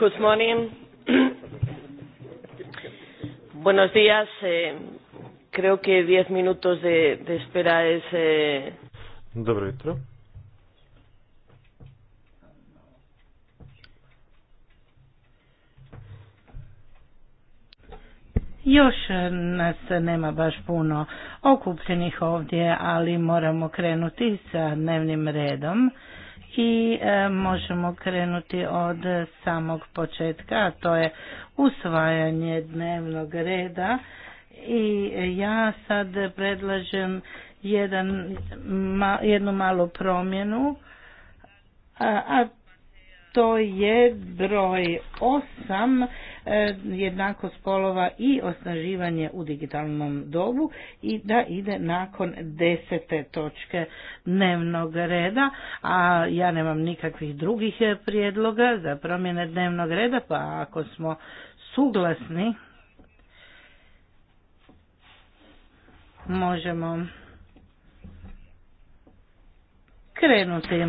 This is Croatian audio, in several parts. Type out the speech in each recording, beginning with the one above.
Good morning. Buenos días. Eh, creo que diez minutos de, de espera es. Eh... Dobro jutro. Još e, nas nema baš puno okupljenih ovdje, ali moramo krenuti sa dnevnim redom i e, možemo krenuti od samog početka, a to je usvajanje dnevnog reda. I e, ja sad predlažem jedan, jednu malu promjenu, a, a to je broj osam. E, jednakost spolova i osnaživanje u digitalnom dobu i da ide nakon desete točke dnevnog reda, a ja nemam nikakvih drugih prijedloga za promjene dnevnog reda, pa ako smo suglasni, možemo krenuti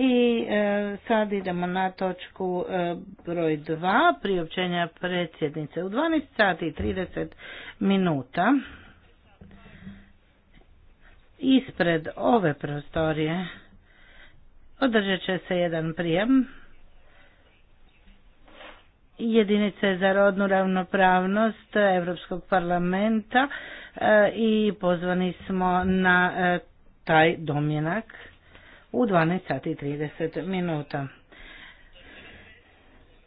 i e, sad idemo na točku e, broj 2, priopćenja predsjednice u 12 sati i 30 minuta. Ispred ove prostorije održat će se jedan prijem jedinice za rodnu ravnopravnost Europskog parlamenta e, i pozvani smo na taj domjenak u 12.30 minuta.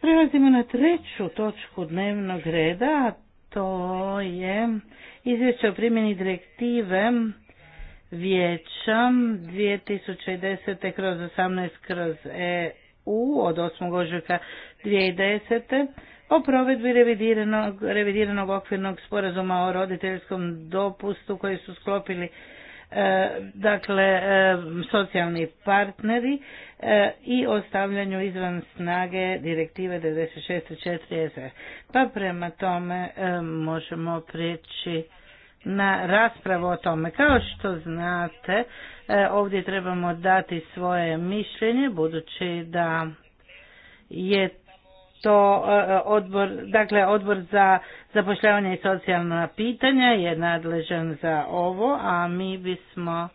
Prelazimo na treću točku dnevnog reda, to je izvješće o primjeni direktive vijeća 2010. kroz 18 kroz EU od 8. ožujka 2010. o provedbi revidiranog okvirnog sporazuma o roditeljskom dopustu koji su sklopili E, dakle e, socijalni partneri e, i ostavljanju izvan snage direktive 96.4 Pa prema tome možemo prijeći na raspravu o tome. Kao što znate, ovdje trebamo dati svoje mišljenje, budući da je to e, e, odbor, dakle odbor za zapošljavanje i socijalna pitanja je nadležan za ovo, a mi bismo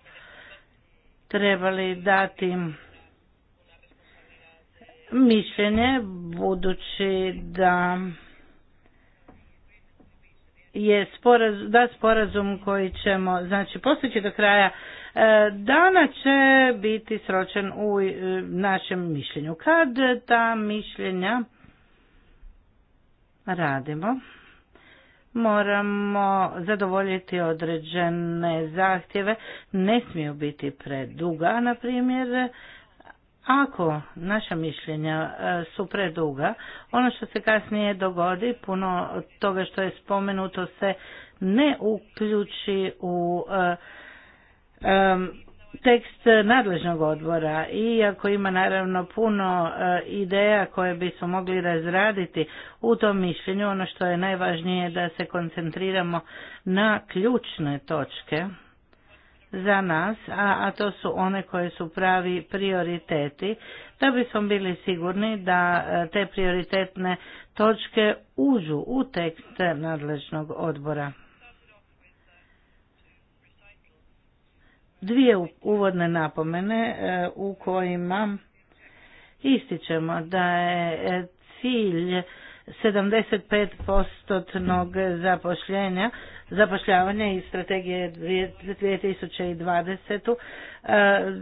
trebali dati mišljenje budući da je sporazum, da sporazum koji ćemo znači postići do kraja e, dana će biti sročen u našem mišljenju. Kad ta mišljenja radimo moramo zadovoljiti određene zahtjeve, ne smiju biti preduga, na primjer, ako naša mišljenja e, su preduga, ono što se kasnije dogodi, puno toga što je spomenuto se ne uključi u e, e, tekst nadležnog odbora, iako ima naravno puno e, ideja koje bismo mogli razraditi u tom mišljenju, ono što je najvažnije da se koncentriramo na ključne točke za nas, a, a to su one koje su pravi prioriteti, da bismo bili sigurni da e, te prioritetne točke uđu u tekst nadležnog odbora. dvije uvodne napomene e, u kojima ističemo da je e, cilj 75% zapošljenja zapošljavanje i strategije 2020. E,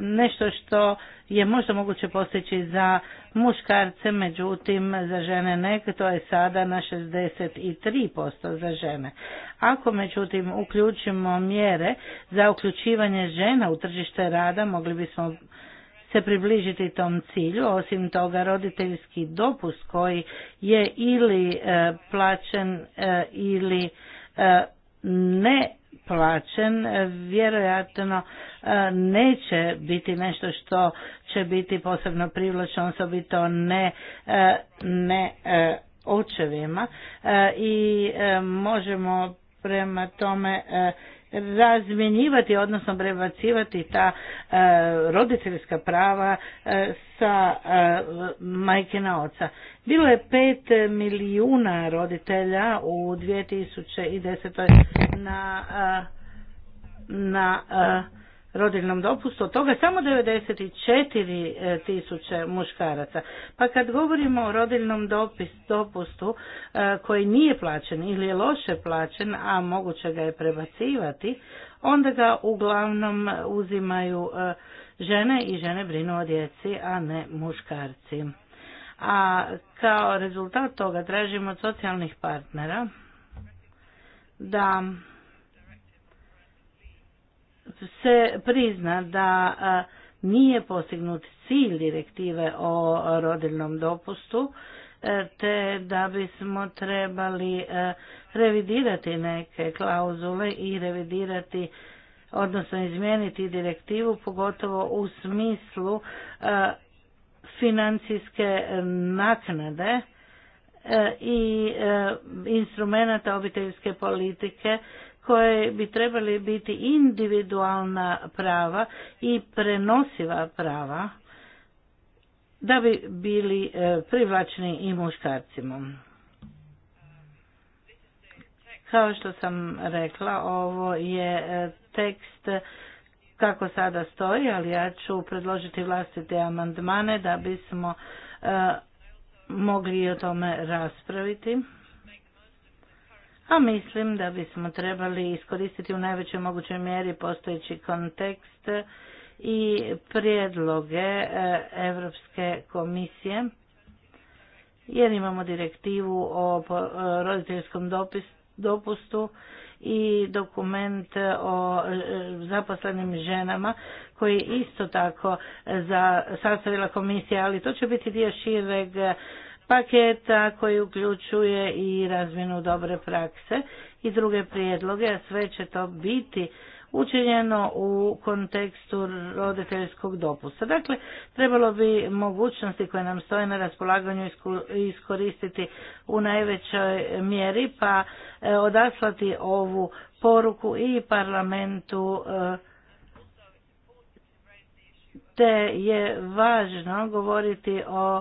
nešto što je možda moguće postići za muškarce, međutim za žene nek, to je sada na 63% za žene. Ako međutim uključimo mjere za uključivanje žena u tržište rada, mogli bismo se približiti tom cilju. Osim toga, roditeljski dopust koji je ili e, plaćen e, ili ne plaćen vjerojatno e, neće biti nešto što će biti posebno privlačno osobito ne, e, ne e, očevima i možemo prema tome razmjenjivati, odnosno prebacivati ta e, roditeljska prava e, sa e, majke na oca. Bilo je pet milijuna roditelja u 2010. na e, na rodiljnom dopustu, od toga samo 94 e, tisuće muškaraca. Pa kad govorimo o rodiljnom dopis, dopustu e, koji nije plaćen ili je loše plaćen, a moguće ga je prebacivati, onda ga uglavnom uzimaju e, žene i žene brinu o djeci, a ne muškarci. A kao rezultat toga tražimo od socijalnih partnera da se prizna da nije postignut cilj direktive o rodilnom dopustu, e, te da bismo trebali e, revidirati neke klauzule i revidirati odnosno izmijeniti direktivu pogotovo u smislu e, financijske naknade i instrumenata obiteljske politike koje bi trebali biti individualna prava i prenosiva prava da bi bili e, privlačni i muškarcima. Kao što sam rekla, ovo je e, tekst kako sada stoji, ali ja ću predložiti vlastite amandmane da bismo e, mogli o tome raspraviti a mislim da bismo trebali iskoristiti u najvećoj mogućoj mjeri postojeći kontekst i prijedloge e, Europske komisije jer imamo direktivu o e, roditeljskom dopustu i dokument o e, zaposlenim ženama koji isto tako sastavila komisija, ali to će biti dio šireg paketa koji uključuje i razmjenu dobre prakse i druge prijedloge, a sve će to biti učinjeno u kontekstu roditeljskog dopusta. Dakle, trebalo bi mogućnosti koje nam stoje na raspolaganju iskoristiti u najvećoj mjeri, pa e, odaslati ovu poruku i parlamentu e, te je važno govoriti o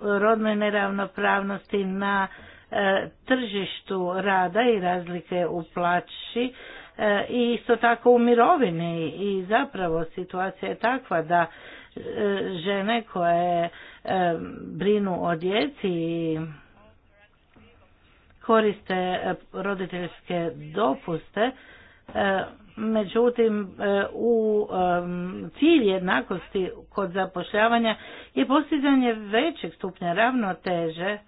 rodnoj neravnopravnosti na e, tržištu rada i razlike u plaći e, i isto tako u mirovini i zapravo situacija je takva da e, žene koje brinu o djeci i koriste roditeljske dopuste međutim e, u cilj jednakosti kod zapošljavanja je postizanje većeg stupnja ravnoteže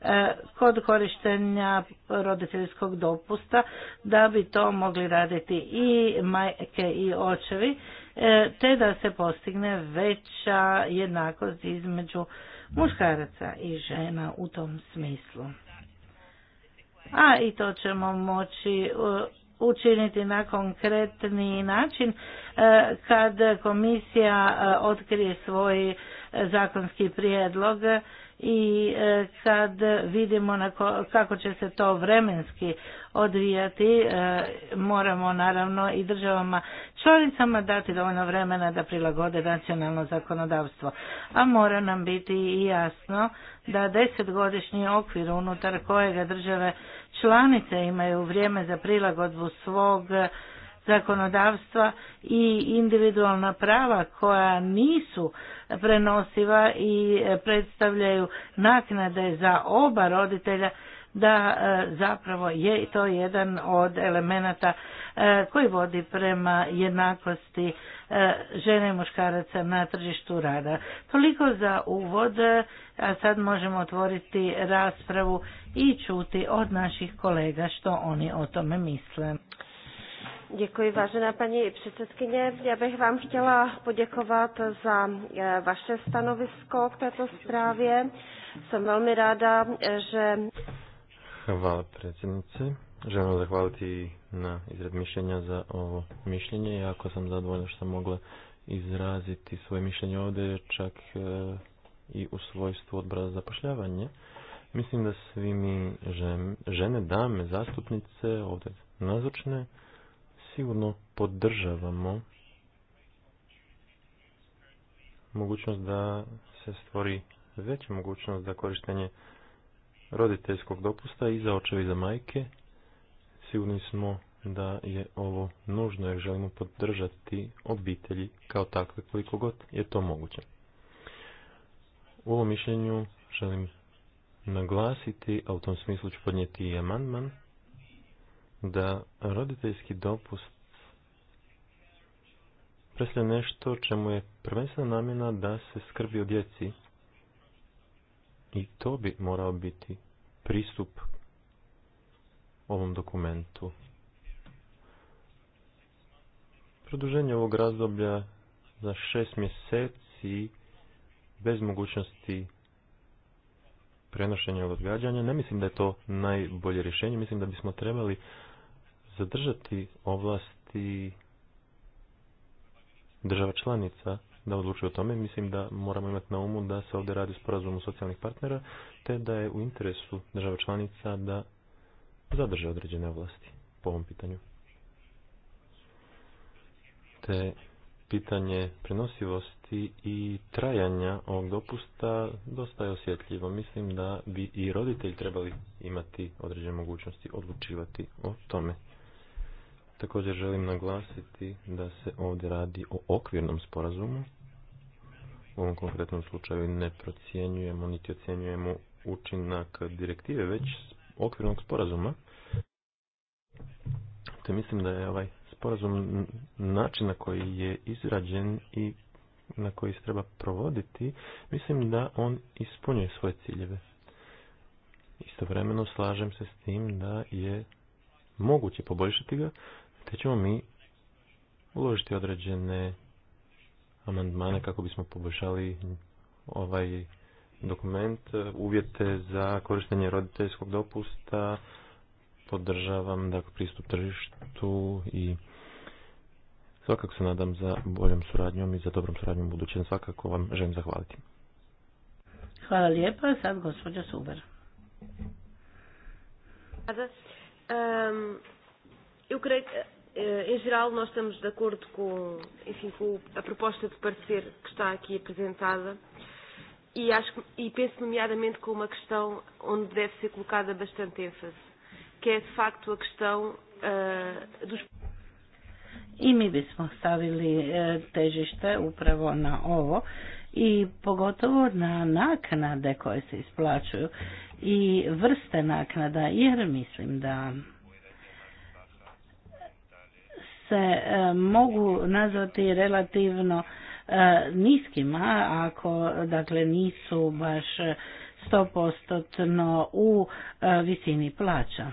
e, kod korištenja roditeljskog dopusta da bi to mogli raditi i majke i očevi e, te da se postigne veća jednakost između muškaraca i žena u tom smislu. A i to ćemo moći učiniti na konkretni način e, kad komisija e, otkrije svoj e, zakonski prijedlog i e, kad vidimo kako će se to vremenski odvijati, e, moramo naravno i državama članicama dati dovoljno vremena da prilagode nacionalno zakonodavstvo. A mora nam biti i jasno da desetgodišnji okvir unutar kojega države članice imaju vrijeme za prilagodbu svog zakonodavstva i individualna prava koja nisu prenosiva i predstavljaju naknade za oba roditelja da e, zapravo je to jedan od elemenata e, koji vodi prema jednakosti e, žene i muškaraca na tržištu rada. Toliko za uvod, a sad možemo otvoriti raspravu i čuti od naših kolega što oni o tome misle. Děkuji, vážená paní předsedkyně. Já bych vám chtěla poděkovat za eh, vaše stanovisko k této zprávě. Jsem velmi ráda, eh, že... Hvala predsjednice. Želám vam zahvaliti na izred za ovo mišljenje. ako sam zadovoljna što sam mogla izraziti svoje mišljenje ovdje, čak eh, i u svojstvu odbora za zapošljavanje. Mislim da svi mi žene, dame, zastupnice ovdje nazočne, sigurno podržavamo mogućnost da se stvori veća mogućnost za korištenje roditeljskog dopusta i za očevi i za majke. Sigurni smo da je ovo nužno jer želimo podržati obitelji kao takve koliko god je to moguće. U ovom mišljenju želim naglasiti, a u tom smislu ću podnijeti i amandman, da roditeljski dopust predstavlja nešto čemu je prvenstvena namjena da se skrbi o djeci i to bi morao biti pristup ovom dokumentu. Produženje ovog razdoblja za šest mjeseci bez mogućnosti prenošenja odgađanja, ne mislim da je to najbolje rješenje, mislim da bismo trebali zadržati ovlasti država članica da odlučuje o tome. Mislim da moramo imati na umu da se ovdje radi sporazumu socijalnih partnera, te da je u interesu država članica da zadrže određene ovlasti po ovom pitanju. Te pitanje prenosivosti i trajanja ovog dopusta dosta je osjetljivo. Mislim da bi i roditelji trebali imati određene mogućnosti odlučivati o tome. Također želim naglasiti da se ovdje radi o okvirnom sporazumu. U ovom konkretnom slučaju ne procjenjujemo niti ocjenjujemo učinak direktive, već okvirnog sporazuma. Te mislim da je ovaj sporazum način na koji je izrađen i na koji se treba provoditi, mislim da on ispunjuje svoje ciljeve. Istovremeno slažem se s tim da je moguće poboljšati ga, te ćemo mi uložiti određene amandmane kako bismo poboljšali ovaj dokument, e, uvjete za korištenje roditeljskog dopusta, podržavam dakle, pristup tržištu i svakako se nadam za boljom suradnjom i za dobrom suradnjom u budućem. Svakako vam želim zahvaliti. Hvala lijepa. Sad gospođa Suber. Um, Eu creio que, eh, em geral, nós estamos de acordo com, enfim, com a proposta de parecer que está aqui apresentada e, acho, e penso nomeadamente com uma questão onde deve ser colocada bastante ênfase, que é de facto a questão uh, dos... I e mi bismo stavili eh, težište upravo na ovo i pogotovo na naknade koje se isplaćuju i vrste naknada jer mislim da se e, mogu nazvati relativno e, niskima ako dakle nisu baš 100% u e, visini plaća.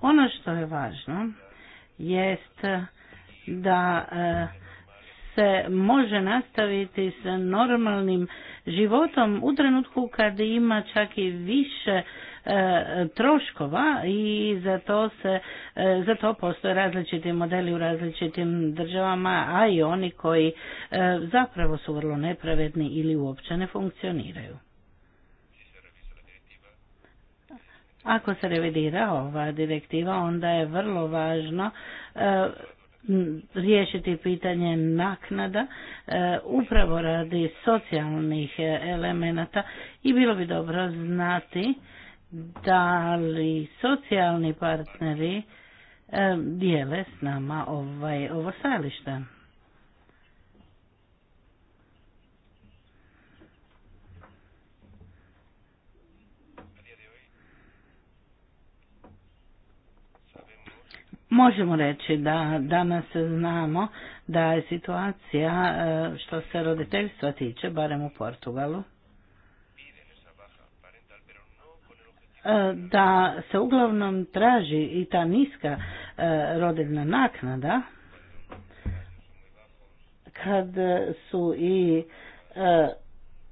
Ono što je važno jest da se može nastaviti s normalnim životom u trenutku kad ima čak i više e, troškova i za to se e, za to postoje različiti modeli u različitim državama, a i oni koji e, zapravo su vrlo nepravedni ili uopće ne funkcioniraju. Ako se revidira ova direktiva, onda je vrlo važno riješiti pitanje naknada e, upravo radi socijalnih e, elemenata i bilo bi dobro znati da li socijalni partneri e, dijele s nama ovaj, ovo stajalište. Možemo reći da danas znamo da je situacija e, što se roditeljstva tiče, barem u Portugalu, e, da se uglavnom traži i ta niska e, rodiljna naknada kad su i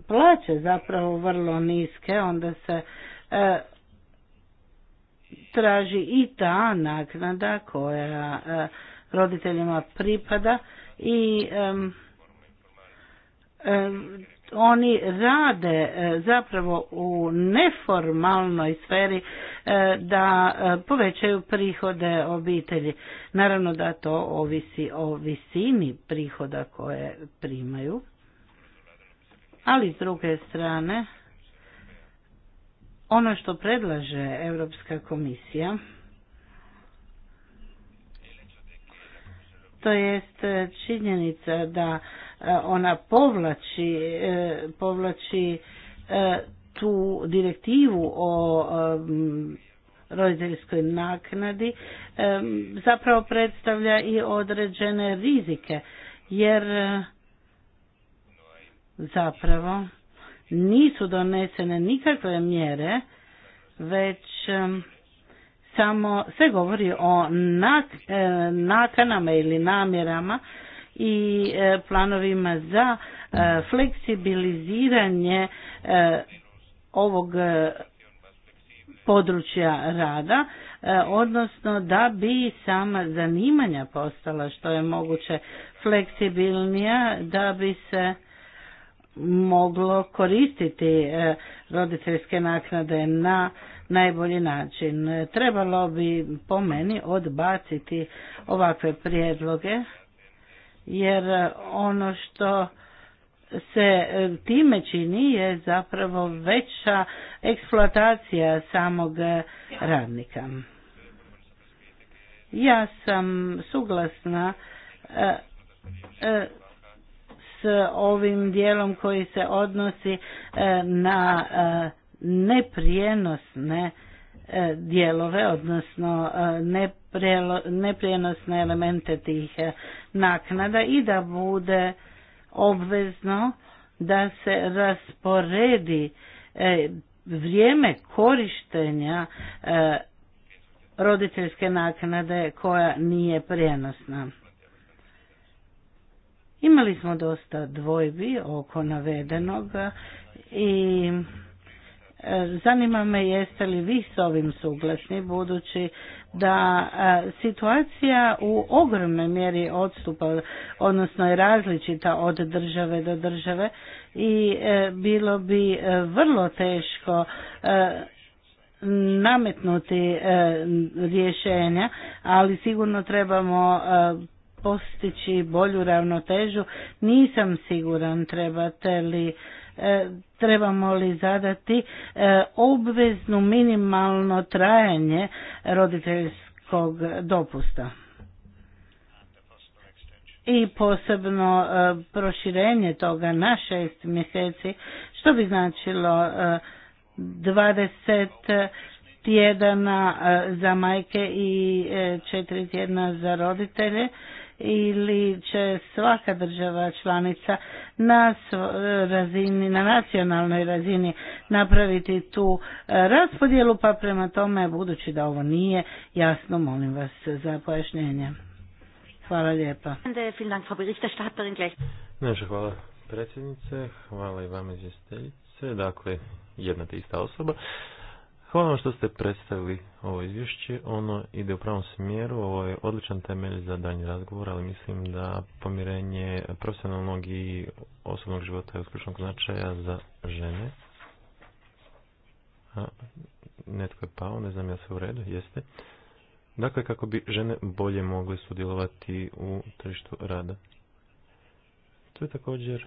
plaće zapravo vrlo niske onda se traži i ta naknada koja e, roditeljima pripada i oni rade e, zapravo u neformalnoj sferi e, da povećaju prihode obitelji. Naravno da to ovisi o visini prihoda koje primaju. Ali s druge strane ono što predlaže Europska komisija, to jest e, činjenica da e, ona povlači, e, povlači tu direktivu o roditeljskoj naknadi zapravo predstavlja i određene rizike jer zapravo nisu donesene nikakve mjere, već samo se govori o nakanama e, ili namjerama i e, planovima za e, fleksibiliziranje ovog područja rada, odnosno da bi sama zanimanja postala što je moguće fleksibilnija, da bi se moglo koristiti e, roditeljske naknade na najbolji način. Trebalo bi po meni odbaciti ovakve prijedloge jer ono što se e, time čini je zapravo veća eksploatacija samog e, radnika. Ja sam suglasna s ovim dijelom koji se odnosi e, na e, neprijenosne e, dijelove, odnosno neprijenosne elemente tih naknada i da bude obvezno da se rasporedi vrijeme korištenja roditeljske naknade koja nije prijenosna. Imali smo dosta dvojbi oko navedenog i e, zanima me jeste li vi s ovim suglasni budući da e, situacija u ogromnoj mjeri odstupa, odnosno je različita od države do države i e, bilo bi vrlo teško nametnuti rješenja, ali sigurno trebamo postići bolju ravnotežu. Nisam siguran trebate li e, trebamo li zadati e, obveznu minimalno trajanje roditeljskog dopusta i posebno e, proširenje toga na šest mjeseci, što bi značilo 20 tjedana za majke i četiri tjedna za roditelje ili će svaka država članica na razini na nacionalnoj razini napraviti tu e, raspodjelu pa prema tome budući da ovo nije jasno molim vas za pojašnjenje. Hvala lijepa. hvala predsjednice, hvala i vama izvjestiteljice, dakle jedna te ista osoba. Hvala vam što ste predstavili ovo izvješće. Ono ide u pravom smjeru. Ovo je odličan temelj za danji razgovor, ali mislim da pomirenje profesionalnog i osobnog života je od značaja za žene. A, netko je pao, ne znam ja se u redu, jeste. Dakle, kako bi žene bolje mogle sudjelovati u tržištu rada. To je također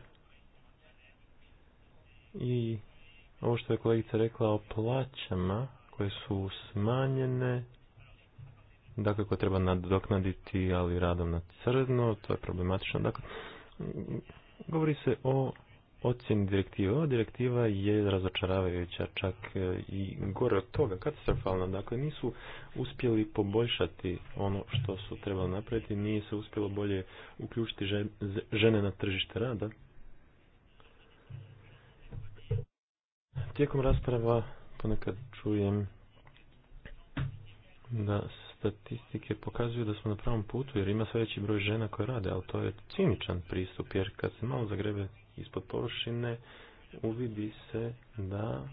i ovo što je kolegica rekla o plaćama koje su smanjene, dakle koje treba nadoknaditi, ali radom na crno, to je problematično. Dakle, govori se o ocjeni direktive. Ova direktiva je razočaravajuća, čak i gore od toga, katastrofalna. Dakle, nisu uspjeli poboljšati ono što su trebali napraviti, nije se uspjelo bolje uključiti žene na tržište rada. Tijekom rasprava ponekad čujem da statistike pokazuju da smo na pravom putu jer ima sve veći broj žena koje rade, ali to je ciničan pristup jer kad se malo zagrebe ispod površine uvidi se da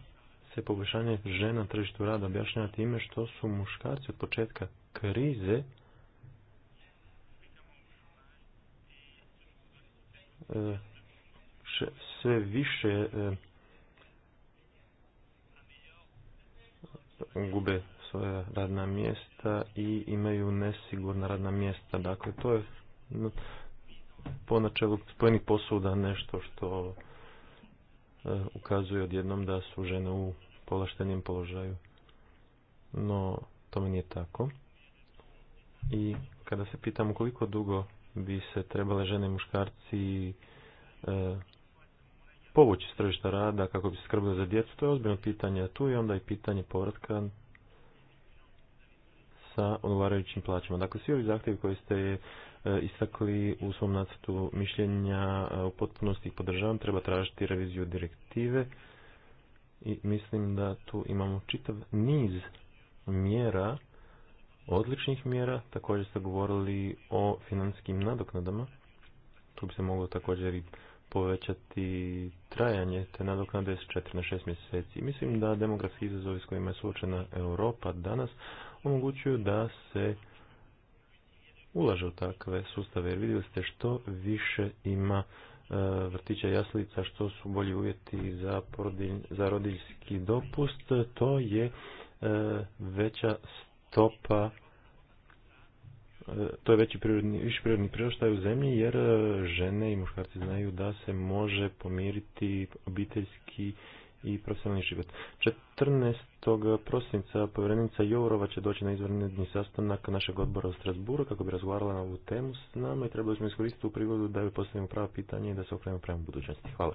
se poboljšanje žena na tržištu rada objašnjava time što su muškarci od početka krize e, sve više e, gube svoja radna mjesta i imaju nesigurna radna mjesta. Dakle, to je po načelu spojenih posuda nešto što e, ukazuje odjednom da su žene u polaštenim položaju. No, tome nije tako. I kada se pitamo koliko dugo bi se trebale žene i muškarci e, povući s tržišta rada kako bi se za djecu, to je ozbiljno pitanje tu i onda i pitanje povratka sa odgovarajućim plaćama. Dakle, svi ovi zahtjevi koji ste e, istakli u svom nacrtu mišljenja e, u potpunosti ih podržavam, treba tražiti reviziju direktive i mislim da tu imamo čitav niz mjera, odličnih mjera, također ste govorili o financijskim nadoknadama, tu bi se moglo također i povećati trajanje te nadoknade s 4 na 6 mjeseci. Mislim da demografski izazovi s kojima je suočena Europa danas omogućuju da se ulaže u takve sustave. Jer vidjeli ste što više ima e, vrtića jaslica, što su bolji uvjeti za, porodilj, za rodiljski dopust, to je e, veća stopa E, to je veći prirodni, više prirodni u zemlji jer e, žene i muškarci znaju da se može pomiriti obiteljski i profesionalni život. 14. prosinca povjerenica Jourova će doći na izvanredni sastanak našeg odbora u Strasburu kako bi razgovarala na ovu temu s nama i trebali smo iskoristiti u prigodu da joj postavimo prava pitanje i da se okrenemo prema budućnosti. Hvala.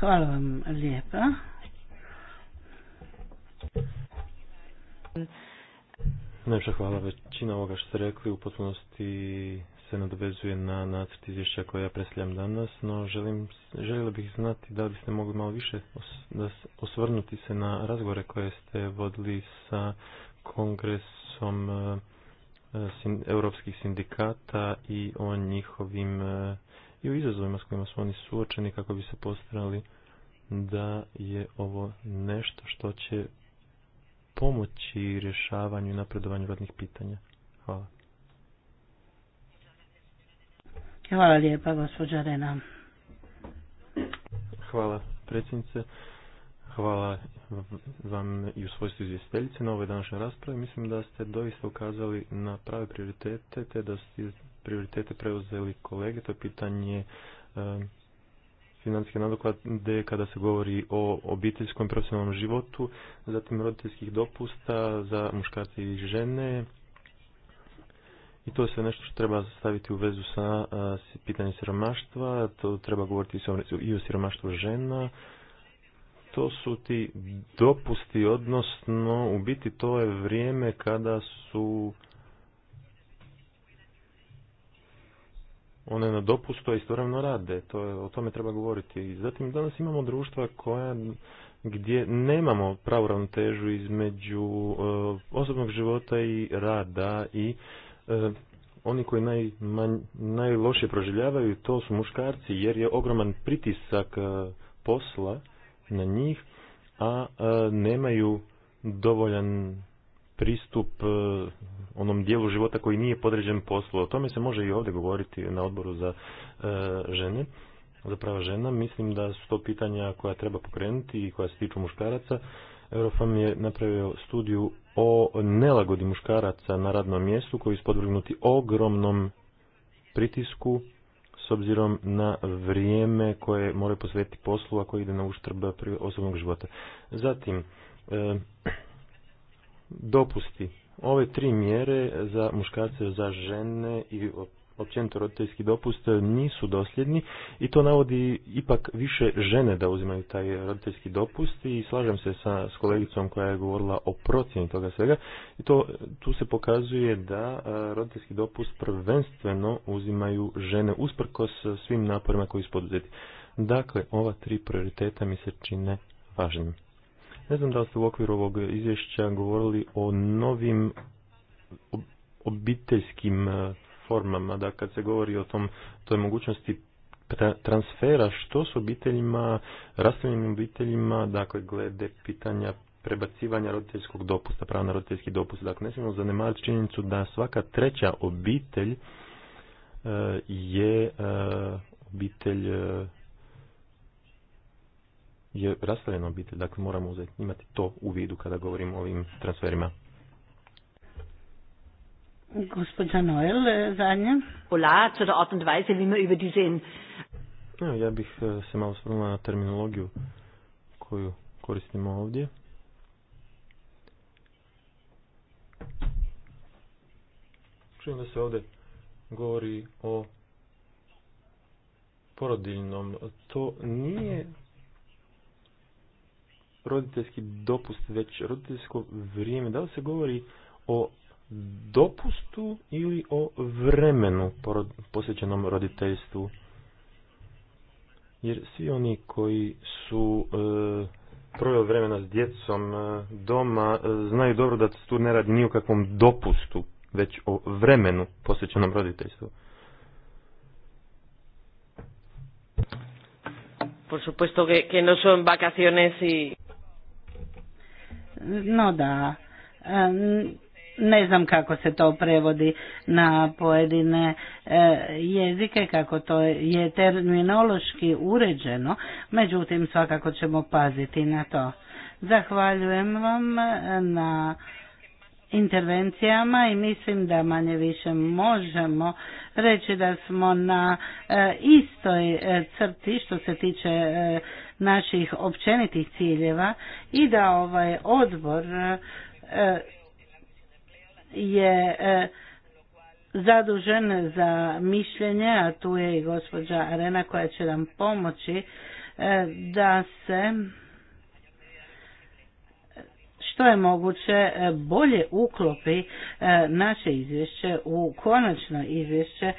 Hvala vam lijepa. Najpša hvala. Većina ovoga što ste rekli u potpunosti se nadovezuje na nacrt izvješća koje ja predstavljam danas, no želim, željela bih znati da li biste mogli malo više da osvrnuti se na razgovore koje ste vodili sa kongresom e, e, europskih sindikata i o njihovim e, i o izazovima s kojima su oni suočeni kako bi se postarali da je ovo nešto što će pomoći rješavanju i napredovanju radnih pitanja. Hvala. Hvala lijepa, gospođa Rena. Hvala, predsjednice. Hvala vam i u svojstvu izvjesteljice na ovoj današnjoj raspravi. Mislim da ste doista ukazali na prave prioritete, te da ste prioritete preuzeli kolege. To je pitanje financijske nadoklade kada se govori o obiteljskom i profesionalnom životu, zatim roditeljskih dopusta za muškarce i žene. I to je sve nešto što treba staviti u vezu sa pitanjem siromaštva, to treba govoriti i o siromaštvu žena. To su ti dopusti, odnosno u biti to je vrijeme kada su one na dopustu, a istovremeno rade. To je, o tome treba govoriti. I zatim danas imamo društva koja gdje nemamo pravu ravnotežu između e, osobnog života i rada i e, oni koji najmanj, najloše proživljavaju to su muškarci jer je ogroman pritisak e, posla na njih, a nemaju dovoljan pristup e, onom dijelu života koji nije podređen poslu. O tome se može i ovdje govoriti na odboru za e, žene, za prava žena. Mislim da su to pitanja koja treba pokrenuti i koja se tiču muškaraca. Eurofam je napravio studiju o nelagodi muškaraca na radnom mjestu koji su podvrgnuti ogromnom pritisku s obzirom na vrijeme koje moraju posvetiti poslu, a ide na uštrb osobnog života. Zatim, e, dopusti. Ove tri mjere za muškarce, za žene i općenito roditeljski dopust nisu dosljedni i to navodi ipak više žene da uzimaju taj roditeljski dopust i slažem se sa, s kolegicom koja je govorila o procjeni toga svega i to, tu se pokazuje da e, roditeljski dopust prvenstveno uzimaju žene usprkos svim naporima koji su poduzeti. Dakle, ova tri prioriteta mi se čine važnim. Ne znam da ste u okviru ovog izvješća govorili o novim obiteljskim e, formama, da kad se govori o tom, toj mogućnosti transfera, što s obiteljima, rastavljenim obiteljima, dakle, glede pitanja prebacivanja roditeljskog dopusta, prava na roditeljski dopust. Dakle, ne smijemo zanemariti činjenicu da svaka treća obitelj e, je e, obitelj je rastavljena obitelj, dakle moramo uzeti, imati to u vidu kada govorimo o ovim transferima. Gospođa Noel, e, zadnja. zu wie man über diese... Ja, bih e, se malo spremila na terminologiju koju koristimo ovdje. Čujem da se ovdje govori o porodiljnom. To nije roditeljski dopust, već roditeljsko vrijeme, da li se govori o dopustu ili o vremenu posvećenom roditeljstvu? Jer svi oni koji su e, vremena s djecom e, doma, e, znaju dobro da se tu ne radi ni o kakvom dopustu, već o vremenu posvećenom roditeljstvu. Por supuesto que, que no son vacaciones y... No da, e, ne znam kako se to prevodi na pojedine e, jezike, kako to je terminološki uređeno, međutim svakako ćemo paziti na to. Zahvaljujem vam e, na intervencijama i mislim da manje više možemo reći da smo na istoj crti što se tiče naših općenitih ciljeva i da ovaj odbor e, je e, zadužen za mišljenje, a tu je i gospođa Arena koja će nam pomoći e, da se što je moguće e, bolje uklopi e, naše izvješće u konačno izvješće e,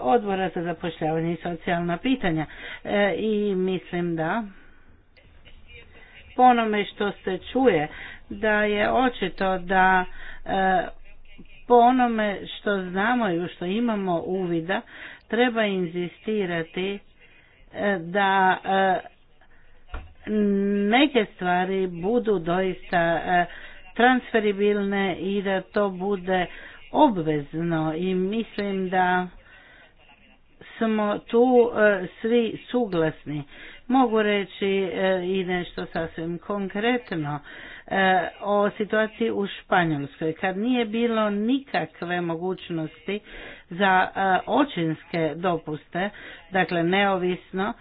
odbora za zapošljavanje i socijalna pitanja. I mislim da po onome što se čuje da je očito da po onome što znamo i što imamo uvida treba inzistirati da neke stvari budu doista e, transferibilne i da to bude obvezno i mislim da smo tu e, svi suglasni. Mogu reći e, i nešto sasvim konkretno o situaciji u Španjolskoj. Kad nije bilo nikakve mogućnosti za očinske dopuste, dakle neovisno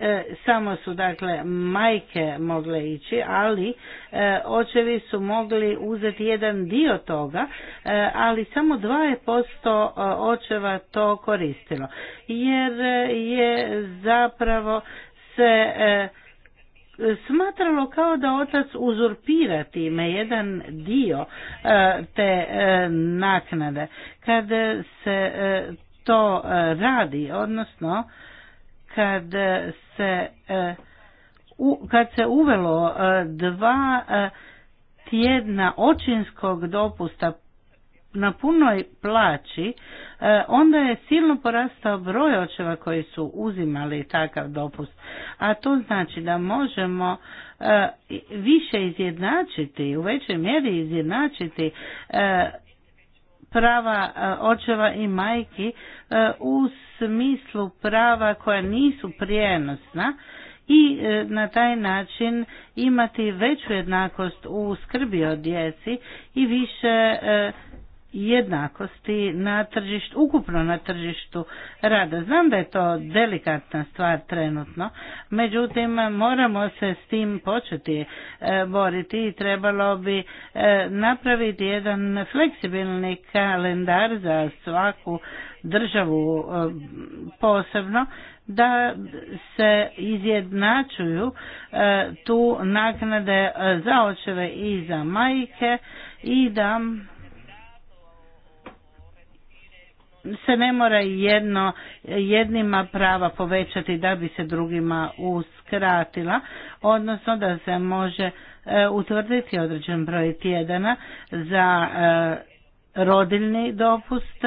E, samo su dakle majke mogle ići, ali e, očevi su mogli uzeti jedan dio toga, e, ali samo 2% očeva to koristilo. Jer je zapravo se smatralo kao da otac uzurpira time jedan dio te naknade. Kad se to radi, odnosno kad se e, kad se uvelo e, dva e, tjedna očinskog dopusta na punoj plaći, onda je silno porastao broj očeva koji su uzimali takav dopust. A to znači da možemo više izjednačiti, u većoj mjeri izjednačiti prava e, očeva i majki e, u smislu prava koja nisu prijenosna i e, na taj način imati veću jednakost u skrbi o djeci i više jednakosti na tržištu, ukupno na tržištu rada. Znam da je to delikatna stvar trenutno, međutim moramo se s tim početi e, boriti i trebalo bi e, napraviti jedan fleksibilni kalendar za svaku državu e, posebno da se izjednačuju tu naknade za očeve i za majke i da se ne mora jedno, jednima prava povećati da bi se drugima uskratila, odnosno da se može e, utvrditi određen broj tjedana za e, rodilni dopust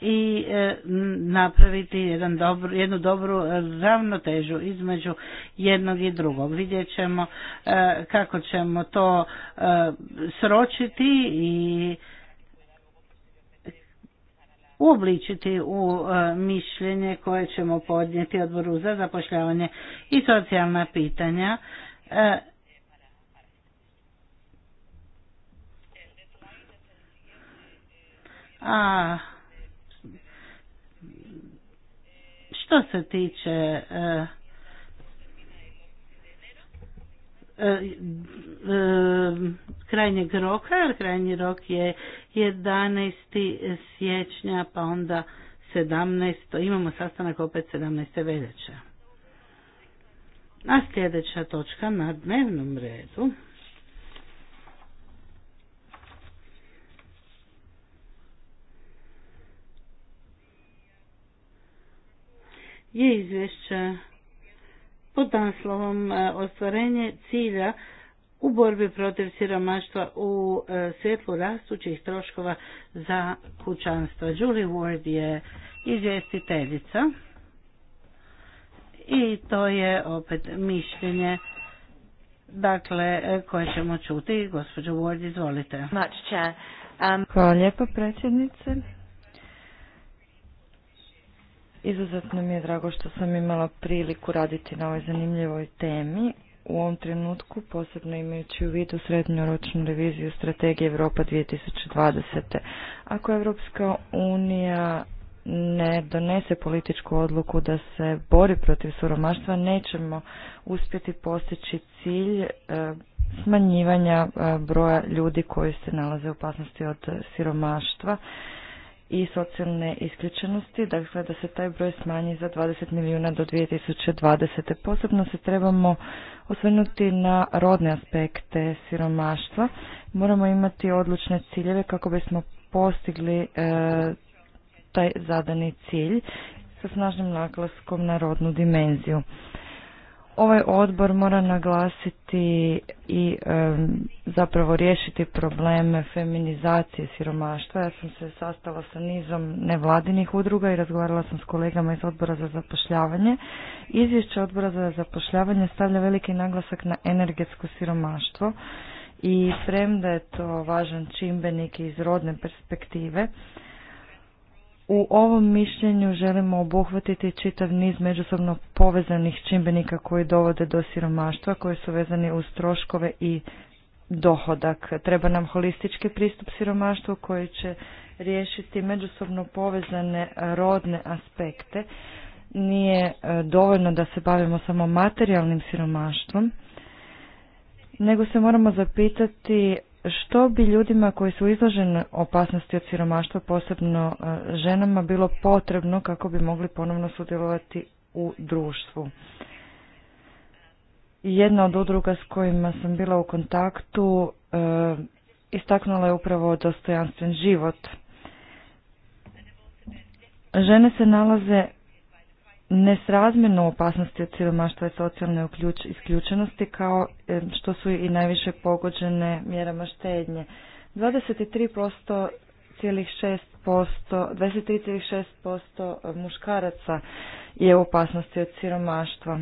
i e, napraviti jedan jednu dobru ravnotežu između jednog i drugog. Vidjet ćemo kako ćemo to sročiti i uobličiti u e, mišljenje koje ćemo podnijeti odboru za zapošljavanje i socijalna pitanja. E, a što se tiče e, E, e, krajnjeg roka, jer krajnji rok je 11. siječnja pa onda 17. imamo sastanak opet 17. veljače. A sljedeća točka na dnevnom redu je izvješće pod naslovom e, ostvarenje cilja u borbi protiv siromaštva u e, svjetlu rastućih troškova za kućanstva. Julie Ward je izvjestiteljica i to je opet mišljenje dakle e, koje ćemo čuti. Gospođo Ward, izvolite. Um, Hvala lijepo predsjednice. Izuzetno mi je drago što sam imala priliku raditi na ovoj zanimljivoj temi. U ovom trenutku, posebno imajući u vidu srednjoročnu reviziju strategije Europa 2020. Ako Evropska unija ne donese političku odluku da se bori protiv suromaštva, nećemo uspjeti postići cilj e, smanjivanja e, broja ljudi koji se nalaze u opasnosti od siromaštva i socijalne isključenosti, dakle da se taj broj smanji za 20 milijuna do 2020. Posebno se trebamo osvrnuti na rodne aspekte siromaštva. Moramo imati odlučne ciljeve kako bismo postigli e, taj zadani cilj sa snažnim naglaskom na rodnu dimenziju ovaj odbor mora naglasiti i zapravo riješiti probleme feminizacije siromaštva. Ja sam se sastala sa nizom nevladinih udruga i razgovarala sam s kolegama iz odbora za zapošljavanje. Izvješće odbora za zapošljavanje stavlja veliki naglasak na energetsko siromaštvo i premda je to važan čimbenik iz rodne perspektive, u ovom mišljenju želimo obuhvatiti čitav niz međusobno povezanih čimbenika koji dovode do siromaštva, koji su vezani uz troškove i dohodak. Treba nam holistički pristup siromaštvu koji će riješiti međusobno povezane rodne aspekte. Nije e, dovoljno da se bavimo samo materijalnim siromaštvom, nego se moramo zapitati što bi ljudima koji su izloženi opasnosti od siromaštva, posebno e, ženama, bilo potrebno kako bi mogli ponovno sudjelovati u društvu. Jedna od udruga s kojima sam bila u kontaktu e, istaknula je upravo dostojanstven život. Žene se nalaze nesrazmjerno opasnosti od siromaštva i socijalne isključenosti kao e, što su i najviše pogođene mjerama štednje. trišest 23,6% e, muškaraca je u opasnosti od siromaštva.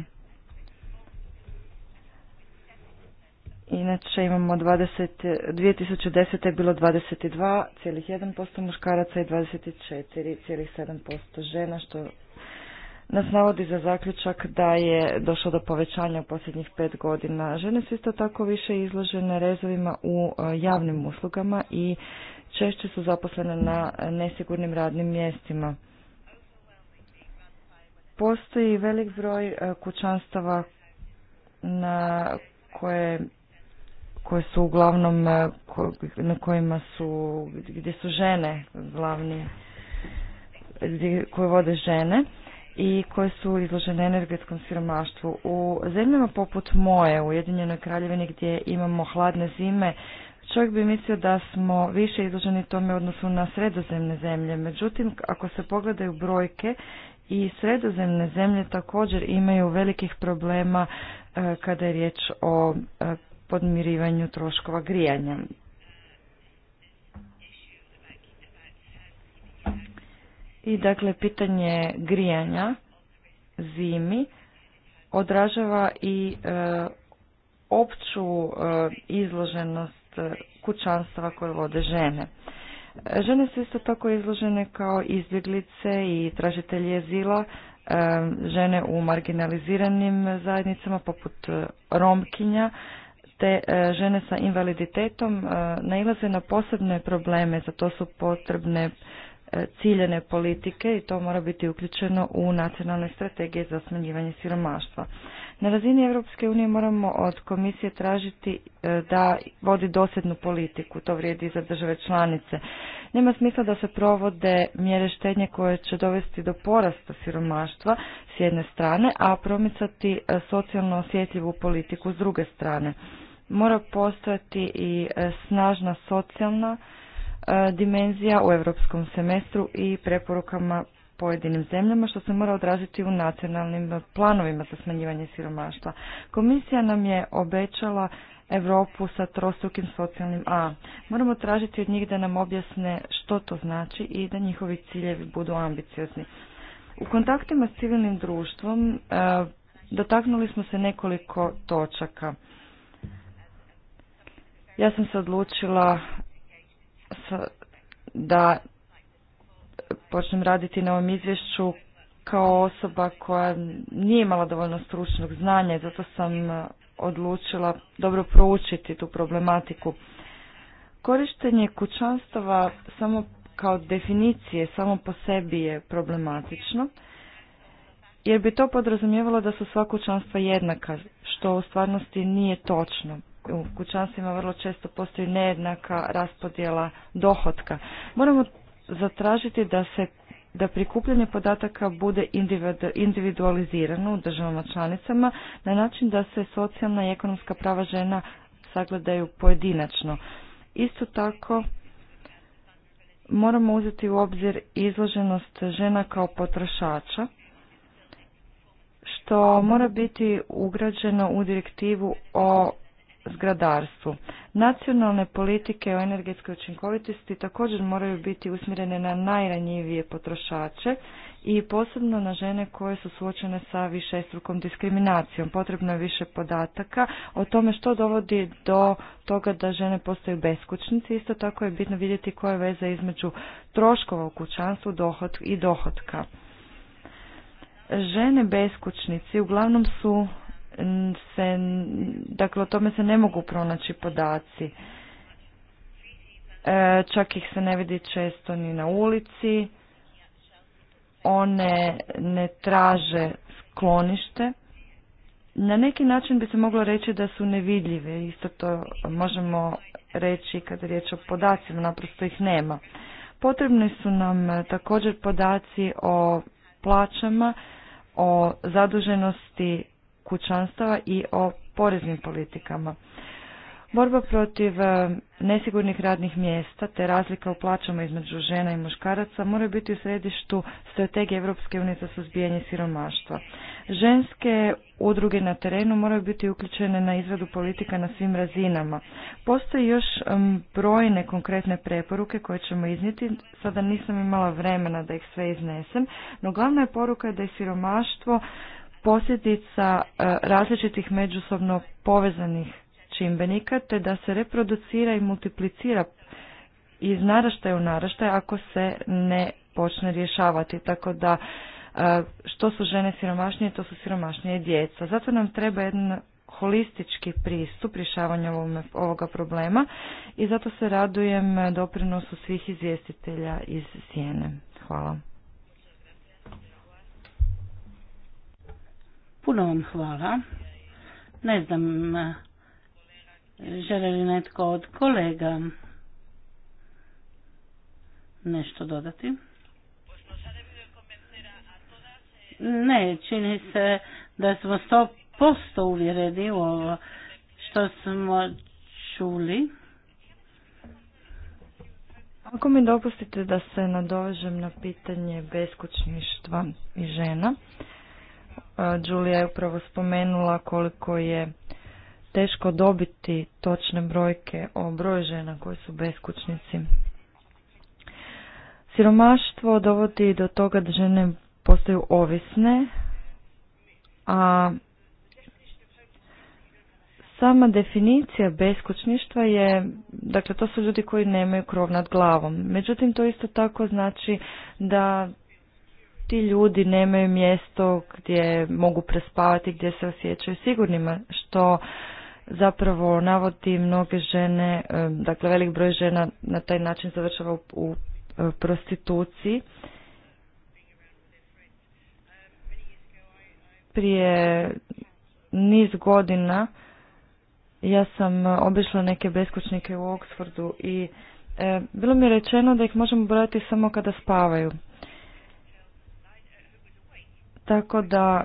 Inače imamo 20, 2010. je bilo 22,1% muškaraca i 24,7% žena, što nas navodi za zaključak da je došlo do povećanja u posljednjih pet godina. Žene su isto tako više izložene rezovima u e, javnim uslugama i češće su zaposlene na nesigurnim radnim mjestima. Postoji velik broj e, kućanstava na koje koje su uglavnom e, na kojima su gdje su žene glavni koje vode žene i koje su izložene energetskom siromaštvu. U zemljama poput moje, u Ujedinjenoj kraljevini gdje imamo hladne zime, čovjek bi mislio da smo više izloženi tome u odnosu na sredozemne zemlje. Međutim, ako se pogledaju brojke, i sredozemne zemlje također imaju velikih problema e, kada je riječ o e, podmirivanju troškova grijanja. I dakle, pitanje grijanja zimi odražava i e, opću e, izloženost e, kućanstava koje vode žene. Žene su isto tako izložene kao izbjeglice i tražitelji azila, žene u marginaliziranim zajednicama poput Romkinja, te žene sa invaliditetom nailaze na posebne probleme, za to su potrebne ciljene politike i to mora biti uključeno u nacionalne strategije za smanjivanje siromaštva. Na razini Europske unije moramo od komisije tražiti e, da vodi dosljednu politiku, to vrijedi i za države članice. Nema smisla da se provode mjere štednje koje će dovesti do porasta siromaštva s jedne strane, a promicati e, socijalno osjetljivu politiku s druge strane. Mora postojati i e, snažna socijalna E, dimenzija u europskom semestru i preporukama pojedinim zemljama što se mora odraziti u nacionalnim planovima za smanjivanje siromaštva. Komisija nam je obećala Europu sa trostrukim socijalnim A. Moramo tražiti od njih da nam objasne što to znači i da njihovi ciljevi budu ambiciozni. U kontaktima s civilnim društvom e, dotaknuli smo se nekoliko točaka. Ja sam se odlučila da počnem raditi na ovom izvješću kao osoba koja nije imala dovoljno stručnog znanja i zato sam e, odlučila dobro proučiti tu problematiku. Korištenje kućanstava samo kao definicije samo po sebi je problematično, jer bi to podrazumijevalo da su sva kućanstva jednaka, što u stvarnosti nije točno u kućanstvima vrlo često postoji nejednaka raspodjela dohotka. Moramo zatražiti da se da prikupljanje podataka bude individualizirano u državama članicama na način da se socijalna i ekonomska prava žena sagledaju pojedinačno. Isto tako moramo uzeti u obzir izloženost žena kao potrošača što mora biti ugrađeno u direktivu o zgradarstvu. Nacionalne politike o energetskoj učinkovitosti također moraju biti usmjerene na najranjivije potrošače i posebno na žene koje su suočene sa višestrukom diskriminacijom. Potrebno je više podataka o tome što dovodi do toga da žene postaju beskućnici. Isto tako je bitno vidjeti koja je veza između troškova u kućanstvu i dohotka. Žene beskućnici uglavnom su se, dakle o tome se ne mogu pronaći podaci. E, čak ih se ne vidi često ni na ulici. One ne traže sklonište. Na neki način bi se moglo reći da su nevidljive. Isto to možemo reći kada je riječ o podacima, naprosto ih nema. Potrebni su nam e, također podaci o plaćama, o zaduženosti kućanstava i o poreznim politikama. Borba protiv e, nesigurnih radnih mjesta te razlika u plaćama između žena i muškaraca mora biti u središtu strategije Europske unije za suzbijanje siromaštva. Ženske udruge na terenu moraju biti uključene na izradu politika na svim razinama. Postoji još brojne konkretne preporuke koje ćemo iznijeti, sada nisam imala vremena da ih sve iznesem, no glavna je poruka da je siromaštvo posljedica e, različitih međusobno povezanih čimbenika, te da se reproducira i multiplicira iz naraštaja u naraštaja ako se ne počne rješavati. Tako da e, što su žene siromašnije, to su siromašnije djeca. Zato nam treba jedan holistički pristup rješavanju ovoga problema i zato se radujem doprinosu svih izvjestitelja iz Sijene. Hvala. Puno vam hvala. Ne znam, e, želi li netko od kolega nešto dodati? Ne, čini se da smo sto posto uvjereni u ovo što smo čuli. Ako mi dopustite da se nadovežem na pitanje beskućništva i žena, Đulija je upravo spomenula koliko je teško dobiti točne brojke o broju žena koje su beskućnici. Siromaštvo dovodi do toga da žene postaju ovisne, a sama definicija beskućništva je, dakle to su ljudi koji nemaju krov nad glavom. Međutim, to isto tako znači da ti ljudi nemaju mjesto gdje mogu prespavati, gdje se osjećaju sigurnima, što zapravo navodi mnoge žene, dakle velik broj žena na taj način završava u e, prostituciji. Prije niz godina ja sam obišla neke beskućnike u Oksfordu i e, bilo mi je rečeno da ih možemo brojati samo kada spavaju. Tako da,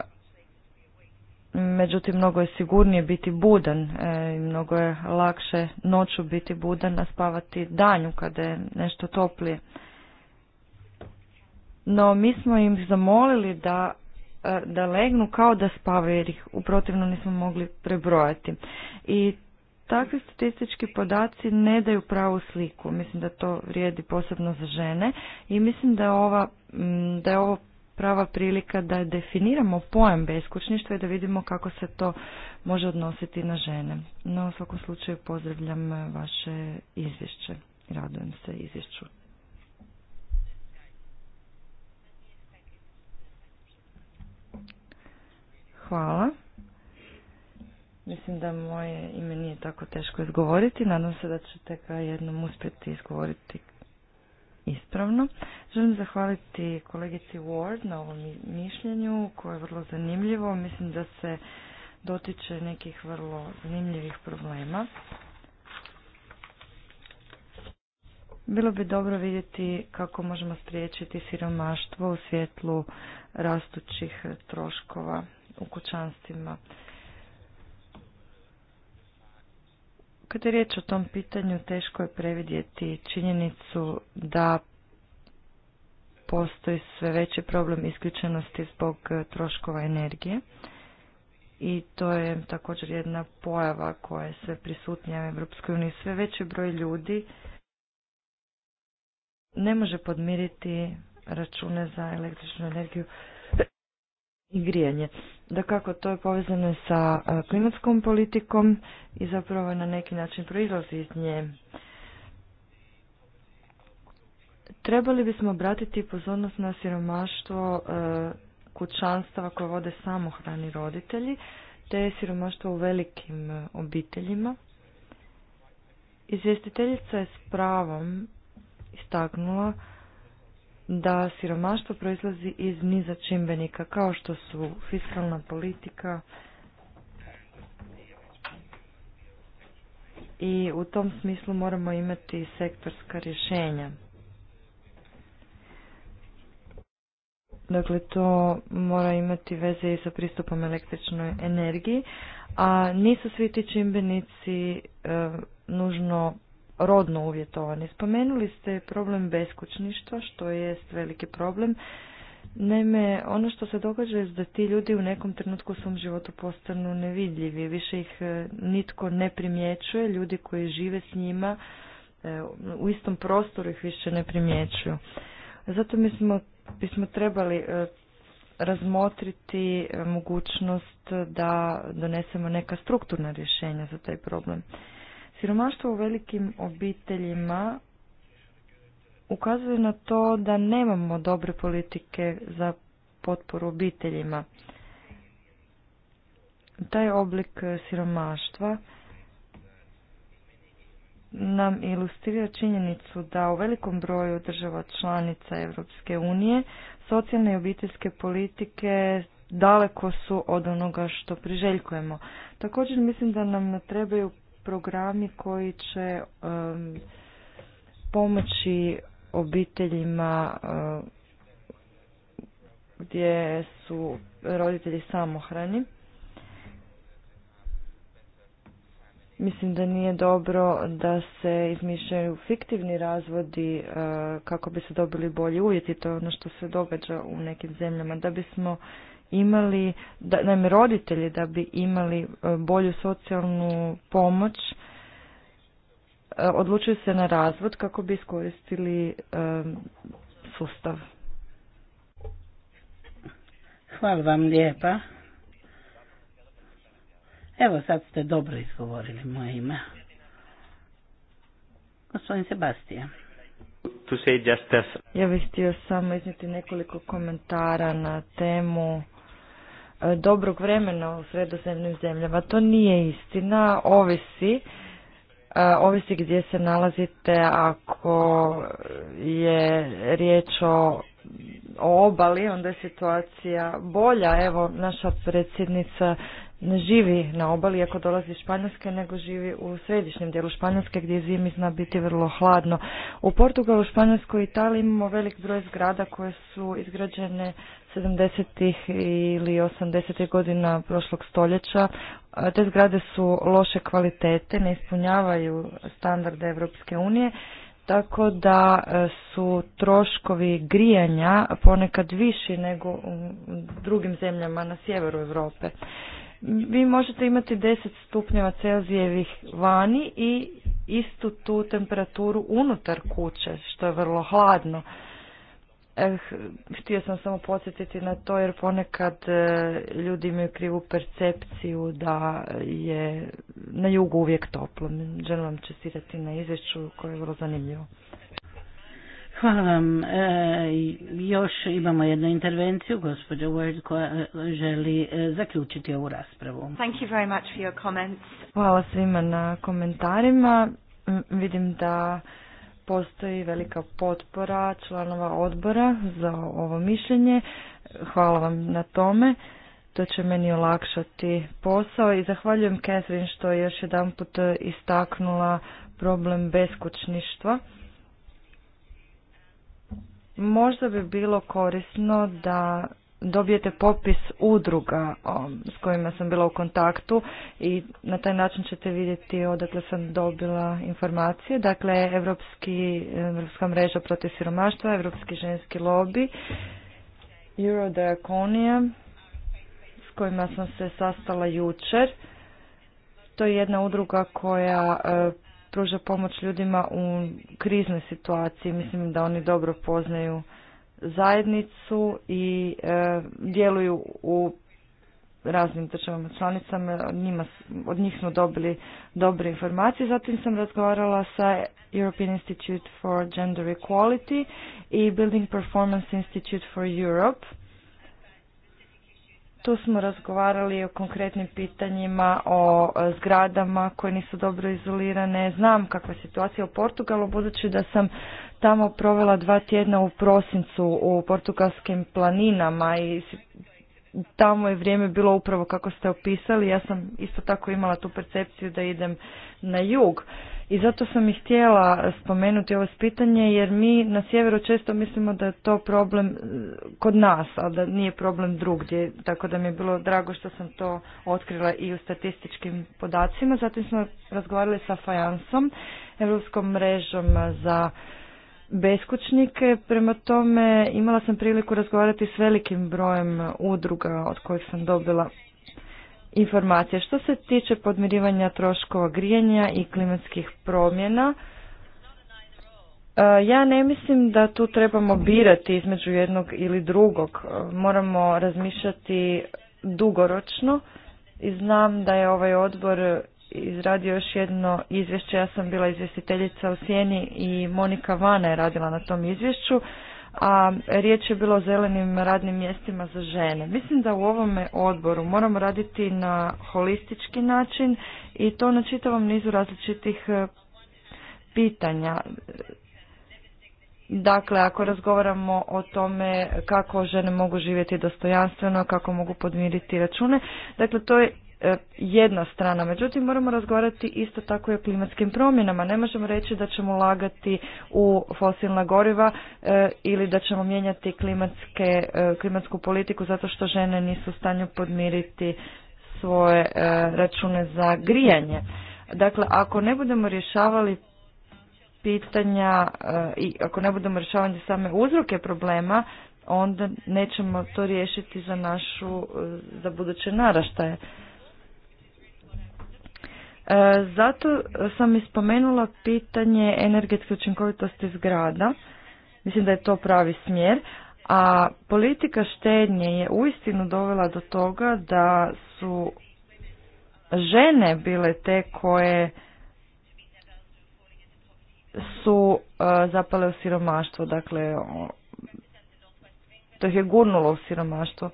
međutim, mnogo je sigurnije biti budan e, i mnogo je lakše noću biti budan, a spavati danju kada je nešto toplije. No, mi smo im zamolili da e, da legnu kao da spave jer ih u nismo mogli prebrojati. I takvi statistički podaci ne daju pravu sliku. Mislim da to vrijedi posebno za žene i mislim da je, ova, da je ovo prava prilika da definiramo pojam beskućništva i da vidimo kako se to može odnositi na žene. No, u svakom slučaju pozdravljam vaše izvješće. Radujem se izvješću. Hvala. Mislim da moje ime nije tako teško izgovoriti. Nadam se da ćete ga jednom uspjeti izgovoriti ispravno. Želim zahvaliti kolegici Ward na ovom mišljenju koje je vrlo zanimljivo. Mislim da se dotiče nekih vrlo zanimljivih problema. Bilo bi dobro vidjeti kako možemo spriječiti siromaštvo u svjetlu rastućih troškova u kućanstvima. Kad je riječ o tom pitanju, teško je previdjeti činjenicu da postoji sve veći problem isključenosti zbog troškova energije i to je također jedna pojava koja je sve prisutnija u Europskoj uniji. Sve veći broj ljudi ne može podmiriti račune za električnu energiju i grijanje. Da kako to je povezano sa e, klimatskom politikom i zapravo na neki način proizlazi iz nje. Trebali bismo obratiti pozornost na siromaštvo e, kućanstava koje vode samohrani roditelji, te siromaštvo u velikim e, obiteljima. Izvjestiteljica je s pravom istaknula da siromaštvo proizlazi iz niza čimbenika kao što su fiskalna politika i u tom smislu moramo imati sektorska rješenja. Dakle, to mora imati veze i sa pristupom električnoj energiji, a nisu svi ti čimbenici e, nužno rodno uvjetovani. Spomenuli ste problem beskućništva, što je veliki problem. Naime, ono što se događa je da ti ljudi u nekom trenutku u svom životu postanu nevidljivi, više ih e, nitko ne primjećuje, ljudi koji žive s njima e, u istom prostoru ih više ne primjećuju. Zato mi smo, bismo trebali e, razmotriti mogućnost da donesemo neka strukturna rješenja za taj problem. Siromaštvo u velikim obiteljima ukazuje na to da nemamo dobre politike za potporu obiteljima. Taj oblik siromaštva nam ilustrira činjenicu da u velikom broju država članica Europske unije socijalne i obiteljske politike daleko su od onoga što priželjkujemo. Također mislim da nam trebaju programi koji će pomoći obiteljima gdje su roditelji samohrani. Mislim da nije dobro da se izmišljaju fiktivni razvodi kako bi se dobili bolji uvjeti. To je ono što se događa u nekim zemljama. Da bismo imali, da, naime roditelji da bi imali e, bolju socijalnu pomoć, e, odlučuju se na razvod kako bi iskoristili e, sustav. Hvala vam lijepa. Evo sad ste dobro izgovorili moje ime. Gospodin Sebastijan. Ja bih htio samo iznijeti nekoliko komentara na temu dobrog vremena u sredozemnim zemljama. To nije istina, ovisi e, ovisi gdje se nalazite ako je riječ o, obali onda je situacija bolja evo naša predsjednica ne živi na obali ako dolazi iz Španjolske nego živi u središnjem dijelu Španjolske gdje zimi zna biti vrlo hladno. U Portugalu, Španjolskoj i Italiji imamo velik broj zgrada koje su izgrađene 70 ili 80 godina prošlog stoljeća. Te zgrade su loše kvalitete, ne ispunjavaju standarde Europske unije, tako da e, su troškovi grijanja ponekad viši nego u drugim zemljama na sjeveru Europe. Vi možete imati 10 stupnjeva Celzijevih vani i istu tu temperaturu unutar kuće, što je vrlo hladno. Eh, htio sam samo podsjetiti na to jer ponekad eh, ljudi imaju krivu percepciju da je na jugu uvijek toplo. Želim vam čestitati na izvješću koje je vrlo zanimljivo. Hvala vam. E, još imamo jednu intervenciju, gospođa Ward, koja želi zaključiti ovu raspravu. Thank you very much for your Hvala svima na komentarima. Mm, vidim da postoji velika potpora članova odbora za ovo mišljenje. Hvala vam na tome. To će meni olakšati posao i zahvaljujem Catherine što je još jedan put istaknula problem beskućništva. Možda bi bilo korisno da dobijete popis udruga s kojima sam bila u kontaktu i na taj način ćete vidjeti odakle sam dobila informacije. Dakle, Evropski, Evropska mreža protiv siromaštva, Evropski ženski lobby, Eurodiakonija, s kojima sam se sastala jučer. To je jedna udruga koja e, pruža pomoć ljudima u kriznoj situaciji. Mislim da oni dobro poznaju zajednicu i e, djeluju u raznim državama članicama, od, njima, od njih smo dobili dobre informacije. Zatim sam razgovarala sa European Institute for Gender Equality i Building Performance Institute for Europe. Tu smo razgovarali o konkretnim pitanjima, o e, zgradama koje nisu dobro izolirane. Znam kakva je situacija u Portugalu, budući da sam tamo provela dva tjedna u prosincu u portugalskim planinama i tamo je vrijeme bilo upravo kako ste opisali. Ja sam isto tako imala tu percepciju da idem na jug. I zato sam i htjela spomenuti ovo pitanje jer mi na sjeveru često mislimo da je to problem e, kod nas, a da nije problem drugdje. Tako da mi je bilo drago što sam to otkrila i u statističkim podacima. Zatim smo razgovarali sa Fajansom, Europskom mrežom za beskućnike. Prema tome imala sam priliku razgovarati s velikim brojem udruga od kojih sam dobila informacije. Što se tiče podmirivanja troškova grijanja i klimatskih promjena, e, ja ne mislim da tu trebamo birati između jednog ili drugog. E, moramo razmišljati dugoročno i znam da je ovaj odbor izradio još jedno izvješće, ja sam bila izvjestiteljica u Sjeni i Monika Vana je radila na tom izvješću, a riječ je bilo o zelenim radnim mjestima za žene. Mislim da u ovome odboru moramo raditi na holistički način i to na čitavom nizu različitih e, pitanja. Dakle, ako razgovaramo o tome kako žene mogu živjeti dostojanstveno, kako mogu podmiriti račune, dakle to je E, jedna strana. Međutim, moramo razgovarati isto tako i o klimatskim promjenama. Ne možemo reći da ćemo ulagati u fosilna goriva e, ili da ćemo mijenjati klimatske, e, klimatsku politiku zato što žene nisu u stanju podmiriti svoje račune za grijanje. Dakle, ako ne budemo rješavali pitanja i ako ne budemo rješavali same uzroke problema, onda nećemo to riješiti za našu, za buduće naraštaje. E, zato sam ispomenula pitanje energetske učinkovitosti zgrada. Mislim da je to pravi smjer. A politika štednje je uistinu dovela do toga da su žene bile te koje su e, zapale u siromaštvo, dakle to ih je gurnulo u siromaštvo.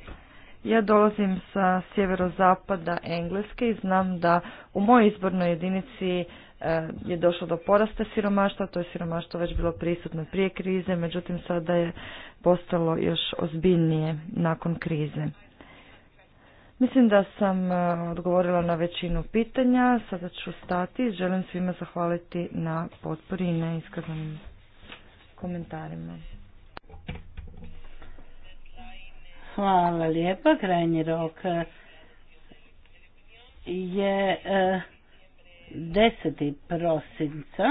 Ja dolazim sa sjeverozapada Engleske i znam da u mojoj izbornoj jedinici e, je došlo do porasta siromaštva, to je siromaštvo već bilo prisutno prije krize, međutim sada je postalo još ozbiljnije nakon krize. Mislim da sam e, odgovorila na većinu pitanja, sada ću stati, i želim svima zahvaliti na potpori i na iskazanim komentarima. Hvala lijepa. Krajnji rok je 10. E, prosinca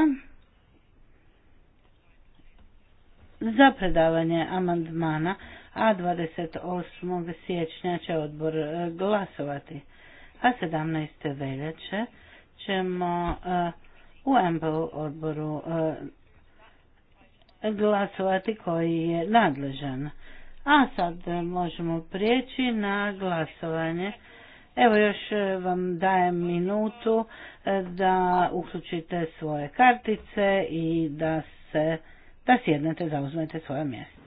za predavanje amandmana, a 28. siječnja će odbor e, glasovati, a 17. veljače ćemo e, u MPU odboru glasovati koji je nadležan a sad e, možemo prijeći na glasovanje. Evo još e, vam dajem minutu e, da uključite svoje kartice i da se da sjednete, zauzmete svoje mjesto.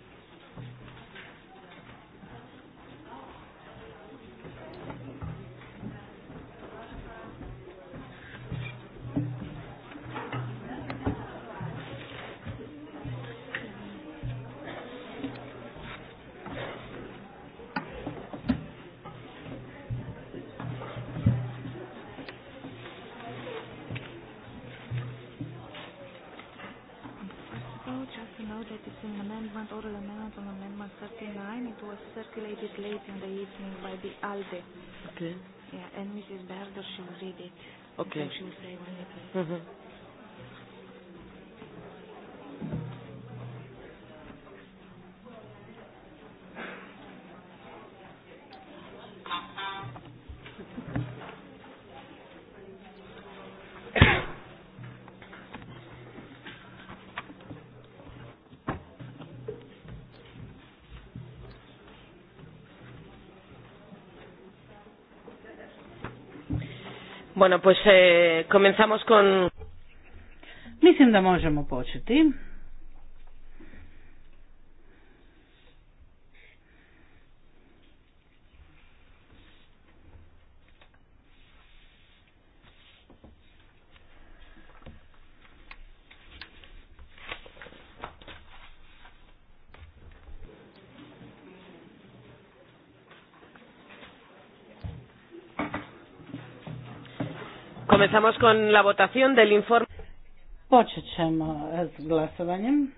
note that it's an amendment, oral amendment on amendment 39. It was circulated late in the evening by the ALDE. Okay. Yeah, and Mrs. Berder, she will read it. Okay. And she will say when it is. Mm -hmm. Bueno, pues eh, comenzamos con... Mislim da možemo početi. Empezamos con la votación del informe. Počet ćemo s glasovanjem.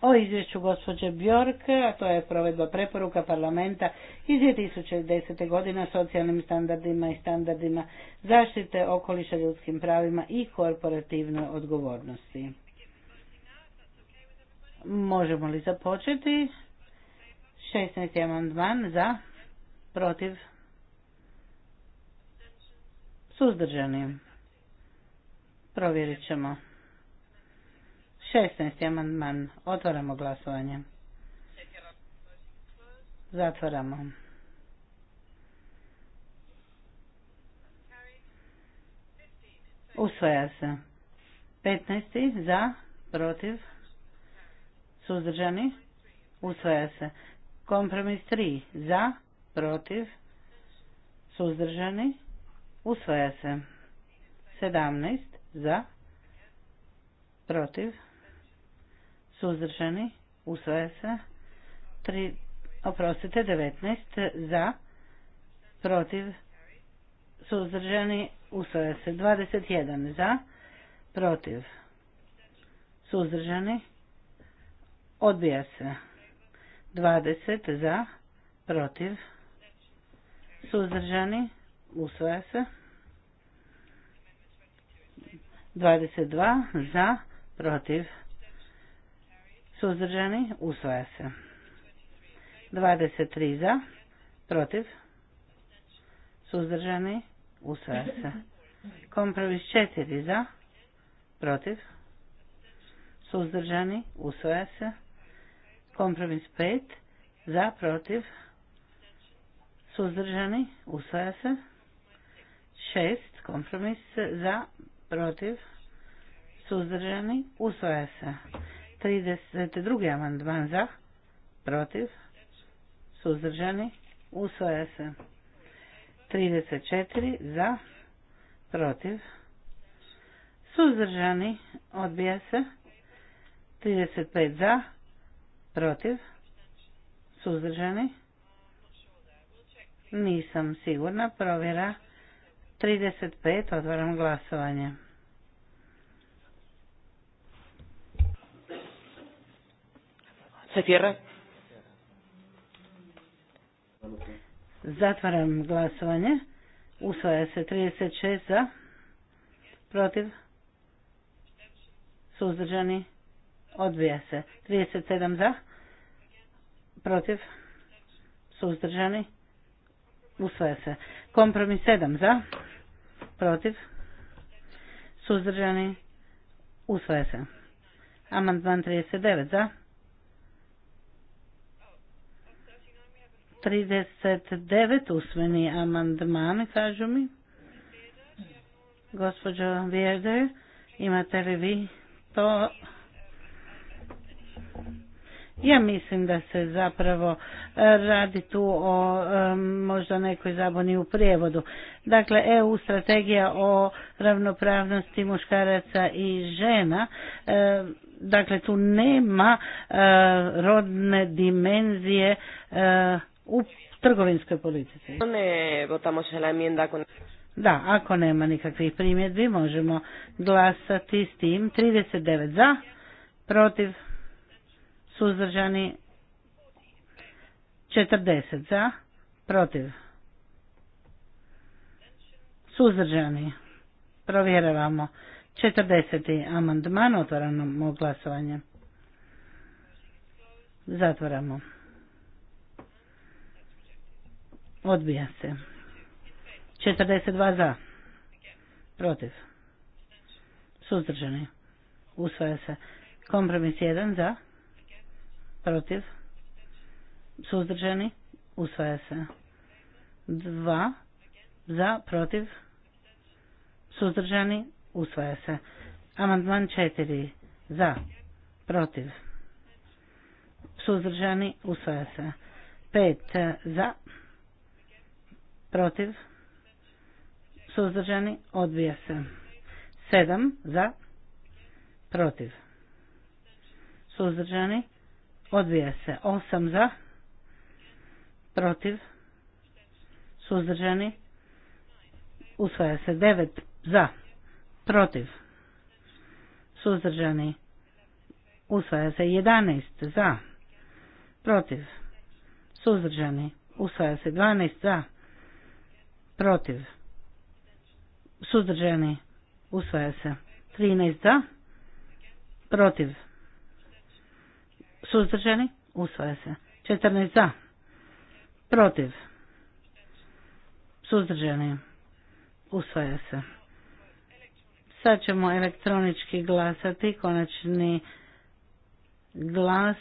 O izvješću gospođe Bjorke, a to je provedba preporuka parlamenta iz 2010. godine socijalnim standardima i standardima zaštite okoliša ljudskim pravima i korporativnoj odgovornosti. Možemo li započeti? 16. amandman za, protiv, Suzdržani. Provjerit ćemo. 16. amandman. Otvaramo glasovanje. Zatvaramo. Usvaja se. 15. za, protiv, suzdržani. Usvaja se. Kompromis 3. Za, protiv, suzdržani. Usvaja se. 17 za. Protiv. Suzdržani. Usvaja se. 3, oprostite, 19 za. Protiv. Suzdržani. Usvaja se. 21 za. Protiv. Suzdržani. Odbija se. 20 za. Protiv. Suzdržani usvaja se. 22 za, protiv, suzdržani, usvaja se. 23 za, protiv, suzdržani, usvaja se. Kompromis 4 za, protiv, suzdržani, usvaja se. Kompromis 5 za, protiv, suzdržani, usvaja se. Šest, kompromis za, protiv, suzdržani, usvaja se. 32. amandman za, protiv, suzdržani, usvaja se. 34 za, protiv, suzdržani, odbija se. 35 za, protiv, suzdržani, nisam sigurna, provjera 35. Otvaram glasovanje. Se Zatvaram glasovanje. Usvaja se 36 za. Protiv. Suzdržani. Odbija se. 37 za. Protiv. Suzdržani. Usvaja se. Kompromis 7 za protiv, suzdržani, usvaja se. Amandman 39 za, 39 usmeni amandman, kažu mi. Gospođo Vjerde, imate li vi to ja mislim da se zapravo e, radi tu o e, možda nekoj zaboni u prijevodu. Dakle, EU strategija o ravnopravnosti muškaraca i žena, e, dakle tu nema rodne dimenzije u trgovinskoj politici. Ne se la Da, ako nema nikakvih primjedbi, možemo glasati s tim. 39 za, protiv suzdržani 40 za, protiv, suzdržani, provjeravamo 40. amandman, otvaramo glasovanje, Zatvaramo. odbija se, 42 za, protiv, suzdržani, usvaja se, kompromis 1 za, protiv, suzdržani, usvaja se. Dva. za, protiv, suzdržani, usvaja se. Amandman četiri. za, protiv, suzdržani, usvaja se. Pet. za, protiv, suzdržani, odbija se. Sedam. za, protiv, suzdržani, Odbija se. 8 za. Protiv. Suzdržani. Usvaja se. 9 za. Protiv. Suzdržani. Usvaja se. 11 za. Protiv. Suzdržani. Usvaja se. 12 za. Protiv. Suzdržani. Usvaja se. 13 za. Protiv. Suzdržani? Usvaja se. 14 za. Protiv. Suzdržani? Usvaja se. Sad ćemo elektronički glasati. Konačni glas.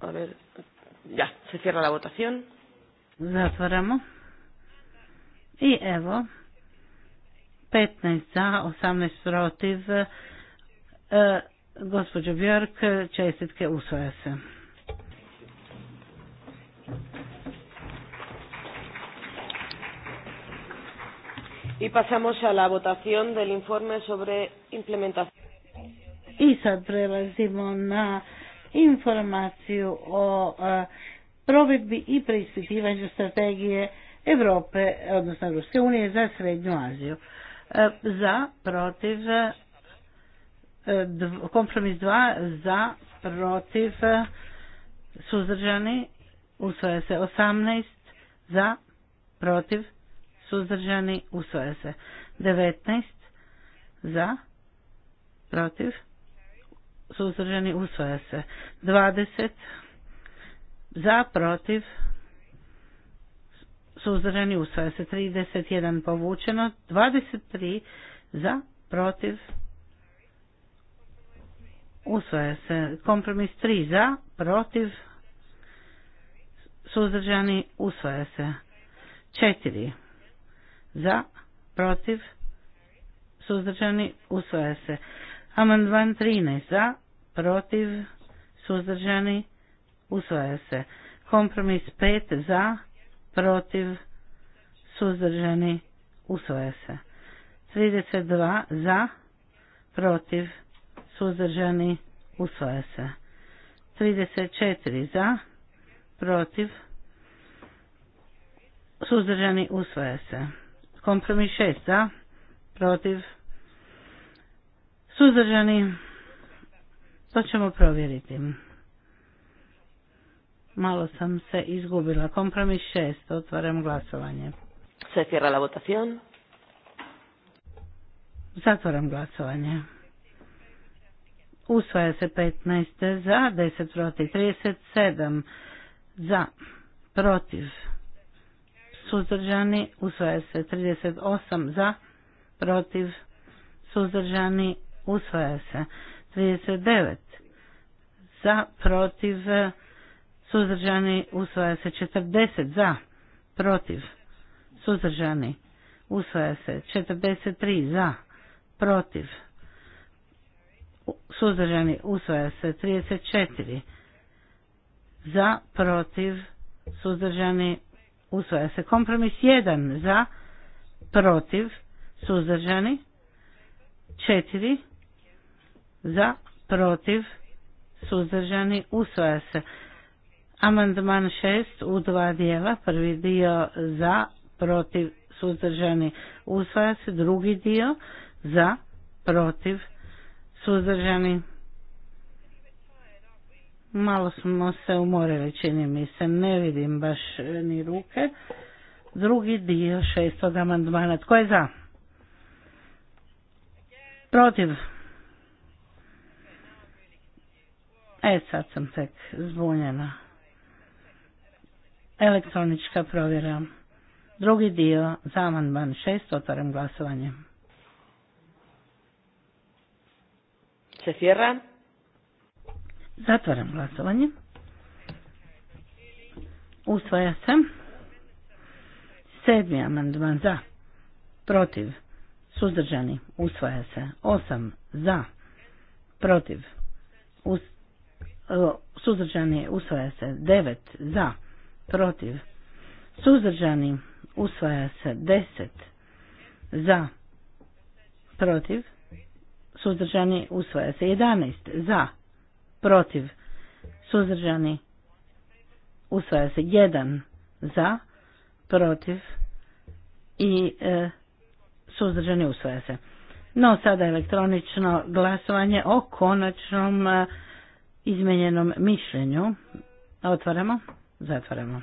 A ver. Ja, se cierra la votación. Zatvaramo. I evo, 15 za, 18 protiv, E, gospođo Bjork, čestitke usvoja se. i pasamos a la votación del informe sobre implementación. I sad prelazimo na informaciju o e, provedbi i preispitivanju strategije Europe, odnosno Europske unije za Srednju Aziju. E, za, protiv, kompromis 2 za, protiv, suzdržani, usvoje se 18, za, protiv, suzdržani, usvoje se 19, za, protiv, suzdržani, usvoje se 20, za, protiv, suzdržani, usvaja se 31, povučeno, 23, za, protiv, Usvaja se. Kompromis 3 za, protiv, suzdržani, usvaja se. 4 za, protiv, suzdržani, usvaja se. Amandman 13 za, protiv, suzdržani, usvaja se. Kompromis 5 za, protiv, suzdržani, usvaja se. 32 za, protiv, suzdržani, usvaja se. 34 za, protiv, suzdržani, usvaja se. Kompromis 6 za, protiv, suzdržani, to ćemo provjeriti. Malo sam se izgubila. Kompromis 6, otvaram glasovanje. Se cierra la votación. Zatvaram glasovanje. Usvaja se 15 za, 10 protiv, 37 za, protiv, suzdržani. Usvaja se 38 za, protiv, suzdržani. Usvaja se 39 za, protiv, suzdržani. Usvaja se 40 za, protiv, suzdržani. Usvaja se 43 za, protiv, suzdržani usvaja se 34 za protiv suzdržani usvaja se kompromis 1 za protiv suzdržani 4 za protiv suzdržani usvaja se amandman 6 u dva dijela prvi dio za protiv suzdržani usvaja se drugi dio za protiv suzdržani. Malo smo se umorili, čini mi se, ne vidim baš e, ni ruke. Drugi dio šestog amandmana. Tko je za? Protiv? E, sad sam tek zbunjena. Elektronička provjera. Drugi dio za amandman šest. Otvaram glasovanje. Se cierra. Zatvaram glasovanje. Usvaja se. Sedmi amandman za. Protiv. Suzdržani. Usvaja se. Osam za. Protiv. Us, suzdržani. Usvaja se. Devet za. Protiv. Suzdržani. Usvaja se. Deset za. Protiv suzdržani, usvaja se. 11 za, protiv, suzdržani, usvaja se. 1 za, protiv i e, suzdržani, usvaja se. No, sada elektronično glasovanje o konačnom e, izmenjenom mišljenju. Otvaramo, zatvaramo.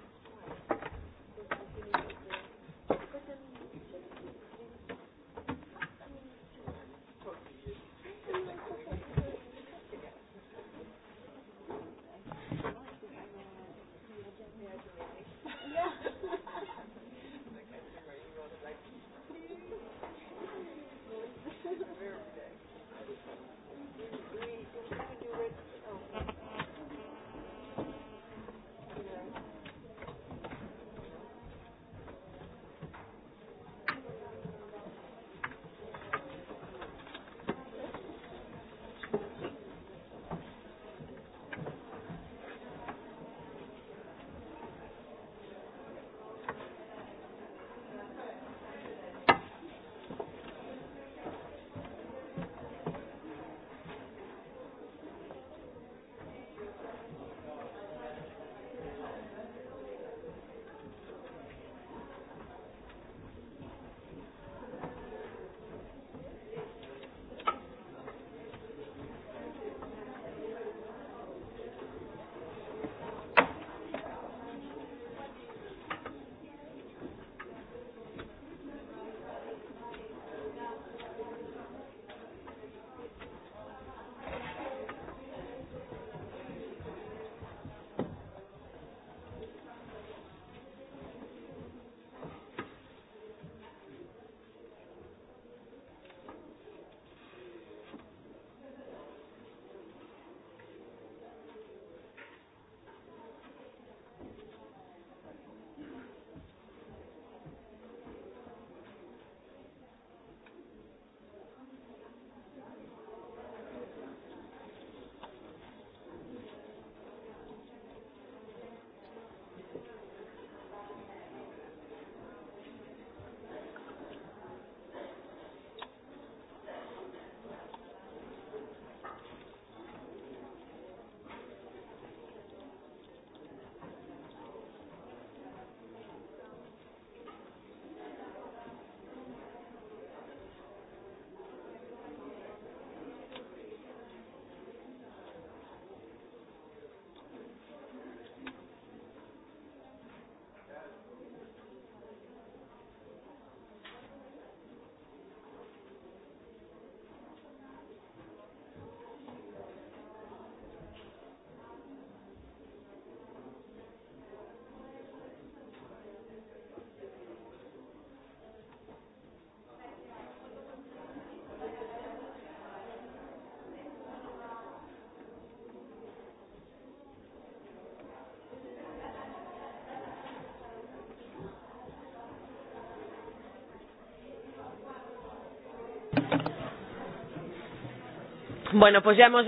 Bueno, pues ya hemos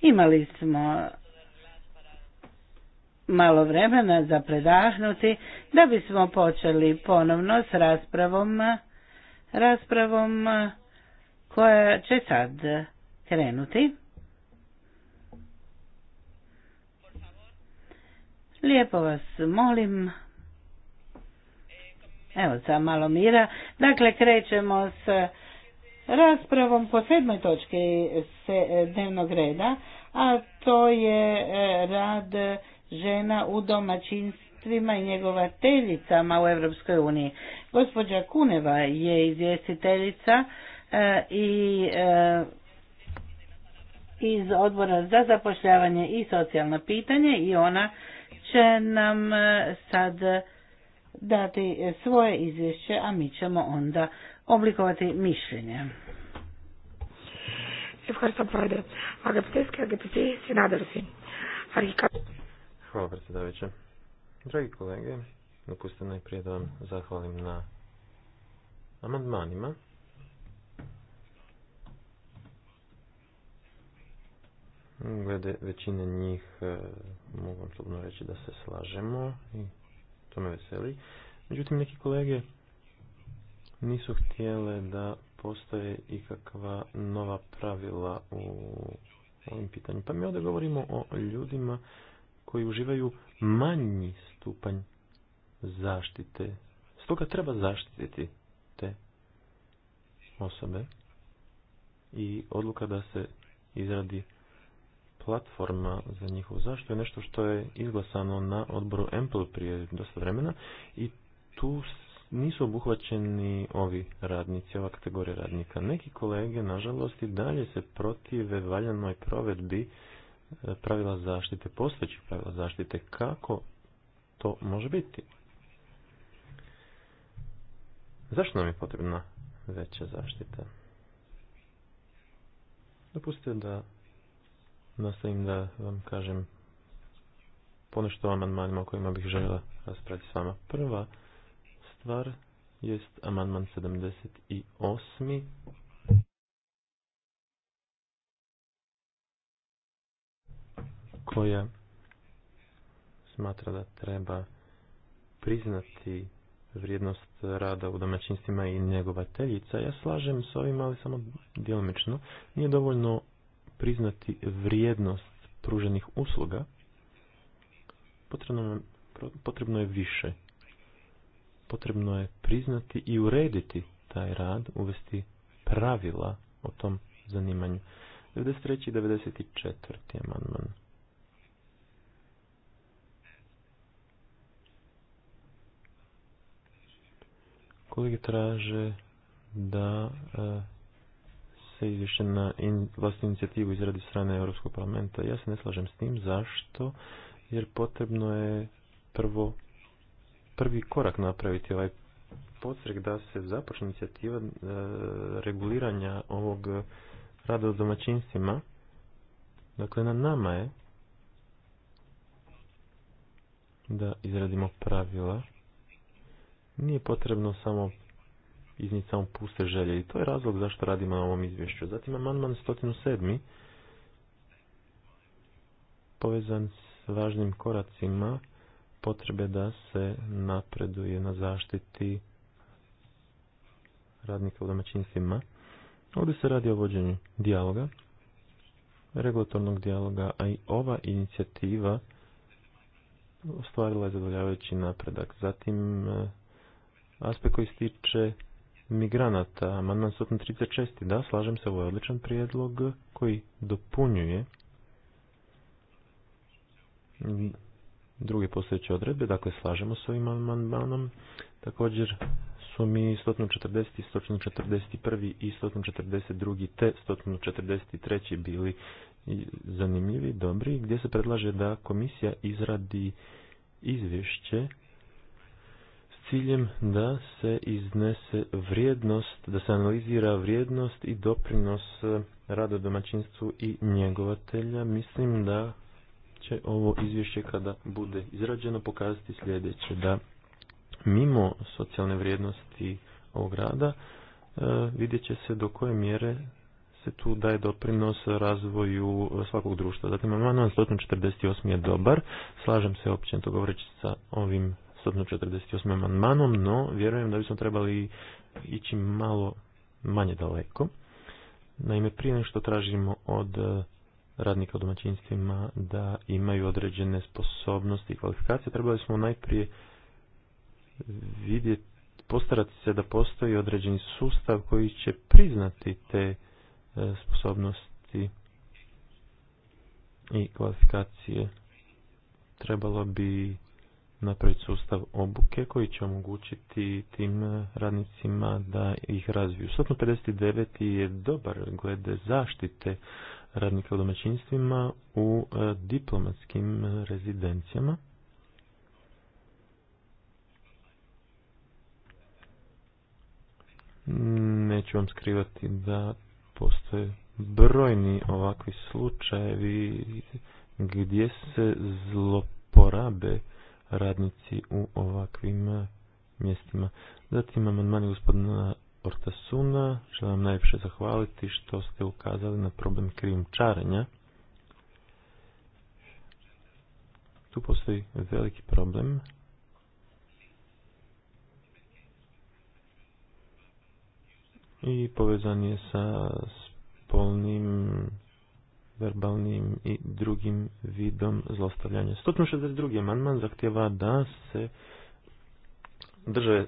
Imali smo malo vremena za predahnuti da bismo počeli ponovno s raspravom, raspravom koja će sad krenuti. Lijepo vas molim. Evo, sam malo mira. Dakle, krećemo s raspravom po sedmoj točki e, dnevnog reda, a to je e, rad žena u domaćinstvima i njegovateljicama u Europskoj uniji. Gospođa Kuneva je izvjestiteljica e, i iz odbora za zapošljavanje i socijalna pitanje i ona će nam sad dati svoje izvješće, a mi ćemo onda oblikovati mišljenje. Hvala predsjedaviće. Dragi kolege, dopustite najprije da vam zahvalim na amandmanima. Glede većine njih e, mogu vam reći da se slažemo i to me veseli. Međutim, neki kolege nisu htjele da postoje ikakva nova pravila u ovim pitanju. Pa mi ovdje govorimo o ljudima koji uživaju manji stupanj zaštite. Stoga treba zaštititi te osobe i odluka da se izradi platforma za njihovu zaštitu je nešto što je izglasano na odboru Ample prije dosta vremena i tu nisu obuhvaćeni ovi radnici, ova kategorija radnika. Neki kolege, nažalost, i dalje se protive valjanoj provedbi e, pravila zaštite, postojećih pravila zaštite. Kako to može biti? Zašto nam je potrebna veća zaštita? Dopustite da nastavim da vam kažem ponešto o amandmanima o kojima bih željela raspraviti s vama. Prva stvar jest amandman 78. koja smatra da treba priznati vrijednost rada u domaćinstvima i njegovateljica. Ja slažem s ovim, ali samo djelomično. Nije dovoljno priznati vrijednost pruženih usluga. Potrebno, potrebno je više potrebno je priznati i urediti taj rad, uvesti pravila o tom zanimanju. 93. i 94. amandman. Kolege traže da e, se izvješće na in, vlastnu inicijativu izradi strane Europskog parlamenta. Ja se ne slažem s tim. Zašto? Jer potrebno je prvo prvi korak napraviti ovaj podsrek da se započne inicijativa e, reguliranja ovog rada u domaćinstvima. Dakle, na nama je da izradimo pravila. Nije potrebno samo iznijeti samo puste želje i to je razlog zašto radimo na ovom izvješću. Zatim amandman 107. povezan s važnim koracima potrebe da se napreduje na zaštiti radnika u domaćinstvima. Ovdje se radi o vođenju dijaloga, regulatornog dijaloga, a i ova inicijativa ostvarila je zadovoljavajući napredak. Zatim, e, aspekt koji se tiče migranata, amandman 136. Da, slažem se, ovo je odličan prijedlog koji dopunjuje druge postojeće odredbe, dakle slažemo s ovim amandmanom. Također su mi 140. 141. i 142. te 143. bili zanimljivi, dobri, gdje se predlaže da komisija izradi izvješće s ciljem da se iznese vrijednost, da se analizira vrijednost i doprinos rada domaćinstvu i njegovatelja. Mislim da će ovo izvješće kada bude izrađeno pokazati sljedeće, da mimo socijalne vrijednosti ovog rada e, vidjet će se do koje mjere se tu daje doprinos razvoju svakog društva. Zatim, amandman 148 je dobar, slažem se to govoreći sa ovim 148. amandmanom, no vjerujem da bismo trebali ići malo manje daleko. Naime, prije nešto tražimo od e, radnika u domaćinstvima da imaju određene sposobnosti i kvalifikacije, trebali smo najprije vidjeti, postarati se da postoji određeni sustav koji će priznati te e, sposobnosti i kvalifikacije. Trebalo bi napraviti sustav obuke koji će omogućiti tim radnicima da ih razviju. 159. je dobar glede zaštite radnika u domaćinstvima u e, diplomatskim rezidencijama. Neću vam skrivati da postoje brojni ovakvi slučajevi gdje se zloporabe radnici u ovakvim mjestima. Zatim amandmani gospodina Suna. Želim vam najviše zahvaliti što ste ukazali na problem krijumčarenja. Tu postoji veliki problem. I povezan je sa spolnim, verbalnim i drugim vidom zlostavljanja. 162. amandman zahtjeva da se drže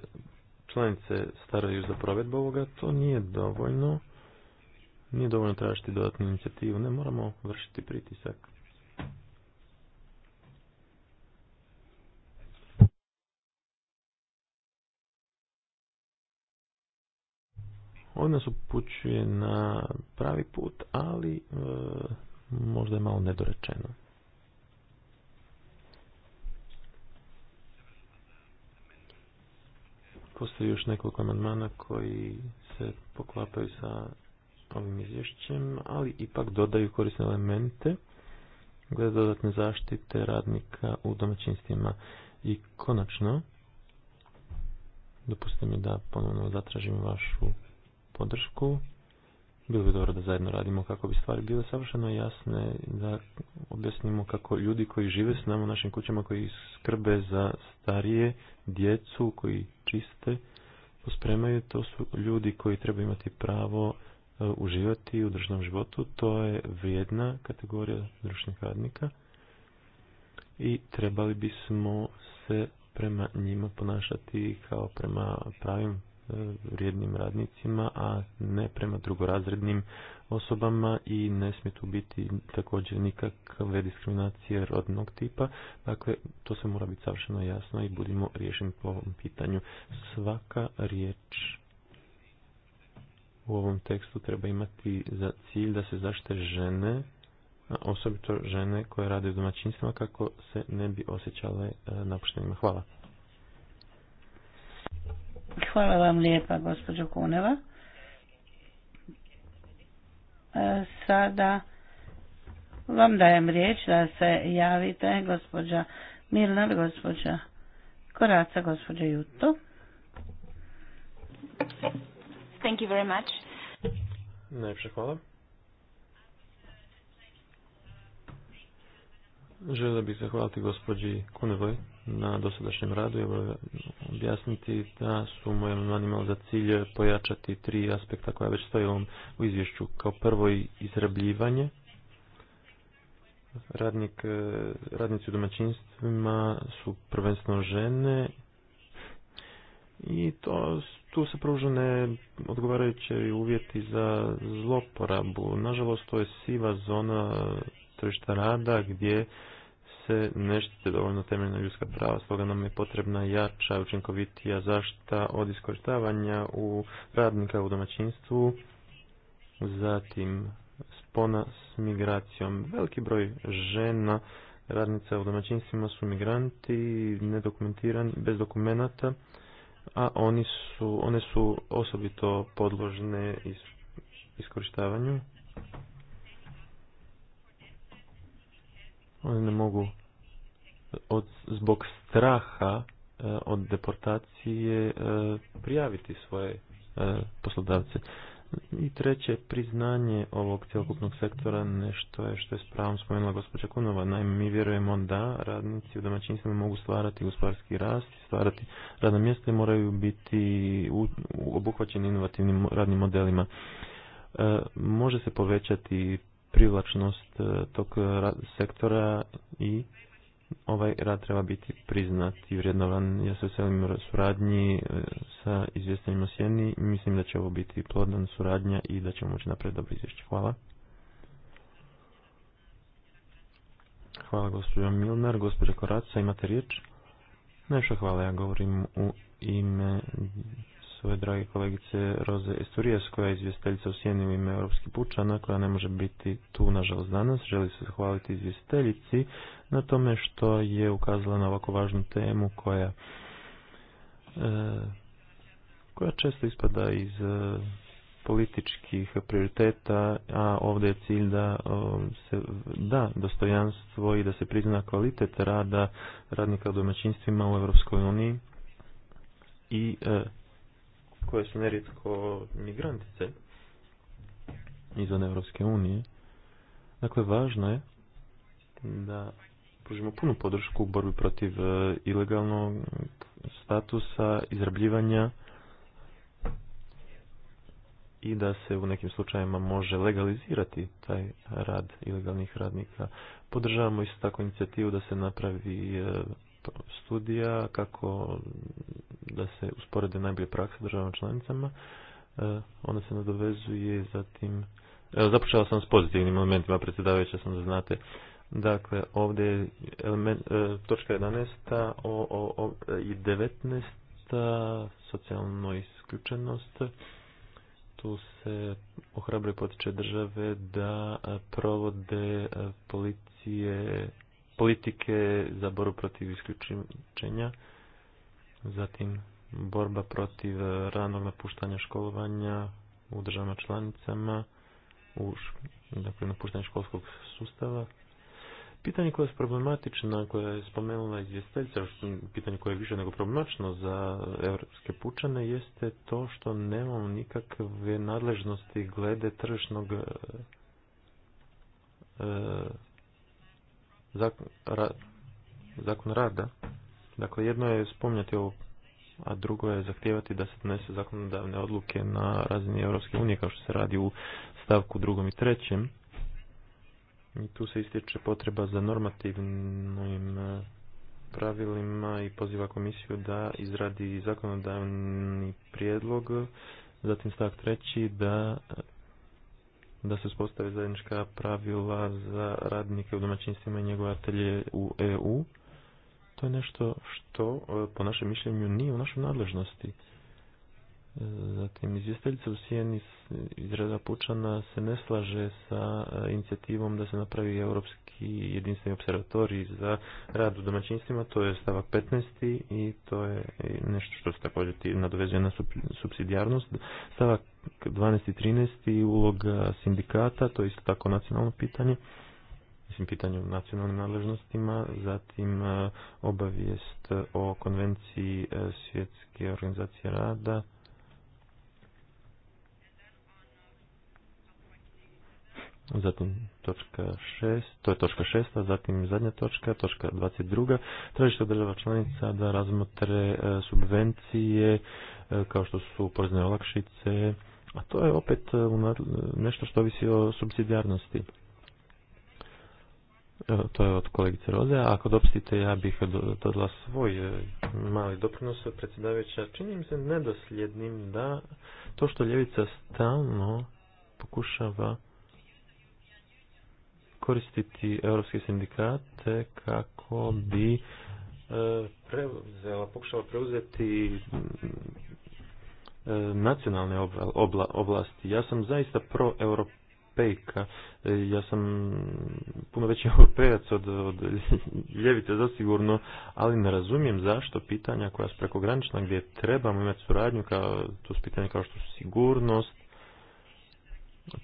članice staraju za provedbu ovoga, to nije dovoljno. Nije dovoljno tražiti dodatnu inicijativu, ne moramo vršiti pritisak. Ovdje nas upućuje na pravi put, ali e, možda je malo nedorečeno. Postoji još nekoliko amandmana koji se poklapaju sa ovim izvješćem, ali ipak dodaju korisne elemente glede dodatne zaštite radnika u domaćinstvima. I konačno, dopustite mi da ponovno zatražim vašu podršku bilo bi dobro da zajedno radimo kako bi stvari bile savršeno jasne, da objasnimo kako ljudi koji žive s nama u našim kućama, koji skrbe za starije, djecu, koji čiste, pospremaju, to su ljudi koji treba imati pravo e, uživati u državnom životu, to je vrijedna kategorija društvenih radnika i trebali bismo se prema njima ponašati kao prema pravim vrijednim radnicima, a ne prema drugorazrednim osobama i ne smije tu biti također nikakve diskriminacije rodnog tipa. Dakle, to se mora biti savršeno jasno i budimo riješeni po ovom pitanju. Svaka riječ u ovom tekstu treba imati za cilj da se zašte žene, osobito žene koje rade u domaćinstvima kako se ne bi osjećale e, napuštenima. Hvala. Hvala vam lijepa, gospođo Kuneva. E, sada vam dajem riječ da se javite, gospođa Mirna, gospođa Koraca, gospođa Juto. Thank you very much. hvala. Želio bih zahvaliti gospođi Kunevoj na dosadašnjem radu i objasniti da su moje amandmani za cilj pojačati tri aspekta koja već stoje u izvješću. Kao prvo izrabljivanje. Radnik, e, radnici u domaćinstvima su prvenstveno žene i to tu se pružene odgovarajuće uvjeti za zloporabu. Nažalost, to je siva zona tržišta rada gdje se neštite dovoljno temeljna ljudska prava, stoga nam je potrebna jača, učinkovitija zaštita od iskorištavanja u radnika u domaćinstvu, zatim spona s migracijom. Veliki broj žena radnica u domaćinstvima su migranti, nedokumentirani, bez dokumenata, a oni su, one su osobito podložne iskorištavanju Oni ne mogu od, zbog straha e, od deportacije e, prijaviti svoje e, poslodavce. I treće, priznanje ovog cjelokupnog sektora nešto je što je s pravom spomenula gospođa Kunova. Naime, mi vjerujemo da radnici u domaćinstvima mogu stvarati gospodarski rast, stvarati radna mjesta i moraju biti obuhvaćeni inovativnim radnim modelima. Može se povećati privlačnost e, tog e, sektora i ovaj rad treba biti priznat i vrijednovan. Ja se veselim suradnji e, sa izvjestanjima Sjeni mislim da će ovo biti plodna suradnja i da ćemo moći napred dobro izvješće. Hvala. Hvala gospođo Milnar, gospođa Koraca, imate riječ? Nešto hvala, ja govorim u ime svoje drage kolegice Roze Esturijas, koja je izvjesteljica u sjenim ime Europskih pučana, koja ne može biti tu, nažalost, danas. Želi se zahvaliti izvjesteljici na tome što je ukazala na ovako važnu temu koja, e, koja često ispada iz e, političkih prioriteta, a ovdje je cilj da se da dostojanstvo i da se prizna kvalitet rada radnika u domaćinstvima u Europskoj uniji i e, koje su nerijetko migrantice izvan Europske unije. Dakle, važno je da pružimo punu podršku u borbi protiv e, ilegalnog statusa, izrabljivanja i da se u nekim slučajevima može legalizirati taj rad ilegalnih radnika. Podržavamo isto tako inicijativu da se napravi e, studija kako da se usporede najbolje prakse državama članicama. E, ona se nadovezuje zatim... Evo, započela sam s pozitivnim elementima, predsjedavajuća sam da znate. Dakle, ovdje je element, e, točka 11. O, o, o, i 19. socijalno isključenost. Tu se ohrabruje potiče države da provode e, policije politike za boru protiv isključenja, zatim borba protiv ranog napuštanja školovanja u državama članicama, u dakle, napuštanju školskog sustava. Pitanje koje je problematično, koje je spomenula izvjestiteljica, pitanje koje je više nego problematično za europske pučane, jeste to što nemamo nikakve nadležnosti glede tržišnog e, zakon, rada. Dakle, jedno je spominjati ovo, a drugo je zahtijevati da se donese zakonodavne odluke na razini Europske unije, kao što se radi u stavku drugom i trećem. I tu se ističe potreba za normativnim e, pravilima i poziva komisiju da izradi zakonodavni prijedlog, zatim stavak treći da da se uspostave zajednička pravila za radnike u domaćinstvima i njegovatelje u EU. To je nešto što, e, po našem mišljenju, nije u našoj nadležnosti. Zatim izvjestiteljica u Sijeni izrada Pučana se ne slaže sa e, inicijativom da se napravi europski jedinstveni observatorij za rad u domaćinstvima, to je stavak 15. i to je nešto što se također nadovezuje na subsidijarnost. Stavak 12. i 13. uloga e, sindikata, to je isto tako nacionalno pitanje mislim pitanje o nacionalnim nadležnostima, zatim e, obavijest o konvenciji Svjetske organizacije rada, zatim točka 6, to je točka 6, a zatim zadnja točka, točka 22. Traži što država članica da razmotre e, subvencije e, kao što su porezne olakšice, a to je opet e, nešto što ovisi o subsidijarnosti. To je od kolegice Roze, a ako dopustite ja bih dodala svoj mali doprinos predsjedavajuća. Čini mi se nedosljednim da to što ljevica stalno pokušava koristiti europske sindikate kako bi e, preuzela, pokušala preuzeti e, nacionalne obla, oblasti. Ja sam zaista pro-europejka. E, ja sam puno veći europejac od, od ljevice zasigurno, ali ne razumijem zašto pitanja koja su prekogranična gdje trebamo imati suradnju, kao, to su pitanja kao što su sigurnost,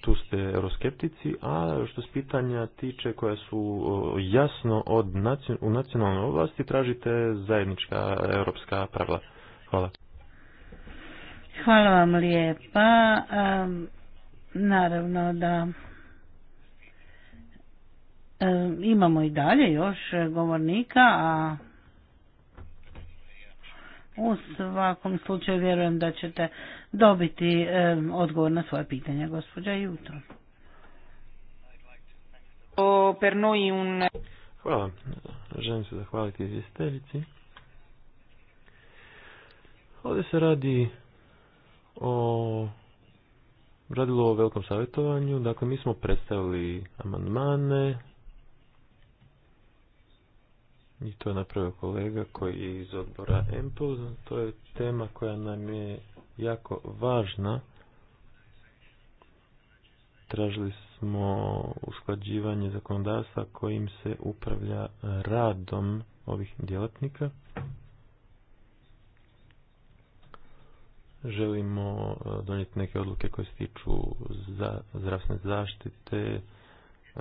tu ste euroskeptici, a što se pitanja tiče koja su jasno od nacion, u nacionalnoj oblasti, tražite zajednička europska pravila. Hvala. Hvala vam lijepa. Naravno da e, imamo i dalje još govornika, a u svakom slučaju vjerujem da ćete dobiti odgovor na svoje pitanja, gospođa Jutro. Hvala. Želim se zahvaliti izvjestiteljici. Ovdje se radi o radilo o velikom savjetovanju. Dakle, mi smo predstavili amandmane i to je napravio kolega koji je iz odbora empo To je tema koja nam je jako važna. Tražili smo usklađivanje zakonodavstva kojim se upravlja radom ovih djelatnika. Želimo eh, donijeti neke odluke koje se tiču za zdravstvene zaštite, eh,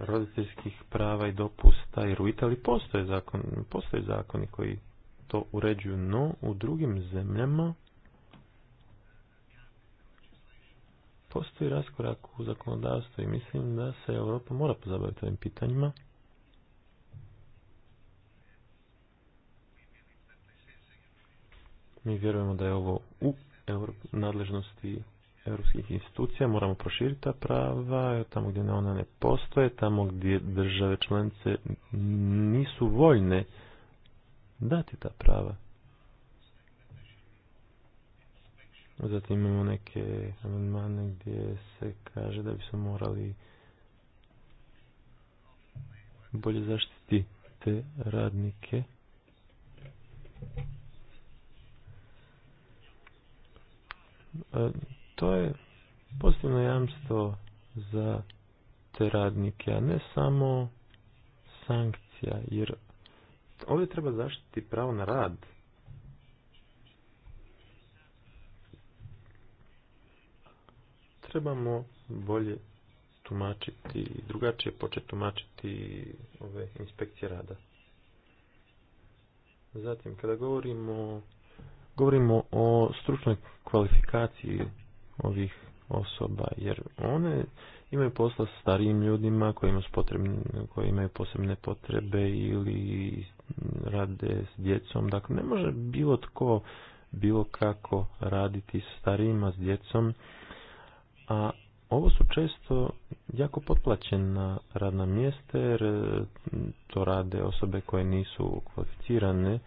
roditeljskih prava i dopusta i ruita, ali postoje, postoje zakoni koji to uređuju, no u drugim zemljama Postoji raskorak u zakonodavstvu i mislim da se Europa mora pozabaviti ovim pitanjima. Mi vjerujemo da je ovo u nadležnosti europskih institucija, moramo proširiti ta prava, tamo gdje ona ne postoje, tamo gdje države članice nisu voljne dati ta prava. Zatim imamo neke amandmane gdje se kaže da bi se morali bolje zaštiti te radnike. E, to je posljedno jamstvo za te radnike, a ne samo sankcija, jer ovdje treba zaštiti pravo na rad trebamo bolje tumačiti, drugačije početi tumačiti ove inspekcije rada. Zatim, kada govorimo, govorimo o stručnoj kvalifikaciji ovih osoba, jer one imaju posla s starijim ljudima koji imaju posebne potrebe ili rade s djecom. Dakle, ne može bilo tko bilo kako raditi s starijima, s djecom a ovo su često jako potplaćena radna mjesta jer e, to rade osobe koje nisu kvalificirane,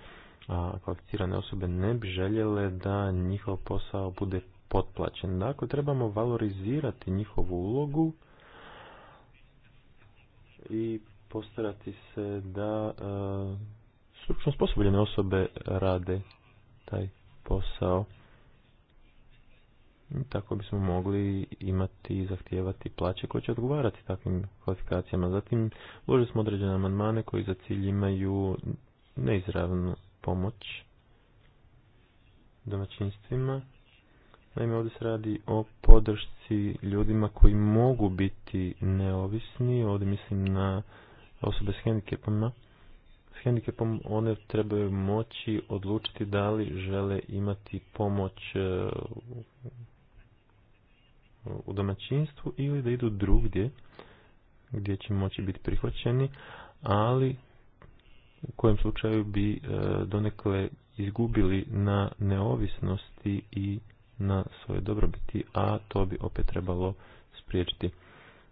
a kvalificirane osobe ne bi željele da njihov posao bude potplaćen. Dakle, trebamo valorizirati njihovu ulogu i postarati se da e, stručno sposobljene osobe rade taj posao tako bismo mogli imati i zahtijevati plaće koje će odgovarati takvim kvalifikacijama. Zatim uložili smo određene amandmane koji za cilj imaju neizravnu pomoć domaćinstvima. Naime, ovdje se radi o podršci ljudima koji mogu biti neovisni. Ovdje mislim na osobe s hendikepom. S hendikepom one trebaju moći odlučiti da li žele imati pomoć e, u domaćinstvu ili da idu drugdje gdje će moći biti prihvaćeni, ali u kojem slučaju bi e, donekle izgubili na neovisnosti i na svoje dobrobiti, a to bi opet trebalo spriječiti.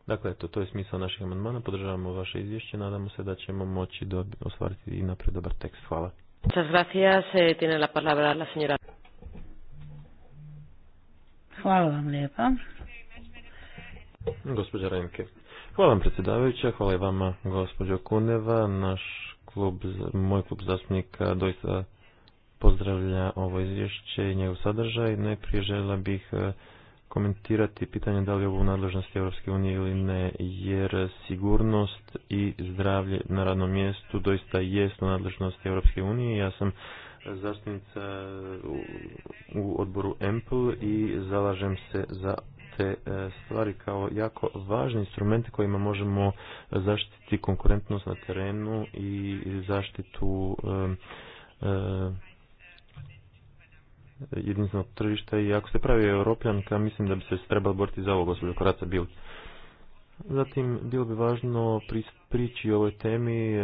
Dakle, to je smisao naših amandmana. Podržavamo vaše izvješće. Nadamo se da ćemo moći ostvariti i naprijed dobar tekst. Hvala. Eh, Hvala vam lijepa. Renke. Hvala vam predsjedavajuća, hvala i vama gospođo Kuneva. Naš klub, moj klub zastupnika doista pozdravlja ovo izvješće i njegov sadržaj. Najprije žela bih e, komentirati pitanje da li je ovo u nadležnosti Europske unije ili ne, jer sigurnost i zdravlje na radnom mjestu doista jest u nadležnosti Europske unije. Ja sam zastupnica u odboru EMPL i zalažem se za te e, stvari kao jako važne instrumente kojima možemo zaštititi konkurentnost na terenu i zaštitu e, e, jedinstvenog tržišta i ako se pravi europljanka mislim da bi se trebalo boriti za ovo gospođo Koraca Bild. Zatim bilo bi važno prići ovoj temi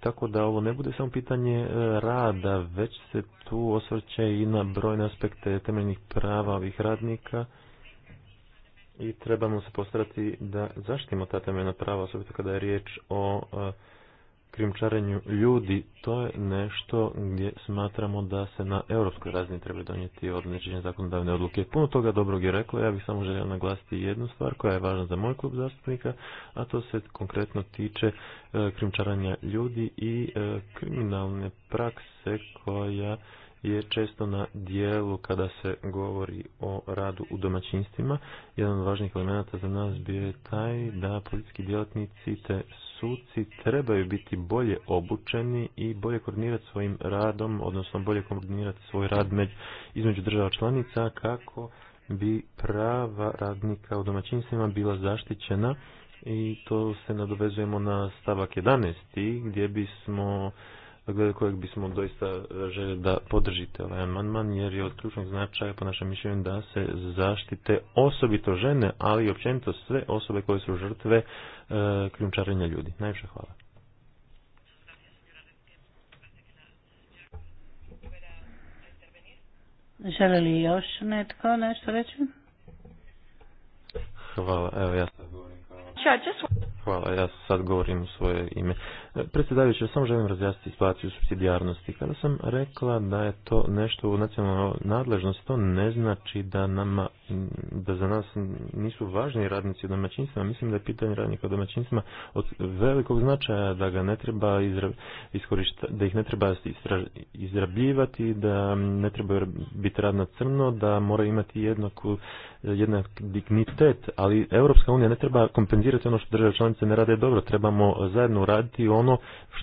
tako da ovo ne bude samo pitanje rada, već se tu osvrće i na brojne aspekte temeljnih prava ovih radnika i trebamo se postarati da zaštitimo ta temeljna prava, osobito kada je riječ o e, krimčarenju ljudi, to je nešto gdje smatramo da se na europskoj razini treba donijeti određene zakonodavne odluke. Puno toga dobrog je reklo, ja bih samo želio naglasiti jednu stvar koja je važna za moj klub zastupnika, a to se konkretno tiče e, krimčaranja ljudi i e, kriminalne prakse koja je često na dijelu kada se govori o radu u domaćinstvima. Jedan od važnijih elemenata za nas bio je taj da politički djelatnici te suci trebaju biti bolje obučeni i bolje koordinirati svojim radom, odnosno bolje koordinirati svoj rad među, između država članica kako bi prava radnika u domaćinstvima bila zaštićena i to se nadovezujemo na stavak 11. gdje bismo glede kojeg bismo doista željeli da podržite ovaj amandman jer je od ključnog značaja po našem mišljenju da se zaštite osobito žene, ali i općenito sve osobe koje su žrtve e, krijumčarenja ljudi. Najviše hvala. Žele li još netko nešto reći? Hvala, evo ja sad govorim. Hvala, ja sad govorim u svoje ime. Predsjedavajući, samo želim razjasniti situaciju subsidijarnosti. Kada sam rekla da je to nešto u nacionalnoj nadležnosti, to ne znači da, nama, da za nas nisu važni radnici u domaćinstvima. Mislim da je pitanje radnika u domaćinstvima od velikog značaja da ga ne treba izra... da ih ne treba izrabljivati, da ne treba biti radna crno, da mora imati jednaku, jednak dignitet, ali Europska unija ne treba kompenzirati ono što države članice ne rade dobro, trebamo zajedno raditi on ono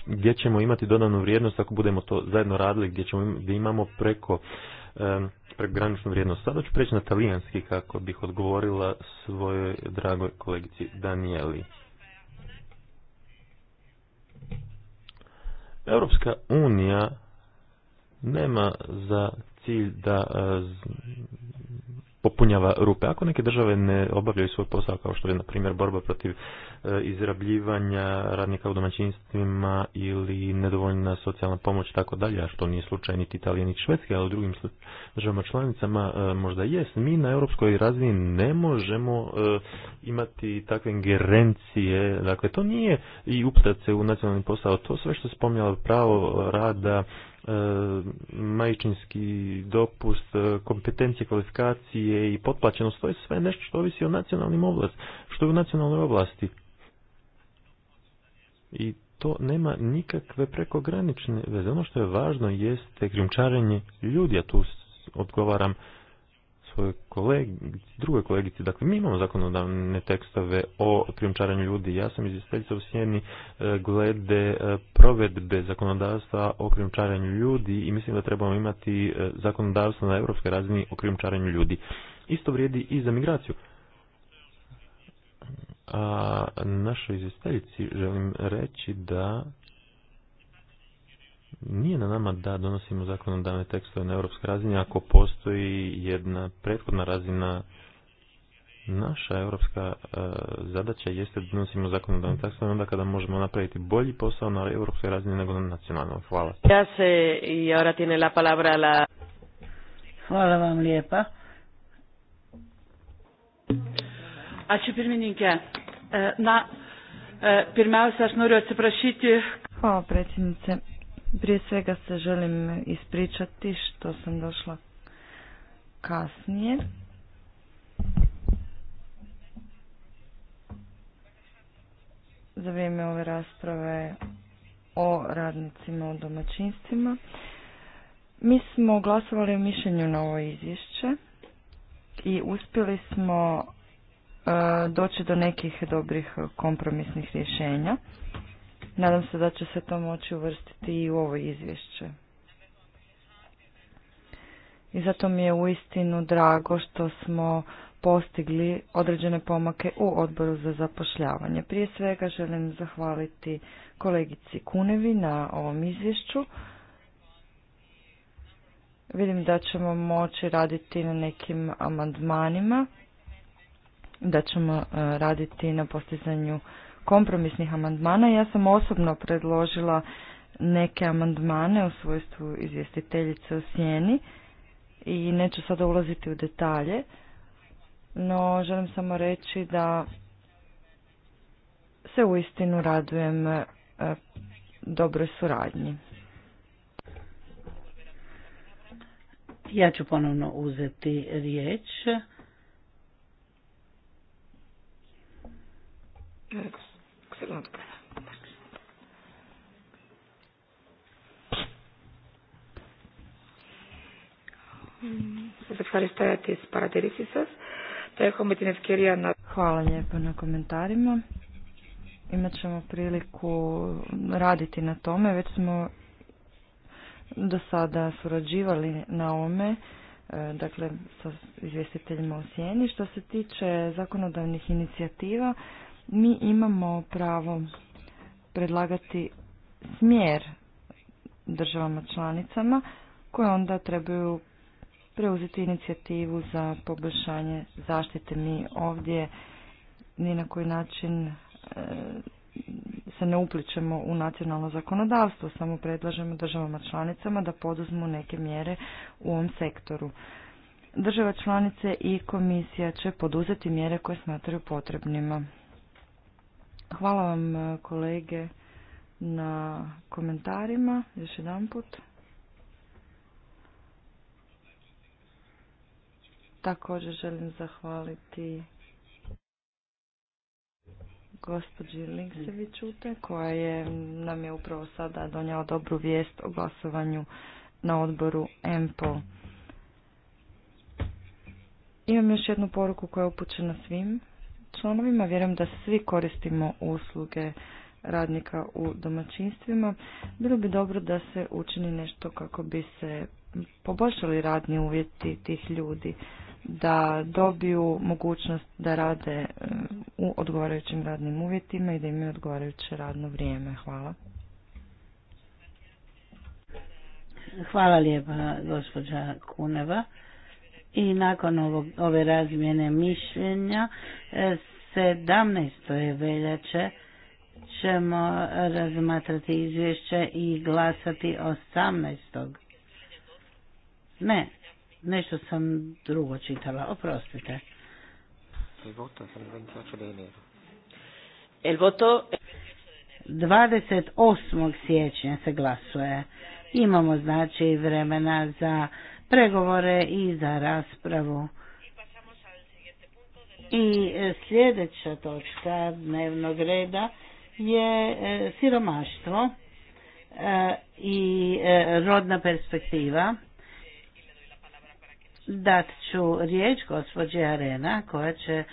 gdje ćemo imati dodanu vrijednost ako budemo to zajedno radili, gdje, ćemo, gdje imamo preko um, graničnu vrijednost. Sada ću preći na talijanski kako bih odgovorila svojoj dragoj kolegici Danieli. Europska unija nema za cilj da e, popunjava rupe. Ako neke države ne obavljaju svoj posao kao što je na primjer borba protiv e, izrabljivanja radnika u domaćinstvima ili nedovoljna socijalna pomoć tako dalje, a što nije slučaj niti Italije niti Švedske, ali u drugim državama članicama e, možda jest. Mi na europskoj razini ne možemo e, imati takve ingerencije, dakle to nije i uptat se u nacionalni posao, to sve što se spominjalo pravo rada, E, majčinski dopust, e, kompetencije, kvalifikacije i potplaćenost, to je sve nešto što ovisi o nacionalnim oblasti što je u nacionalnoj oblasti. I to nema nikakve prekogranične veze. Ono što je važno jeste krimčarenje ljudi, a tu odgovaram svojoj kolegici, drugoj kolegici. Dakle, mi imamo zakonodavne tekstove o krijumčaranju ljudi. Ja sam izvjestiteljica u Sjeni e, glede e, provedbe zakonodavstva o krijumčaranju ljudi i mislim da trebamo imati e, zakonodavstvo na europskoj razini o krijumčaranju ljudi. Isto vrijedi i za migraciju. A našoj izvjestiteljici želim reći da nije na nama da donosimo zakonodavne tekstove na europskoj razini ako postoji jedna prethodna razina naša europska e, zadaća jeste da donosimo zakonodavne tekstove onda kada možemo napraviti bolji posao na europskoj razini nego na nacionalnoj. Hvala. Ja se i ora tiene la palabra la Hvala vam lijepa. pirmininkė. E, na, e, pirmiausia, aš noriu atsiprašyti. Hvala predsjednice. Prije svega se želim ispričati što sam došla kasnije. Za vrijeme ove rasprave o radnicima u domaćinstvima. Mi smo glasovali o mišljenju na ovo izvješće i uspjeli smo e, doći do nekih dobrih kompromisnih rješenja. Nadam se da će se to moći uvrstiti i u ovo izvješće. I zato mi je uistinu drago što smo postigli određene pomake u odboru za zapošljavanje. Prije svega želim zahvaliti kolegici Kunevi na ovom izvješću. Vidim da ćemo moći raditi na nekim amandmanima, da ćemo e, raditi na postizanju kompromisnih amandmana. Ja sam osobno predložila neke amandmane u svojstvu izvjestiteljice o sjeni i neću sada ulaziti u detalje, no želim samo reći da se uistinu radujem e, dobroj suradnji. Ja ću ponovno uzeti riječ. Dakle. Hvala lijepo na komentarima. Imat ćemo priliku raditi na tome. Već smo do sada surađivali na ovome, e, dakle sa izvjestiteljima u sjeni. Što se tiče zakonodavnih inicijativa, mi imamo pravo predlagati smjer državama članicama koje onda trebaju preuzeti inicijativu za poboljšanje zaštite. Mi ovdje ni na koji način e, se ne upličemo u nacionalno zakonodavstvo, samo predlažemo državama članicama da poduzmu neke mjere u ovom sektoru. Država članice i komisija će poduzeti mjere koje smatraju potrebnima. Hvala vam e, kolege na komentarima još jedan put. Također želim zahvaliti gospođi Linksevićute koja je nam je upravo sada donijela dobru vijest o glasovanju na odboru EMPO. Imam još jednu poruku koja je upućena svim članovima. Vjerujem da svi koristimo usluge radnika u domaćinstvima. Bilo bi dobro da se učini nešto kako bi se poboljšali radni uvjeti tih ljudi, da dobiju mogućnost da rade e, u odgovarajućim radnim uvjetima i da imaju odgovarajuće radno vrijeme. Hvala. Hvala lijepa gospođa Kuneva. I nakon ovog, ove razmjene mišljenja e, 17. veljače ćemo razmatrati izvješće i glasati 18. Ne, nešto sam drugo čitala, oprostite. El voto 28 e siječnja se glasuje. Imamo znači vremena za pregovore i za raspravu. I e, sljedeća točka dnevnog reda je e, siromaštvo e, i rodna perspektiva. Dat ću riječ gospođe Arena koja će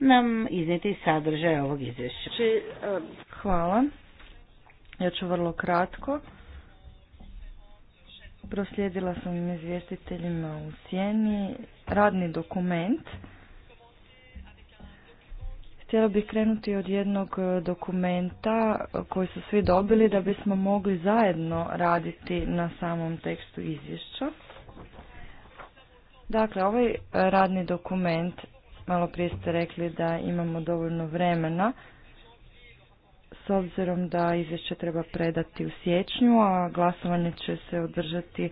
nam iznijeti sadržaj ovog izvješća. Znači, Hvala. Ja ću vrlo kratko. Proslijedila sam izvjestiteljima u sjeni radni dokument Htjela bih krenuti od jednog e, dokumenta e, koji su svi dobili da bismo mogli zajedno raditi na samom tekstu izvješća. Dakle, ovaj radni dokument, malo prije ste rekli da imamo dovoljno vremena, s obzirom da izvješće treba predati u siječnju, a glasovanje će se održati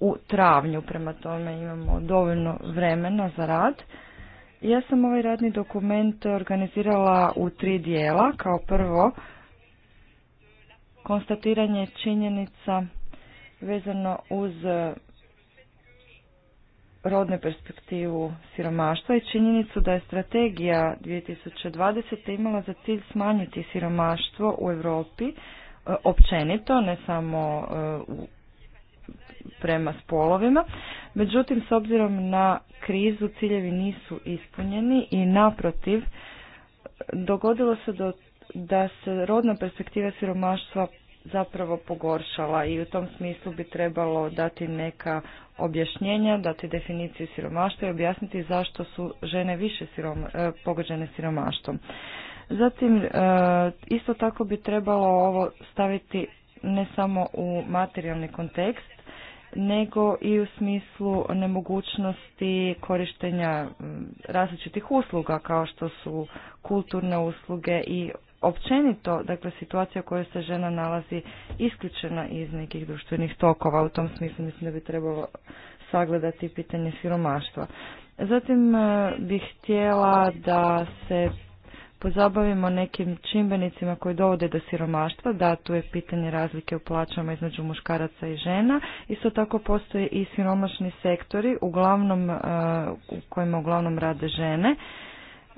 u travnju, prema tome imamo dovoljno vremena za rad. Ja sam ovaj radni dokument organizirala u tri dijela. Kao prvo, konstatiranje činjenica vezano uz e, rodne perspektivu siromaštva i činjenicu da je strategija 2020. imala za cilj smanjiti siromaštvo u Europi e, općenito, ne samo e, u prema spolovima. Međutim, s obzirom na krizu ciljevi nisu ispunjeni i naprotiv, dogodilo se da se rodna perspektiva siromaštva zapravo pogoršala i u tom smislu bi trebalo dati neka objašnjenja, dati definiciju siromaštva i objasniti zašto su žene više e, pogođene siromaštvom. Zatim, e, isto tako bi trebalo ovo staviti ne samo u materijalni kontekst, nego i u smislu nemogućnosti korištenja mm, različitih usluga kao što su kulturne usluge i općenito, dakle situacija u kojoj se žena nalazi isključena iz nekih društvenih tokova. U tom smislu mislim da bi trebalo sagledati pitanje siromaštva. Zatim eh, bih htjela da se pozabavimo nekim čimbenicima koji dovode do siromaštva, da tu je pitanje razlike u plaćama između muškaraca i žena. Isto tako postoje i siromašni sektori uglavnom, e, u kojima uglavnom rade žene.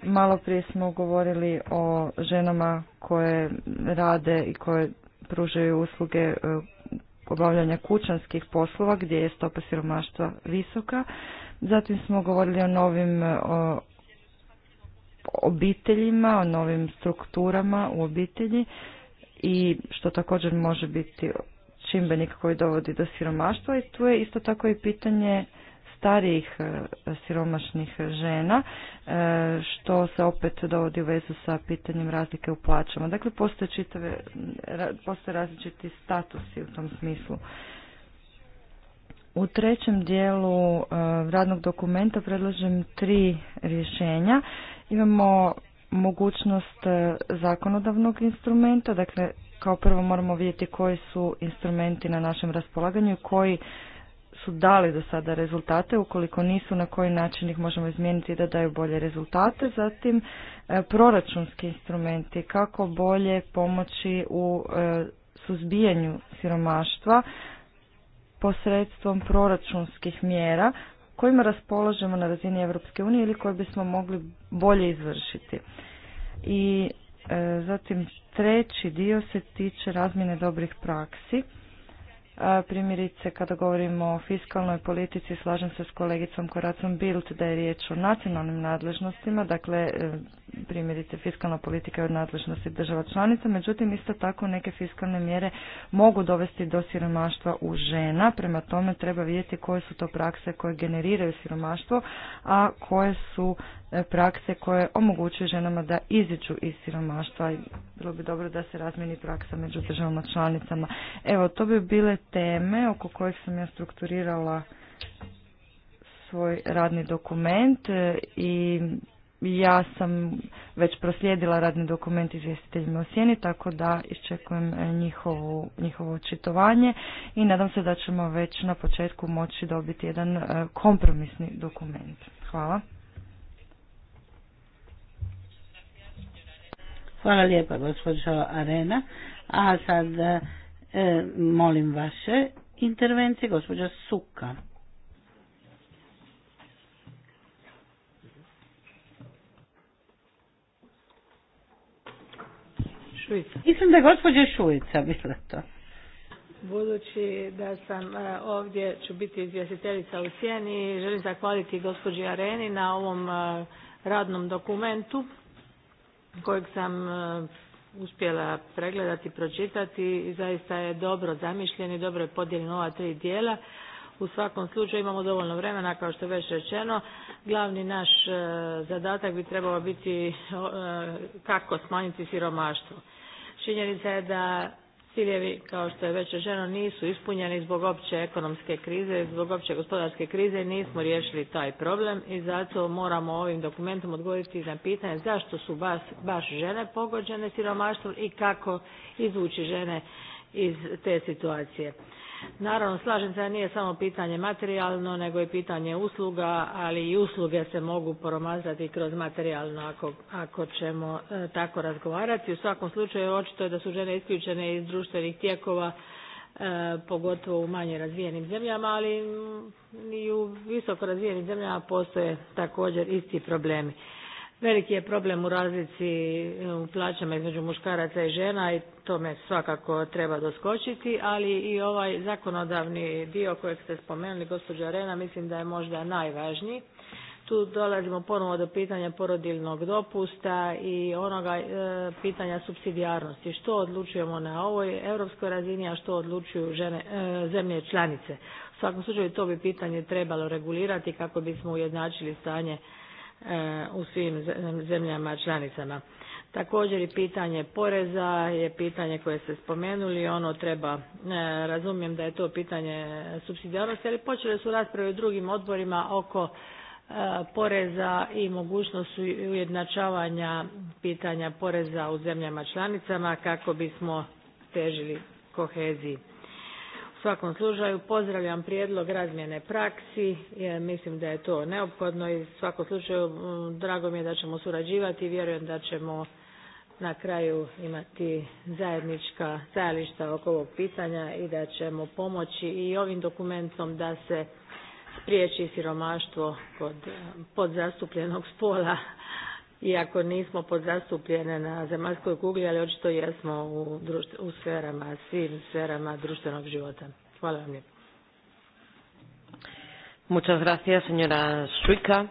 Malo prije smo govorili o ženama koje rade i koje pružaju usluge e, obavljanja kućanskih poslova gdje je stopa siromaštva visoka. Zatim smo govorili o novim e, obiteljima, o novim strukturama u obitelji i što također može biti čimbenik koji dovodi do siromaštva i tu je isto tako i pitanje starijih e, siromašnih žena, e, što se opet dovodi u vezu sa pitanjem razlike u plaćama. Dakle, postoje, čitave, postoje različiti statusi u tom smislu. U trećem dijelu e, radnog dokumenta predlažem tri rješenja. Imamo mogućnost e, zakonodavnog instrumenta, dakle kao prvo moramo vidjeti koji su instrumenti na našem raspolaganju i koji su dali do sada rezultate, ukoliko nisu na koji način ih možemo izmijeniti da daju bolje rezultate. Zatim e, proračunski instrumenti, kako bolje pomoći u e, suzbijanju siromaštva posredstvom proračunskih mjera kojima raspolažemo na razini Europske unije ili koje bismo mogli bolje izvršiti. I e, zatim treći dio se tiče razmjene dobrih praksi Primjerice, kada govorimo o fiskalnoj politici, slažem se s kolegicom Koracom Bild da je riječ o nacionalnim nadležnostima, dakle, e, primjerice, fiskalna politika je od nadležnosti država članica, međutim, isto tako neke fiskalne mjere mogu dovesti do siromaštva u žena, prema tome treba vidjeti koje su to prakse koje generiraju siromaštvo, a koje su E, prakse koje omogućuju ženama da iziču iz siromaštva i bilo bi dobro da se razmjeni praksa među državama članicama. Evo, to bi bile teme oko kojih sam ja strukturirala svoj radni dokument e, i ja sam već proslijedila radni dokument izvjestiteljima u sjeni, tako da iščekujem e, njihovo, njihovo očitovanje i nadam se da ćemo već na početku moći dobiti jedan kompromisni dokument. Hvala. Hvala lijepa gospođo Arena. A sad e, molim vaše intervencije, gospođa Suka. Šujica. Mislim da je gospođa Šujica bila to. Budući da sam e, ovdje, ću biti izvjestiteljica u sjeni, želim zahvaliti gospođi Areni na ovom e, radnom dokumentu kojeg sam e, uspjela pregledati pročitati i zaista je dobro zamišljen i dobro je podijeljen u ova tri dijela. U svakom slučaju imamo dovoljno vremena kao što je već rečeno. Glavni naš e, zadatak bi trebao biti e, kako smanjiti siromaštvo. Činjenica je da ciljevi, kao što je već rečeno, nisu ispunjeni zbog opće ekonomske krize, zbog opće gospodarske krize nismo riješili taj problem i zato moramo ovim dokumentom odgovoriti na pitanje zašto su baš žene pogođene siromaštvom i kako izvući žene iz te situacije. Naravno, slažem se da nije samo pitanje materijalno, nego je pitanje usluga, ali i usluge se mogu promatrati kroz materijalno ako, ako ćemo e, tako razgovarati. U svakom slučaju očito je da su žene isključene iz društvenih tijekova, e, pogotovo u manje razvijenim zemljama, ali mm, i u visoko razvijenim zemljama postoje također isti problemi. Veliki je problem u razlici e, u plaćama između muškaraca i žena i tome svakako treba doskočiti, ali i ovaj zakonodavni dio kojeg ste spomenuli, gospođa Rena, mislim da je možda najvažniji. Tu dolazimo ponovo do pitanja porodiljnog dopusta i onoga e, pitanja supsidijarnosti. Što odlučujemo na ovoj europskoj razini, a što odlučuju e, zemlje članice. U svakom slučaju to bi pitanje trebalo regulirati kako bismo ujednačili stanje u svim zemljama članicama. Također i pitanje poreza je pitanje koje ste spomenuli, ono treba, e, razumijem da je to pitanje subsidijarnosti, ali počele su rasprave u drugim odborima oko e, poreza i mogućnost ujednačavanja pitanja poreza u zemljama članicama kako bismo težili koheziji svakom slučaju pozdravljam prijedlog razmjene praksi jer mislim da je to neophodno i u svakom slučaju drago mi je da ćemo surađivati i vjerujem da ćemo na kraju imati zajednička stajališta oko ovog pitanja i da ćemo pomoći i ovim dokumentom da se spriječi siromaštvo kod eh, podzastupljenog spola iako nismo podzastupljene na zemaljskoj kugli, ali očito jesmo u, u sferama, svim sferama društvenog života. Hvala vam lijepo. Muchas gracias, señora Šujka.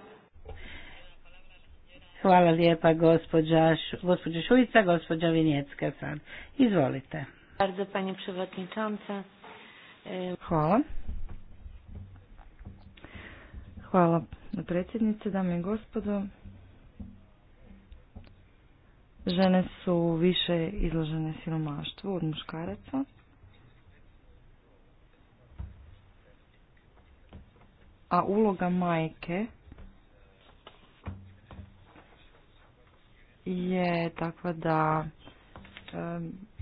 Hvala lijepa, gospođa, gospođa Šuica, gospođa Vinjecka sad. Izvolite. Bardzo, pani przewodnicząca. E, Hvala. Hvala predsjednice, dame i gospodo. Žene su više izložene siromaštvu od muškaraca. A uloga majke je takva da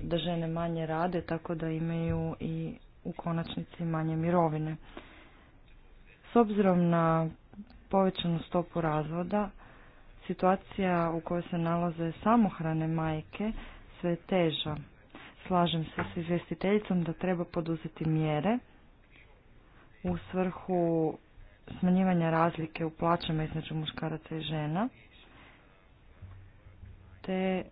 da žene manje rade, tako da imaju i u konačnici manje mirovine. S obzirom na povećanu stopu razvoda, situacija u kojoj se nalaze samohrane majke sve teža. Slažem se s izvjestiteljicom da treba poduzeti mjere u svrhu smanjivanja razlike u plaćama između muškaraca i žena, te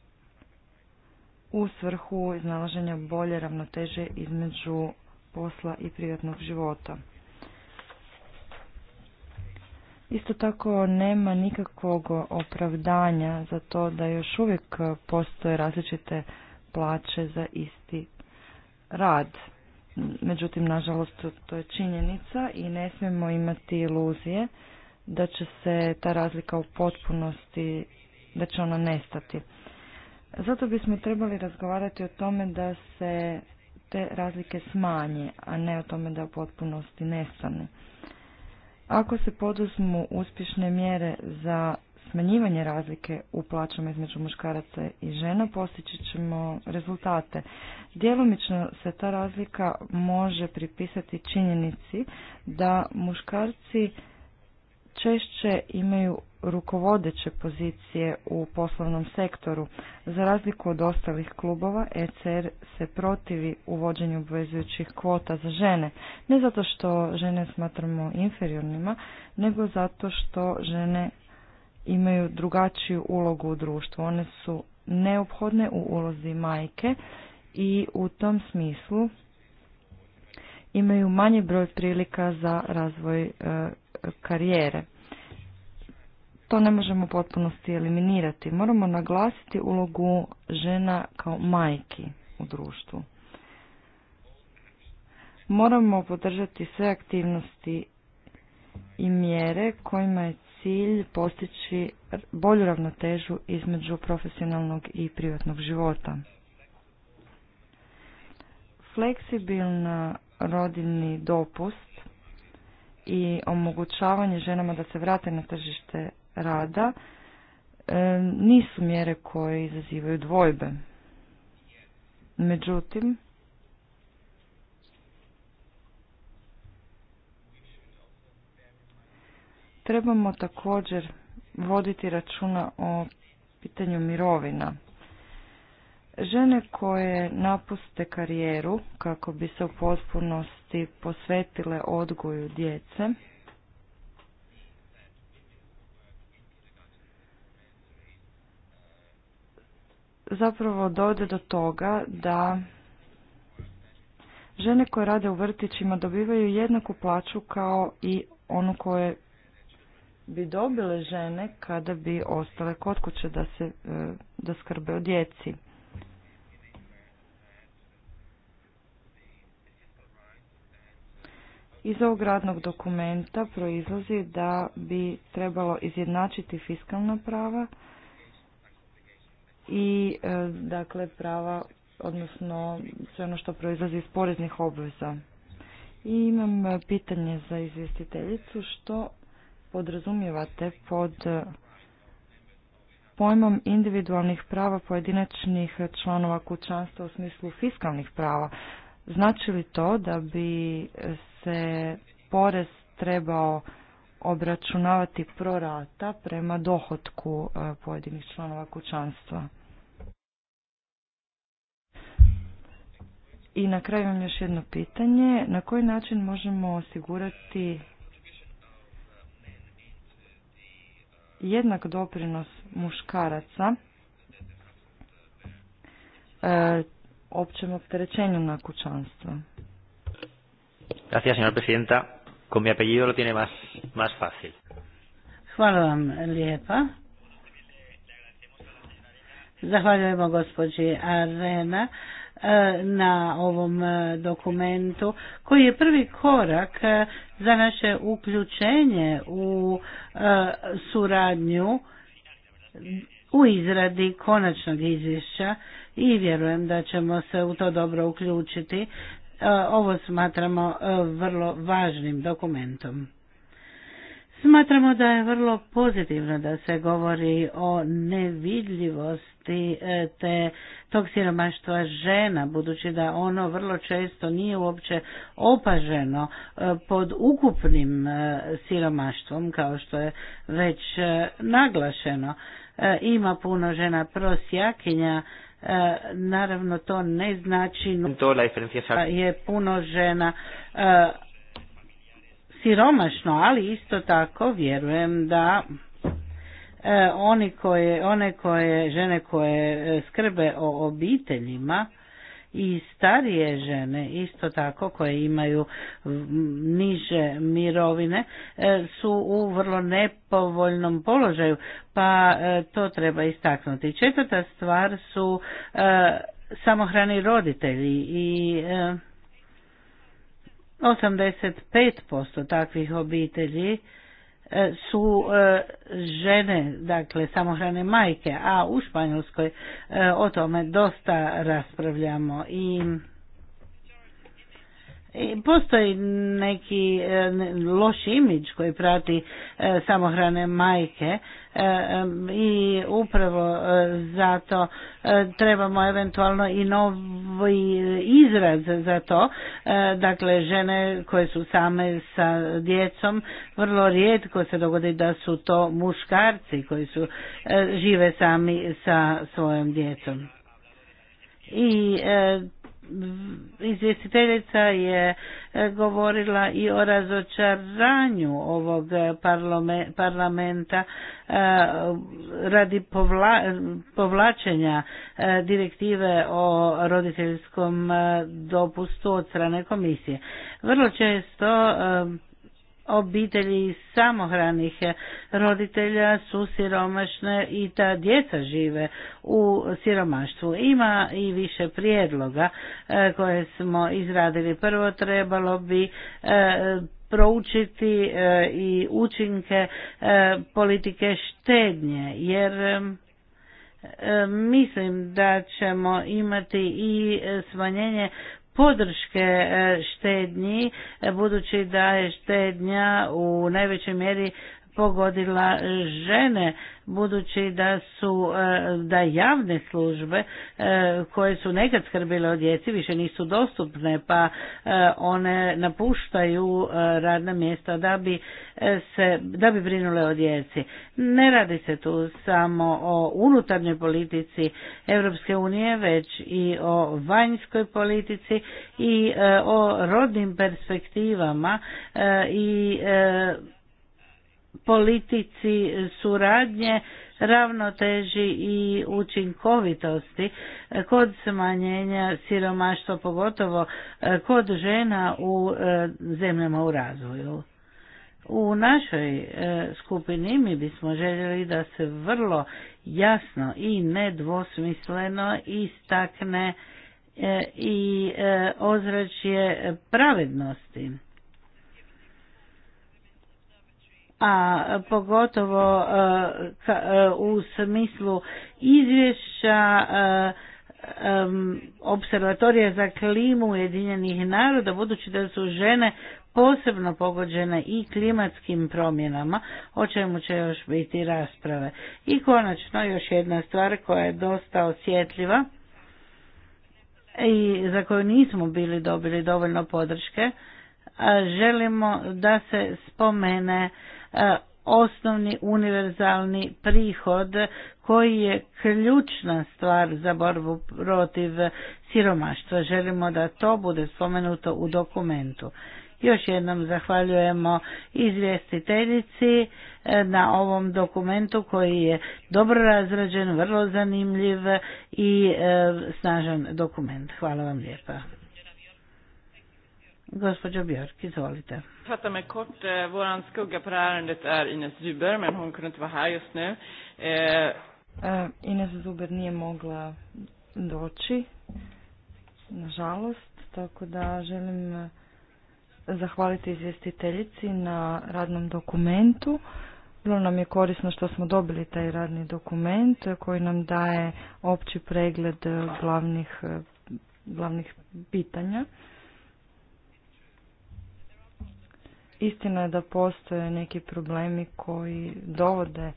u svrhu iznalaženja bolje ravnoteže između posla i privatnog života. Isto tako nema nikakvog opravdanja za to da još uvijek postoje različite plaće za isti rad. Međutim, nažalost, to je činjenica i ne smijemo imati iluzije da će se ta razlika u potpunosti, da će ona nestati. Zato bismo trebali razgovarati o tome da se te razlike smanje, a ne o tome da u potpunosti nestane. Ako se poduzmu uspješne mjere za smanjivanje razlike u plaćama između muškaraca i žena postići ćemo rezultate. Djelomično se ta razlika može pripisati činjenici da muškarci češće imaju rukovodeće pozicije u poslovnom sektoru. Za razliku od ostalih klubova, ECR se protivi uvođenju obvezujućih kvota za žene. Ne zato što žene smatramo inferiornima, nego zato što žene imaju drugačiju ulogu u društvu. One su neophodne u ulozi majke i u tom smislu imaju manji broj prilika za razvoj e, karijere. To ne možemo u potpunosti eliminirati. Moramo naglasiti ulogu žena kao majki u društvu. Moramo podržati sve aktivnosti i mjere kojima je cilj postići bolju ravnotežu između profesionalnog i privatnog života. Fleksibilna rodilni dopust i omogućavanje ženama da se vrate na tržište rada e, nisu mjere koje izazivaju dvojbe. Međutim, trebamo također voditi računa o pitanju mirovina. Žene koje napuste karijeru kako bi se u potpunosti posvetile odgoju djece, zapravo dojde do toga da žene koje rade u vrtićima dobivaju jednaku plaću kao i onu koje bi dobile žene kada bi ostale kod kuće da, se, e, da skrbe o djeci. Iz ovog radnog dokumenta proizlazi da bi trebalo izjednačiti fiskalna prava i e, dakle prava, odnosno sve ono što proizlazi iz poreznih obveza. I imam e, pitanje za izvjestiteljicu što podrazumijevate pod e, pojmom individualnih prava pojedinačnih članova kućanstva u smislu fiskalnih prava. Znači li to da bi se porez trebao obračunavati prorata prema dohotku e, pojedinih članova kućanstva. I na kraju imam još jedno pitanje. Na koji način možemo osigurati jednak doprinos muškaraca e, općem opterećenju na kućanstvo? Gracias, señor presidenta. Con mi apellido lo tiene más, más fácil. Hvala vam lijepa. Zahvaljujemo gospođi Arena eh, na ovom eh, dokumentu koji je prvi korak eh, za naše uključenje u suradnju u izradi konačnog izvješća i vjerujem da ćemo se u to dobro uključiti E, ovo smatramo e, vrlo važnim dokumentom. Smatramo da je vrlo pozitivno da se govori o nevidljivosti e, te tog siromaštva žena, budući da ono vrlo često nije uopće opaženo pod ukupnim siromaštvom, kao što je već naglašeno. Ima puno žena prosjakinja E, naravno to ne znači da je puno žena e, siromašno, ali isto tako vjerujem da e, oni koje, one koje žene koje skrbe o obiteljima i starije žene isto tako koje imaju niže mirovine e, su u vrlo nepovoljnom položaju pa e, to treba istaknuti. Četvrta stvar su e, samohrani roditelji i 85% takvih obitelji E, su e, žene, dakle samohrane majke, a u Španjolskoj e, o tome dosta raspravljamo i Postoji neki e, loš imidž koji prati e, samohrane majke e, i upravo zato trebamo eventualno i novi izraz za to. Dakle, žene koje su same sa djecom, vrlo rijetko se dogodi da su to muškarci koji su žive sami sa svojom djecom. I izvjestiteljica je e, govorila i o razočaranju ovog e, parlamenta e, radi povlačenja direktive o roditeljskom dopustu od strane komisije. Vrlo često obitelji samohranih roditelja su siromašne i ta djeca žive u siromaštvu. Ima i više prijedloga e, koje smo izradili. Prvo trebalo bi e, proučiti e, i učinke politike štednje jer mislim da ćemo imati i smanjenje podrške e, štednji, e, budući da je štednja u najvećoj mjeri pogodila žene budući da su e, da javne službe e, koje su nekad skrbile o djeci više nisu dostupne pa e, one napuštaju radna mjesta da bi se da bi brinule o djeci. Ne radi se tu samo o unutarnjoj politici Europske unije već i o vanjskoj politici i o rodnim perspektivama i politici suradnje, ravnoteži i učinkovitosti kod smanjenja siromaštva, pogotovo e, kod žena u e, zemljama u razvoju. U našoj e, skupini mi bismo željeli da se vrlo jasno i nedvosmisleno istakne i ozračje pravednosti a pogotovo e, e, u smislu izvješća e, observatorija za klimu Ujedinjenih naroda, budući da su žene posebno pogođene i klimatskim promjenama, o čemu će još biti rasprave. I konačno još jedna stvar koja je dosta osjetljiva i za koju nismo bili dobili dovoljno podrške, želimo da se spomene E, osnovni univerzalni prihod koji je ključna stvar za borbu protiv siromaštva. Želimo da to bude spomenuto u dokumentu. Još jednom zahvaljujemo izvjestiteljici e, na ovom dokumentu koji je dobro razrađen, vrlo zanimljiv i e, snažan dokument. Hvala vam lijepa. Gospođo Björk, izvolite. Fatta kort, eh, skugga på ärendet är Ines Zuber, men hon kunde inte vara här just nu. Eh, eh, Ines Zuber nije mogla doći, nažalost, tako da želim zahvaliti izvjestiteljici na radnom dokumentu. Bilo nam je korisno što smo dobili taj radni dokument koji nam daje opći pregled glavnih, glavnih pitanja Istina je da postoje neki problemi koji dovode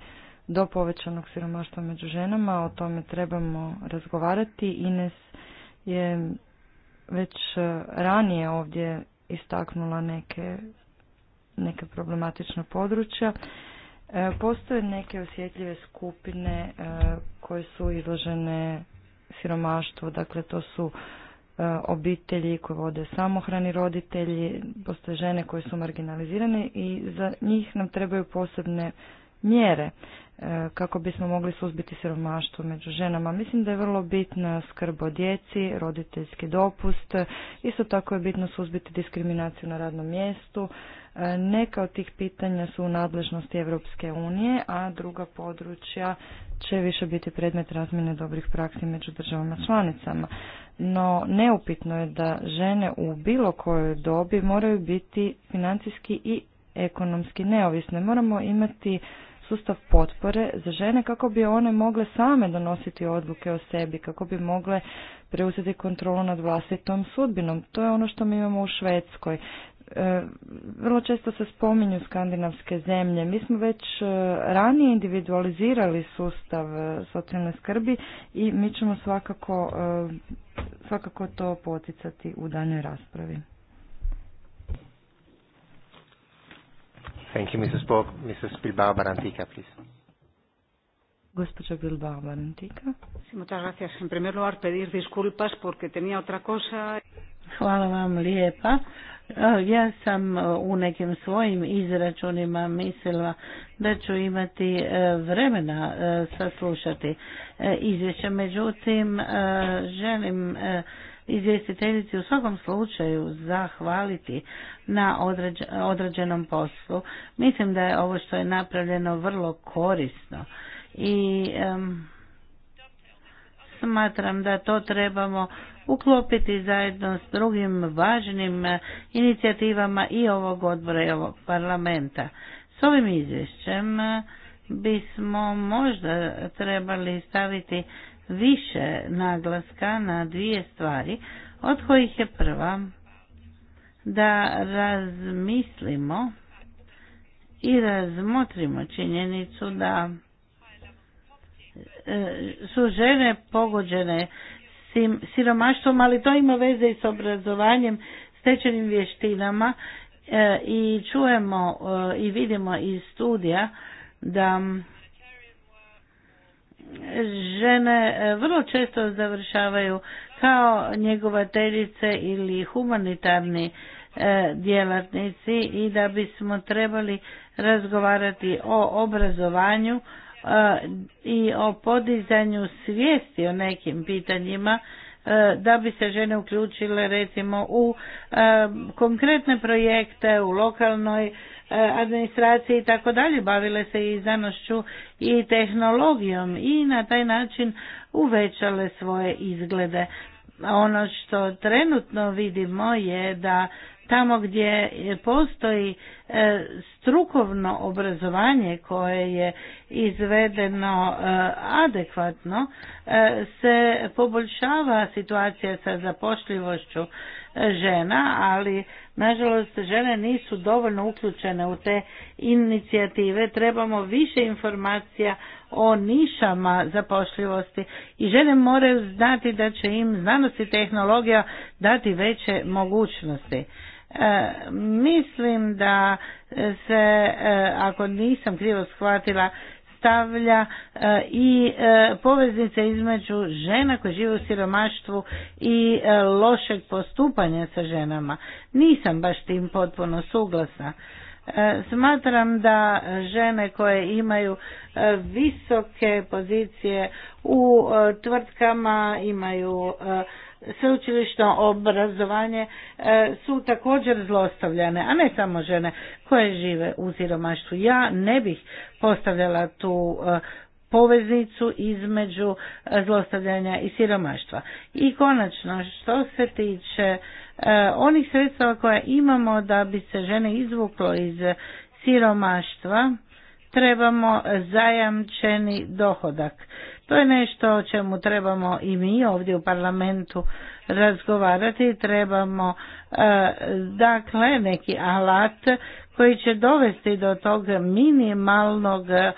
do povećanog siromaštva među ženama, o tome trebamo razgovarati. Ines je već ranije ovdje istaknula neke, neke problematična područja. E, postoje neke osjetljive skupine e, koje su izložene siromaštvu, dakle to su E, obitelji koje vode samohrani roditelji, postoje žene koje su marginalizirane i za njih nam trebaju posebne mjere e, kako bismo mogli suzbiti siromaštvo među ženama. Mislim da je vrlo bitna skrb o djeci, roditeljski dopust, isto tako je bitno suzbiti diskriminaciju na radnom mjestu. E, neka od tih pitanja su u nadležnosti Europske unije, a druga područja će više biti predmet razmjene dobrih praksi među državama članicama no neupitno je da žene u bilo kojoj dobi moraju biti financijski i ekonomski neovisne. Moramo imati sustav potpore za žene kako bi one mogle same donositi odluke o sebi, kako bi mogle preuzeti kontrolu nad vlastitom sudbinom. To je ono što mi imamo u Švedskoj. E, vrlo često se spominju skandinavske zemlje. Mi smo već e, ranije individualizirali sustav e, socijalne skrbi i mi ćemo svakako, svakako to poticati u danjoj raspravi. Thank you, Mrs. Bog. Mrs. Bilbao barantika please. Gospođa Bilbao Barantika. Sí, muchas gracias. En primer lugar, pedir disculpas porque tenía otra cosa. Hvala vam lijepa. Ja sam e, u nekim svojim izračunima mislila da ću imati e, vremena e, saslušati izvješće, međutim želim izvjestiteljici u svakom slučaju zahvaliti na određenom poslu. Mislim da je ovo što je napravljeno vrlo korisno i smatram da to trebamo uklopiti zajedno s drugim važnim eh, inicijativama i ovog odbora i ovog parlamenta. S ovim izvješćem eh, bismo možda trebali staviti više naglaska na dvije stvari, od kojih je prva da razmislimo i razmotrimo činjenicu da eh, su žene pogođene siromaštvom, ali to ima veze i s obrazovanjem, stečenim vještinama e, i čujemo e, i vidimo iz studija da žene e, vrlo često završavaju kao njegovateljice ili humanitarni djelatnici i da bismo trebali razgovarati o obrazovanju E, i o podizanju svijesti o nekim pitanjima e, da bi se žene uključile recimo u e, konkretne projekte u lokalnoj administraciji i tako dalje bavile se i zanošću i tehnologijom i na taj način uvećale svoje izglede ono što trenutno vidimo je da tamo gdje postoji e, strukovno obrazovanje koje je izvedeno e, adekvatno e, se poboljšava situacija sa zapošljivošću žena, ali nažalost žene nisu dovoljno uključene u te inicijative. Trebamo više informacija o nišama zapošljivosti i žene moraju znati da će im znanost i tehnologija dati veće mogućnosti. E, mislim da se, e, ako nisam krivo shvatila, stavlja e, i poveznice između žena koje žive u siromaštvu i lošeg postupanja sa ženama. Nisam baš tim potpuno suglasna. Smatram da žene koje imaju visoke pozicije u tvrtkama, imaju sveučilišno obrazovanje e, su također zlostavljane, a ne samo žene koje žive u siromaštvu. Ja ne bih postavljala tu e, poveznicu između e, zlostavljanja i siromaštva. I konačno, što se tiče onih sredstava koja imamo da bi se žene izvuklo iz siromaštva, trebamo zajamčeni dohodak to je nešto o čemu trebamo i mi ovdje u parlamentu razgovarati. Trebamo e, dakle neki alat koji će dovesti do tog minimalnog e,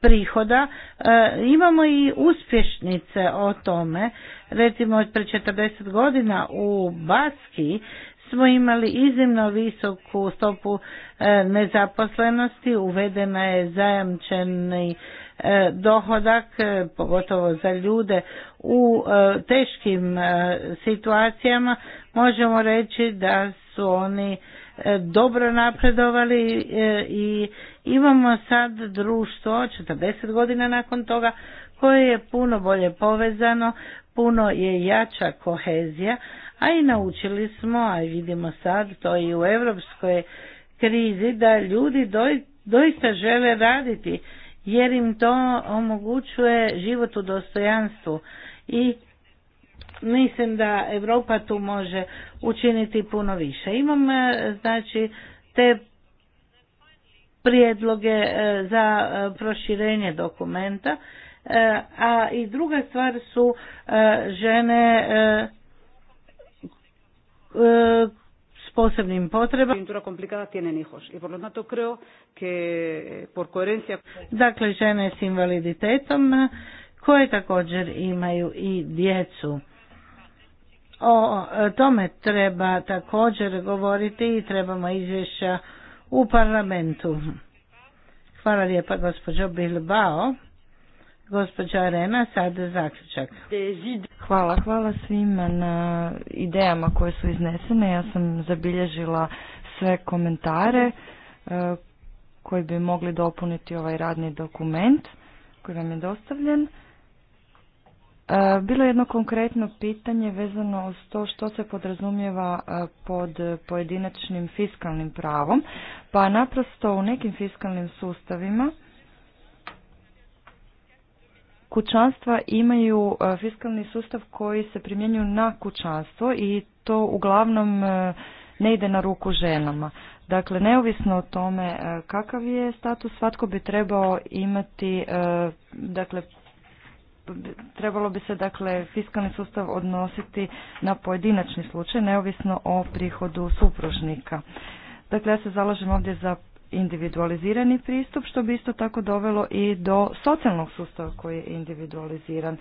prihoda. E, imamo i uspješnice o tome. Recimo, pre 40 godina u Baski smo imali iznimno visoku stopu e, nezaposlenosti, uvedena je zajamčeni e, dohodak, e, pogotovo za ljude u teškim situacijama, možemo reći da su oni dobro napredovali i imamo sad društvo 40 godina nakon toga koje je puno bolje povezano, puno je jača kohezija, a i naučili smo, a vidimo sad to i u europskoj krizi, da ljudi doj, doista žele raditi jer im to omogućuje život u dostojanstvu i mislim da Europa tu može učiniti puno više. Imam e, znači te prijedloge e, za e, proširenje dokumenta a i druga stvar su e, žene e, e, s posebnim potrebama. Eh, dakle, žene s invaliditetom koje također imaju i djecu. O tome treba također govoriti i trebamo izvješća u parlamentu. Hvala lijepa gospođo Bilbao. Gospođa Arena, sad zaključak. Hvala, hvala svima na idejama koje su iznesene. Ja sam zabilježila sve komentare e, koji bi mogli dopuniti ovaj radni dokument koji vam je dostavljen. E, bilo je jedno konkretno pitanje vezano uz to što se podrazumijeva e, pod pojedinačnim fiskalnim pravom. Pa naprosto u nekim fiskalnim sustavima kućanstva imaju e, fiskalni sustav koji se primjenjuju na kućanstvo i to uglavnom e, ne ide na ruku ženama. Dakle, neovisno o tome e, kakav je status, svatko bi trebao imati, dakle, trebalo bi se dakle fiskalni sustav odnositi na pojedinačni slučaj neovisno o prihodu supružnika. Dakle, ja se zalažem ovdje za individualizirani pristup, što bi isto tako dovelo i do socijalnog sustava koji je individualiziran. E,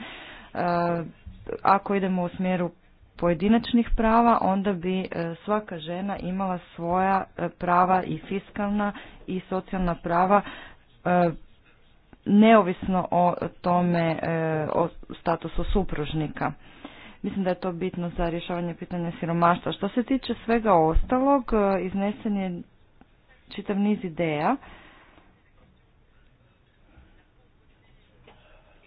ako idemo u smjeru pojedinačnih prava, onda bi e, svaka žena imala svoja e, prava i fiskalna i socijalna prava neovisno o tome, o statusu supružnika. Mislim da je to bitno za rješavanje pitanja siromaštva. Što se tiče svega ostalog, iznesen je čitav niz ideja.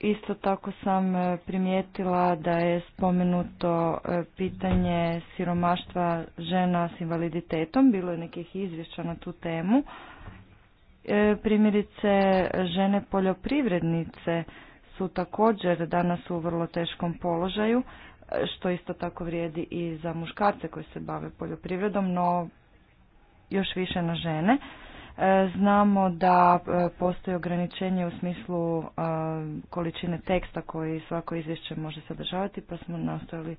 Isto tako sam e, primijetila da je spomenuto e, pitanje siromaštva žena s invaliditetom, bilo je nekih izvješća na tu temu. E, primjerice, žene poljoprivrednice su također danas u vrlo teškom položaju, što isto tako vrijedi i za muškarce koji se bave poljoprivredom, no još više na žene. E, znamo da e, postoje ograničenje u smislu e, količine teksta koji svako izvješće može sadržavati, pa smo nastojali,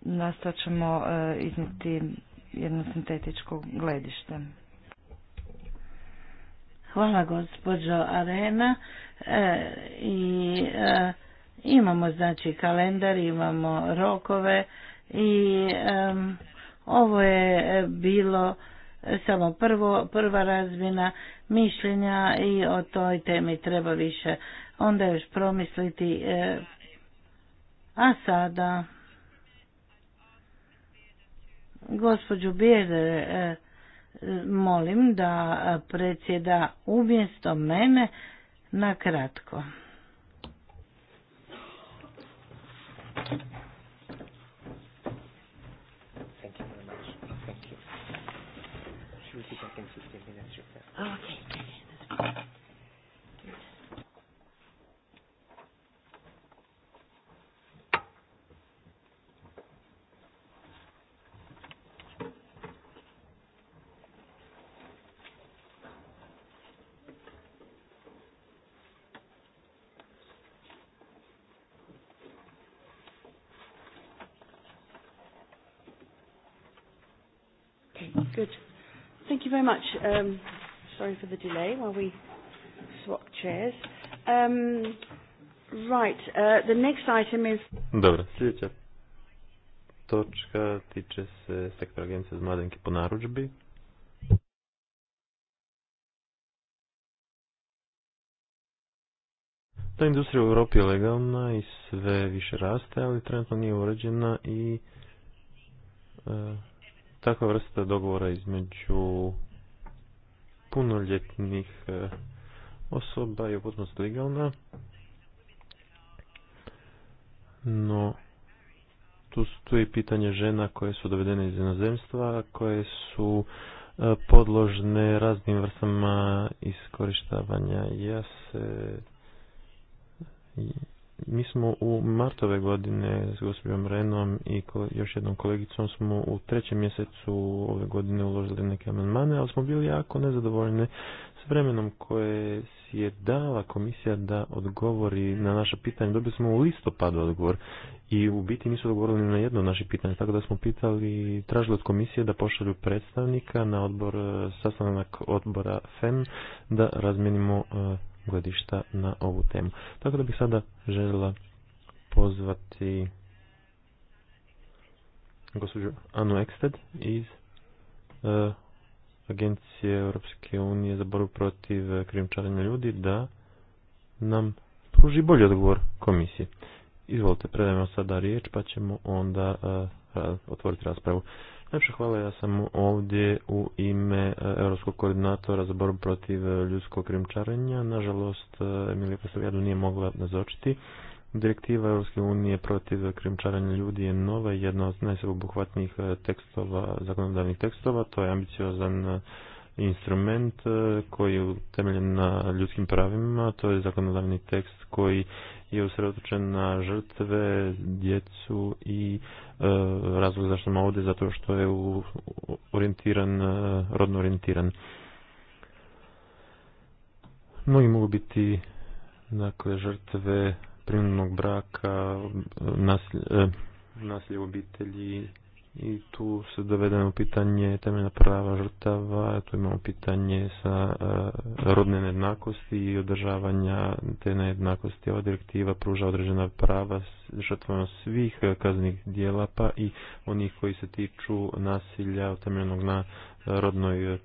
nastojat ćemo iznijeti jedno sintetičko gledište. Hvala gospođo Arena i imamo znači kalendar, imamo rokove i ovo je bilo samo prvo, prva razmjena mišljenja i o toj temi treba više onda još promisliti. E, a sada gospođu Bijede, e, molim da predsjeda umjesto mene na kratko. checking Okay. much. Um, sorry for the delay while we swap chairs. Um, right, uh, the next item is... Dobro, sljedeća točka tiče se sektora agencije za mladenke po naručbi. Ta industrija u Europi je legalna i sve više raste, ali trenutno nije uređena i e, takva vrsta dogovora između punoljetnih e, osoba je potpuno legalna, no tu, tu je pitanje žena koje su dovedene iz inozemstva, koje su e, podložne raznim vrstama iskorištavanja. Ja se mi smo u martove godine s gospođom Renom i još jednom kolegicom smo u trećem mjesecu ove godine uložili neke amandmane, ali smo bili jako nezadovoljni s vremenom koje si je dala komisija da odgovori na naša pitanja. Dobili smo u listopadu odgovor i u biti nisu odgovorili na jedno od pitanje. pitanja, tako da smo pitali, tražili od komisije da pošalju predstavnika na odbor, sastanak odbora FEM da razmijenimo e, gledišta na ovu temu. Tako da bih sada željela pozvati gospođu Anu Eksted iz e, Agencije Europske unije za borbu protiv krijumčarenja ljudi da nam pruži bolji odgovor komisije. Izvolite, predajmo sada riječ pa ćemo onda e, otvoriti raspravu. Najpše hvala, ja sam ovdje u ime e, Europskog koordinatora za borbu protiv e, ljudskog krimčarenja. Nažalost, e, Emilija Kosovjadu nije mogla nazočiti. Direktiva Europske unije protiv krimčaranja ljudi je nova i jedna od najsveobuhvatnijih tekstova, zakonodavnih tekstova. To je ambiciozan instrument koji je utemeljen na ljudskim pravima. To je zakonodavni tekst koji je usredotočen na žrtve, djecu i e, razlog zašto sam ovdje, zato što je u, orijentiran, e, rodno orijentiran. Mnogi mogu biti dakle, žrtve prinudnog braka, e, nasilje u obitelji, i tu se dovedemo pitanje temeljna prava žrtava, tu imamo pitanje sa e, rodne nejednakosti i održavanja te nejednakosti. Ova direktiva pruža određena prava žrtvama svih kaznih dijela pa i onih koji se tiču nasilja temeljnog na e, rodnoj e,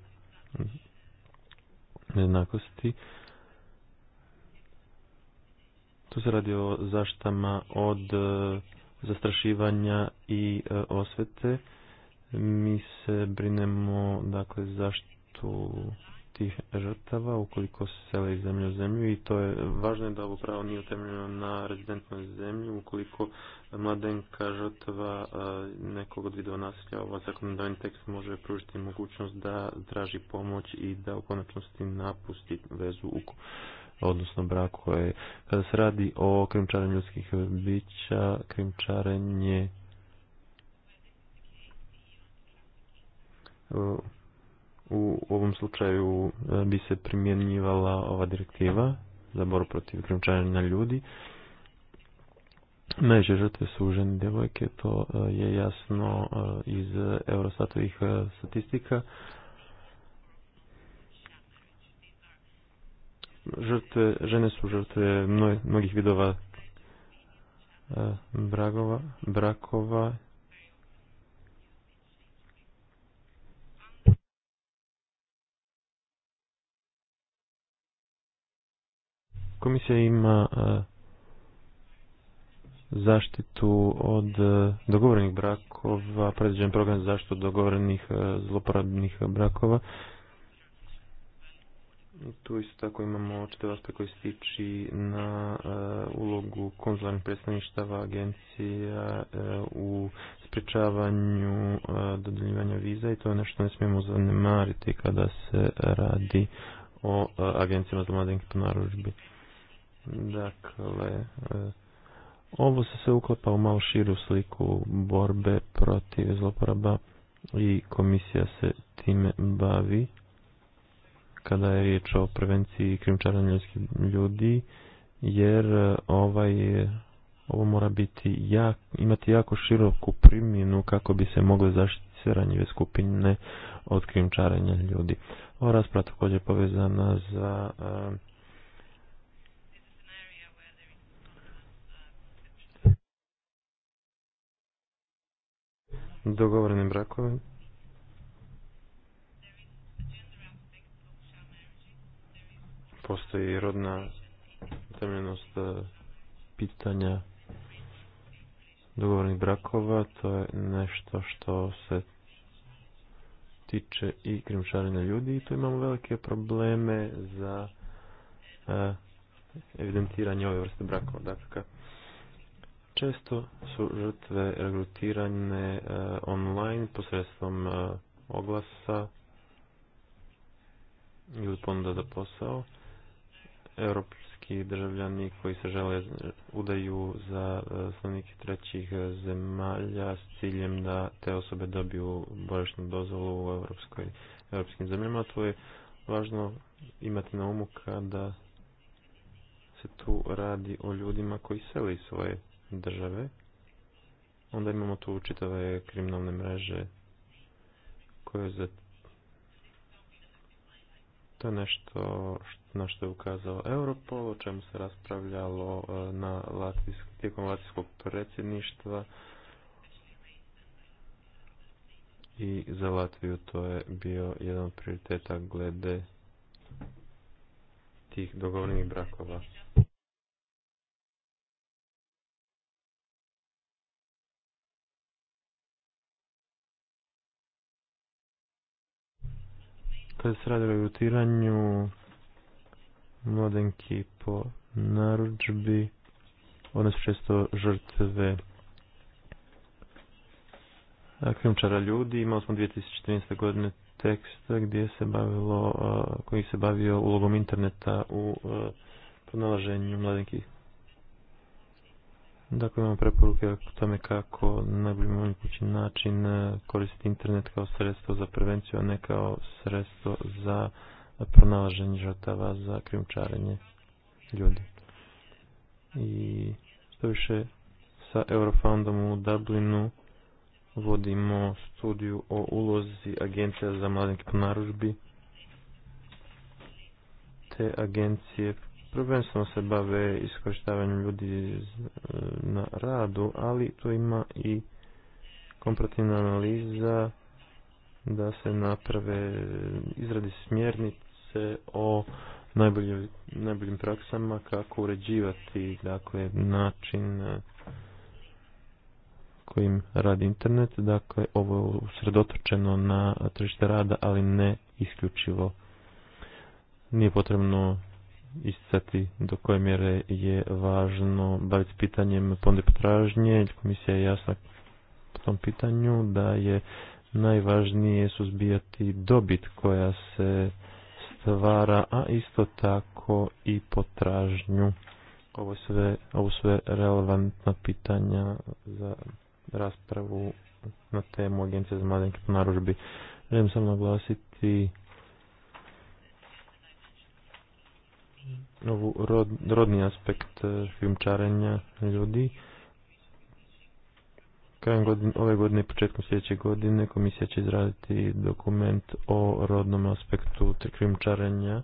nejednakosti. Tu se radi o zaštama od zastrašivanja i e, osvete. Mi se brinemo dakle zaštitu tih žrtava ukoliko se sele iz zemlje u zemlju i to je važno je da ovo pravo nije utemljeno na rezidentnoj zemlji ukoliko mladenka žrtva e, nekog od vidova nasilja ovaj zakonodavni tekst može pružiti mogućnost da traži pomoć i da u konačnosti napusti vezu odnosno koje Kada se radi o krimčarenju ljudskih bića, krimčarenje e, u ovom slučaju e, bi se primjenjivala ova direktiva za boru protiv krimčarenja ljudi. Najveće žrtve su žene djevojke, to e, je jasno iz Eurostatovih statistika. žrtve, žene su žrtve mnogih vidova e, bragova, brakova. Komisija ima e, zaštitu od e, dogovorenih brakova, predviđen program zaštitu dogovorenih zloporabnih brakova tu isto tako imamo čitav aspekt koji stiči na e, ulogu konzularnih predstavništava agencija e, u sprečavanju e, dodeljivanja viza i to je nešto ne smijemo zanemariti kada se radi o e, agencijama za mladenke po narudžbi. Dakle, ovo se sve uklapa u malo širu sliku borbe protiv zloporaba i komisija se time bavi kada je riječ o prevenciji krimčaranja ljudi, jer e, ovaj, ovo mora biti jak, imati jako široku primjenu kako bi se mogle zaštiti sve ranjive skupine od krimčaranja ljudi. Ova rasprava također je povezana za e, dogovorenim brakovima. postoji rodna utemljenost e, pitanja dogovornih brakova, to je nešto što se tiče i krimšarina ljudi i tu imamo velike probleme za e, evidentiranje ove vrste brakova. Dakle, često su žrtve regrutirane e, online posredstvom oglasa ili ponuda za posao europski državljani koji se žele udaju za e, stanovnike trećih e, zemalja s ciljem da te osobe dobiju boravišnu dozvolu u europskoj, europskim zemljama. To je važno imati na umu kada se tu radi o ljudima koji sele iz svoje države. Onda imamo tu čitave kriminalne mreže koje za to je nešto na što je ukazao Europol, o čemu se raspravljalo e, na latvijsk, tijekom latvijskog predsjedništva i za Latviju to je bio jedan od prioriteta glede tih dogovornih brakova. kada se radi o rutiranju mladenki po narudžbi, one su često žrtve krimčara ljudi. Imali smo 2014. godine tekst gdje se bavilo, koji se bavio ulogom interneta u pronalaženju mladenki. Dakle, imamo preporuke o tome kako najbolji mogući način e, koristiti internet kao sredstvo za prevenciju, a ne kao sredstvo za pronalaženje žrtava za krimčarenje ljudi. I što više sa Eurofoundom u Dublinu vodimo studiju o ulozi agencija za mladenke po narudžbi te agencije prvenstveno se bave iskorištavanjem ljudi eh, na radu, ali tu ima i komparativna analiza da se naprave izradi smjernice o najboljim, najboljim praksama kako uređivati dakle, način eh, kojim radi internet. Dakle, ovo je usredotočeno na tržište rada, ali ne isključivo. Nije potrebno isticati do koje mjere je važno baviti pitanjem ponde potražnje. Komisija je jasna po tom pitanju da je najvažnije suzbijati dobit koja se stvara, a isto tako i potražnju. Ovo sve, ovo sve relevantna pitanja za raspravu na temu Agencije za mladenke po narudžbi. Želim samo naglasiti ovu rodni aspekt e, filmčarenja ljudi. Krajem godine, ove godine i početkom sljedeće godine komisija će izraditi dokument o rodnom aspektu krijumčarenja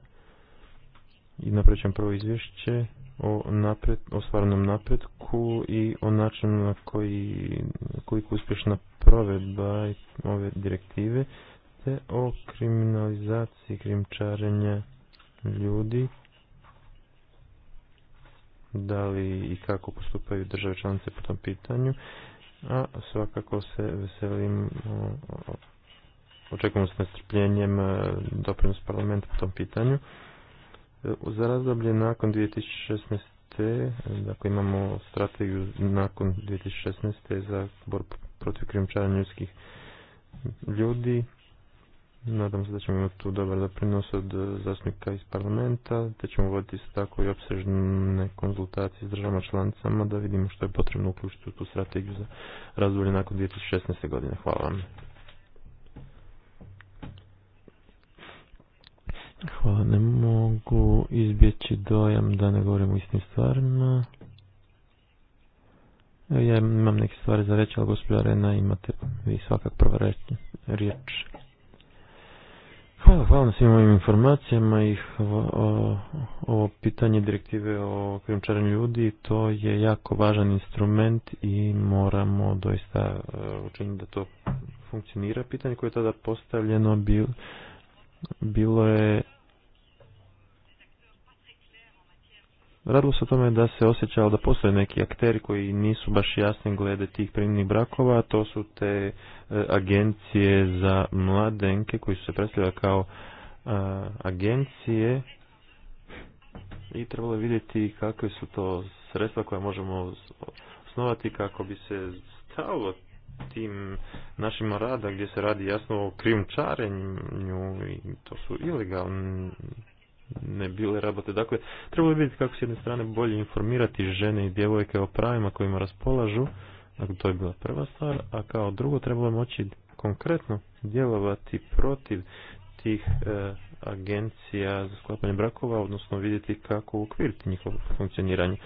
i naprećem prvo izvješće o, napred, o stvarnom napretku i o načinu na koji, koliko uspješna provedba ove direktive te o kriminalizaciji krimčarenja ljudi da li i kako postupaju države članice po tom pitanju, a svakako se veselim, očekujemo s nestrpljenjem e, doprinos parlamenta po tom pitanju. E, za razdoblje nakon 2016 dakle imamo strategiju nakon 2016. za borbu protiv krimčara ljudskih ljudi Nadam se da ćemo imati tu dobar doprinos od e, zastupnika iz parlamenta, te ćemo voditi isto tako i opsežne konzultacije s državama članicama da vidimo što je potrebno uključiti u tu strategiju za razdoblje nakon 2016. godine. Hvala vam. Hvala, ne mogu izbjeći dojam da ne govorim o istim stvarima. Ja imam neke stvari za reći, ali gospodina Rena imate vi svakak prva reći, riječ. Hvala, hvala na svim ovim informacijama i o, ovo pitanje direktive o krijumčarenju ljudi, to je jako važan instrument i moramo doista e, učiniti da to funkcionira. Pitanje koje je tada postavljeno bilo je Radilo se o tome da se osjećalo da postoje neki akteri koji nisu baš jasni glede tih primjenih brakova, a to su te e, agencije za mladenke koji su se predstavljali kao e, agencije i trebalo je vidjeti kakve su to sredstva koja možemo osnovati kako bi se stalo tim našima rada gdje se radi jasno o krijumčarenju i to su ilegalni ne bile rabote. Dakle, trebalo vidjeti kako s jedne strane bolje informirati žene i djevojke o pravima kojima raspolažu. Dakle, to je bila prva stvar. A kao drugo, trebalo moći konkretno djelovati protiv tih eh, agencija za sklapanje brakova, odnosno vidjeti kako ukviriti njihovo funkcioniranje.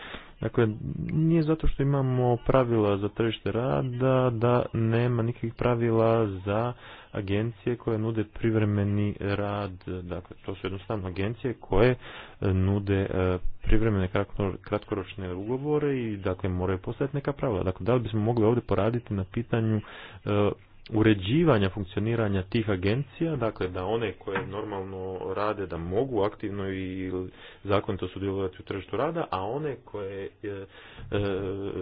Dakle, nije zato što imamo pravila za tržište rada, da nema nikakvih pravila za agencije koje nude privremeni rad. Dakle, to su jednostavno agencije koje e, nude e, privremene kratkoročne ugovore i dakle moraju postaviti neka pravila. Dakle, da li bismo mogli ovdje poraditi na pitanju e, uređivanja funkcioniranja tih agencija, dakle da one koje normalno rade da mogu aktivno i zakonito sudjelovati u tržištu rada, a one koje e, e,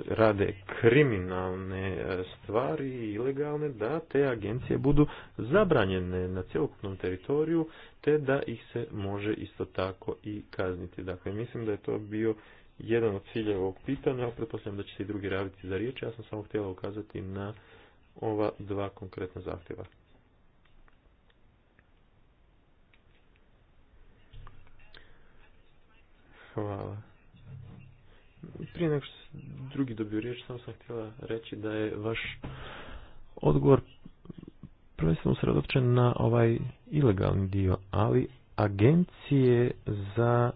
rade kriminalne e, stvari ilegalne, da te agencije budu zabranjene na cjelokupnom teritoriju, te da ih se može isto tako i kazniti. Dakle, mislim da je to bio jedan od ciljeva ovog pitanja, pretpostavljam da će se i drugi raditi za riječ, ja sam samo htjela ukazati na ova dva konkretna zahtjeva. Hvala. Prije nego što drugi dobio riječ, samo sam htjela reći da je vaš odgovor prvenstveno sredočen na ovaj ilegalni dio, ali agencije za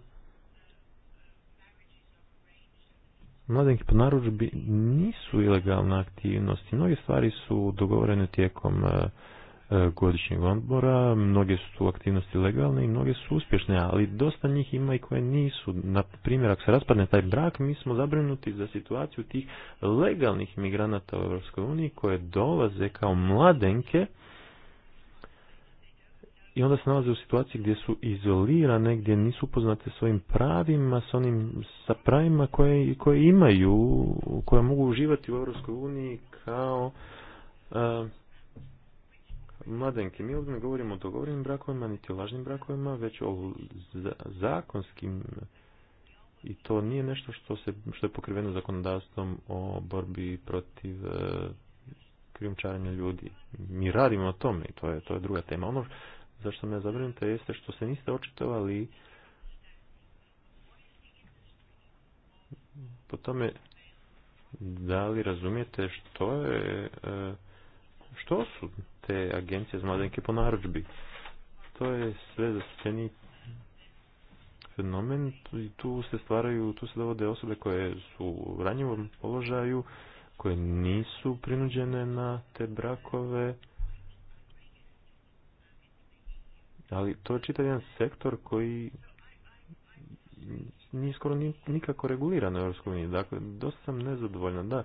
Mladenke po narudžbi nisu ilegalne aktivnosti. Mnoge stvari su dogovorene tijekom e, e, godišnjeg odbora, mnoge su aktivnosti legalne i mnoge su uspješne, ali dosta njih ima i koje nisu. Na primjer, ako se raspadne taj brak, mi smo zabrinuti za situaciju tih legalnih migranata u EU koje dolaze kao mladenke i onda se nalaze u situaciji gdje su izolirane, gdje nisu upoznate svojim pravima, sa onim sa pravima koje, koje imaju, koje mogu uživati u Europskoj uniji kao uh, mladenke. Mi ovdje ne govorimo o dogovorenim brakovima, niti o lažnim brakovima, već o zakonskim i to nije nešto što, se, što je pokriveno zakonodavstvom o borbi protiv uh, krijumčarenja ljudi. Mi radimo o tome i to je, to je druga tema. Ono zašto me zabrinuto jeste što se niste očitovali po tome da li razumijete što je e, što su te agencije za mladenke po narudžbi to je sve zastupljeniji fenomen i tu se stvaraju, tu se dovode osobe koje su u ranjivom položaju, koje nisu prinuđene na te brakove Ali to je čitav jedan sektor koji nije skoro nikako reguliran u EU. Dakle, dosta sam nezadovoljan. Da,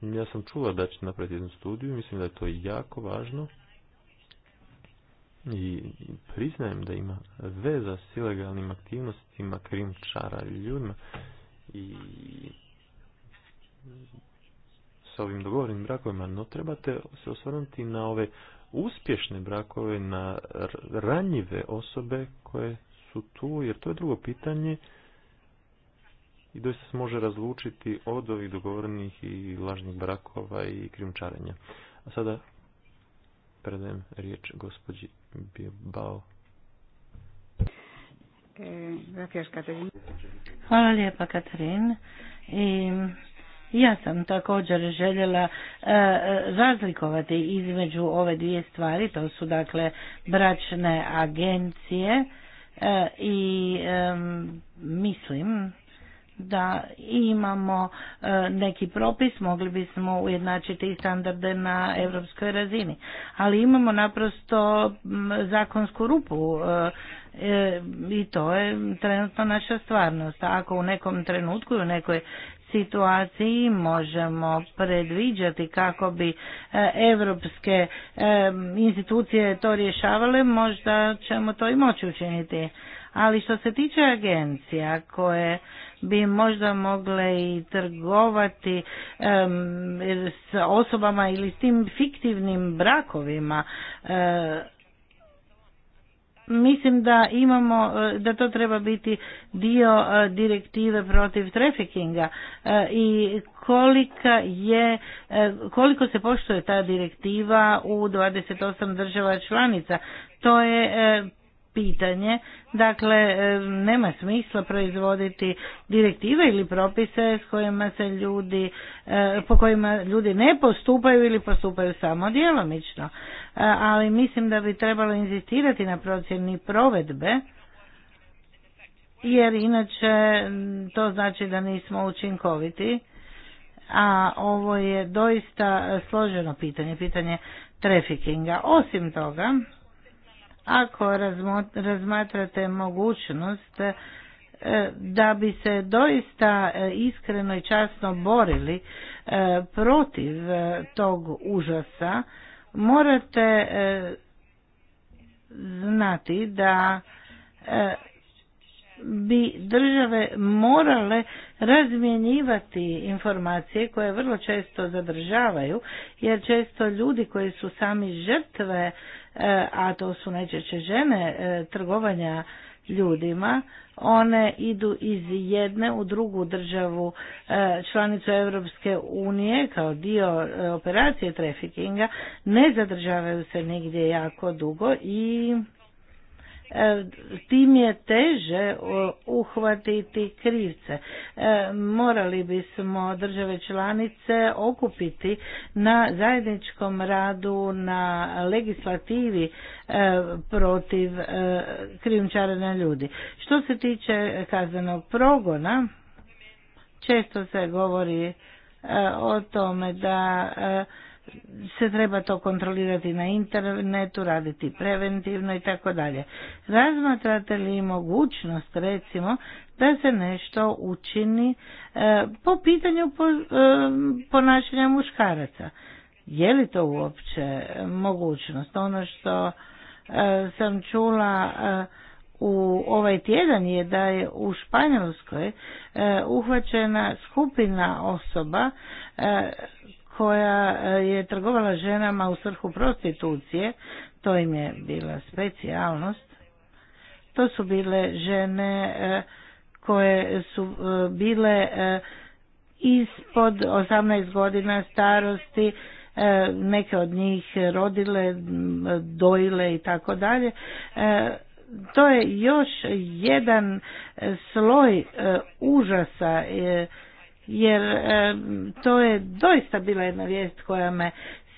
ja sam čula da će napraviti jednu studiju, mislim da je to jako važno. I priznajem da ima veza s ilegalnim aktivnostima krimčara i ljudima i sa ovim dogovorenim brakovima, no trebate se osvrnuti na ove uspješne brakove, na ranjive osobe koje su tu, jer to je drugo pitanje i doista se može razlučiti od ovih dogovornih i lažnih brakova i krimčarenja. A sada predajem riječ gospođi Bilbao. Eh, Hvala lijepa Katarin i ja sam također željela e, razlikovati između ove dvije stvari, to su dakle bračne agencije e, i mislim da imamo e, neki propis, mogli bismo ujednačiti standarde na europskoj razini. Ali imamo naprosto zakonsku rupu i to je trenutno naša stvarnost. Ako u nekom trenutku i u nekoj situaciji možemo predviđati kako bi e, evropske e, institucije to rješavale, možda ćemo to i moći učiniti. Ali što se tiče agencija koje bi možda mogle i trgovati um, s osobama ili s tim fiktivnim brakovima, um, mislim da imamo e, da to treba biti dio e, direktive protiv trafikinga e, i kolika je koliko se poštuje ta direktiva u 28 država članica to je pitanje. Dakle, nema smisla proizvoditi direktive ili propise s kojima se ljudi, po kojima ljudi ne postupaju ili postupaju samo djelomično ali mislim da bi trebalo inzistirati na procjeni provedbe jer inače to znači da nismo učinkoviti a ovo je doista složeno pitanje, pitanje trafikinga. Osim toga, ako razmatrate mogućnost e, da bi se doista e, iskreno i časno borili e, protiv tog užasa, morate e, znati da e, bi države morale razmjenjivati informacije koje vrlo često zadržavaju, jer često ljudi koji su sami žrtve, e, a to su najčešće žene trgovanja ljudima. One idu iz jedne u drugu državu e, članicu Europske unije kao dio e, operacije trafikinga, ne zadržavaju se nigdje jako dugo i E, tim je teže e, uhvatiti krivce. E, morali bismo države članice okupiti na zajedničkom radu, na legislativi protiv krijumčarenja ljudi. Što se tiče kaznenog progona, često se govori o tome da se treba to kontrolirati na internetu, raditi preventivno i tako dalje. Razmatrate li mogućnost recimo da se nešto učini e, po pitanju e, ponašanja muškaraca? Je li to uopće mogućnost? Ono što e, sam čula u ovaj tjedan je da je u Španjolskoj uhvaćena skupina osoba koja e, je trgovala ženama u svrhu prostitucije, to im je bila specijalnost. To su bile žene e, koje su e, bile ispod 18 godina starosti, neke od njih rodile, dojile i tako dalje. To je još jedan sloj užasa jer e, to je doista bila jedna vijest koja me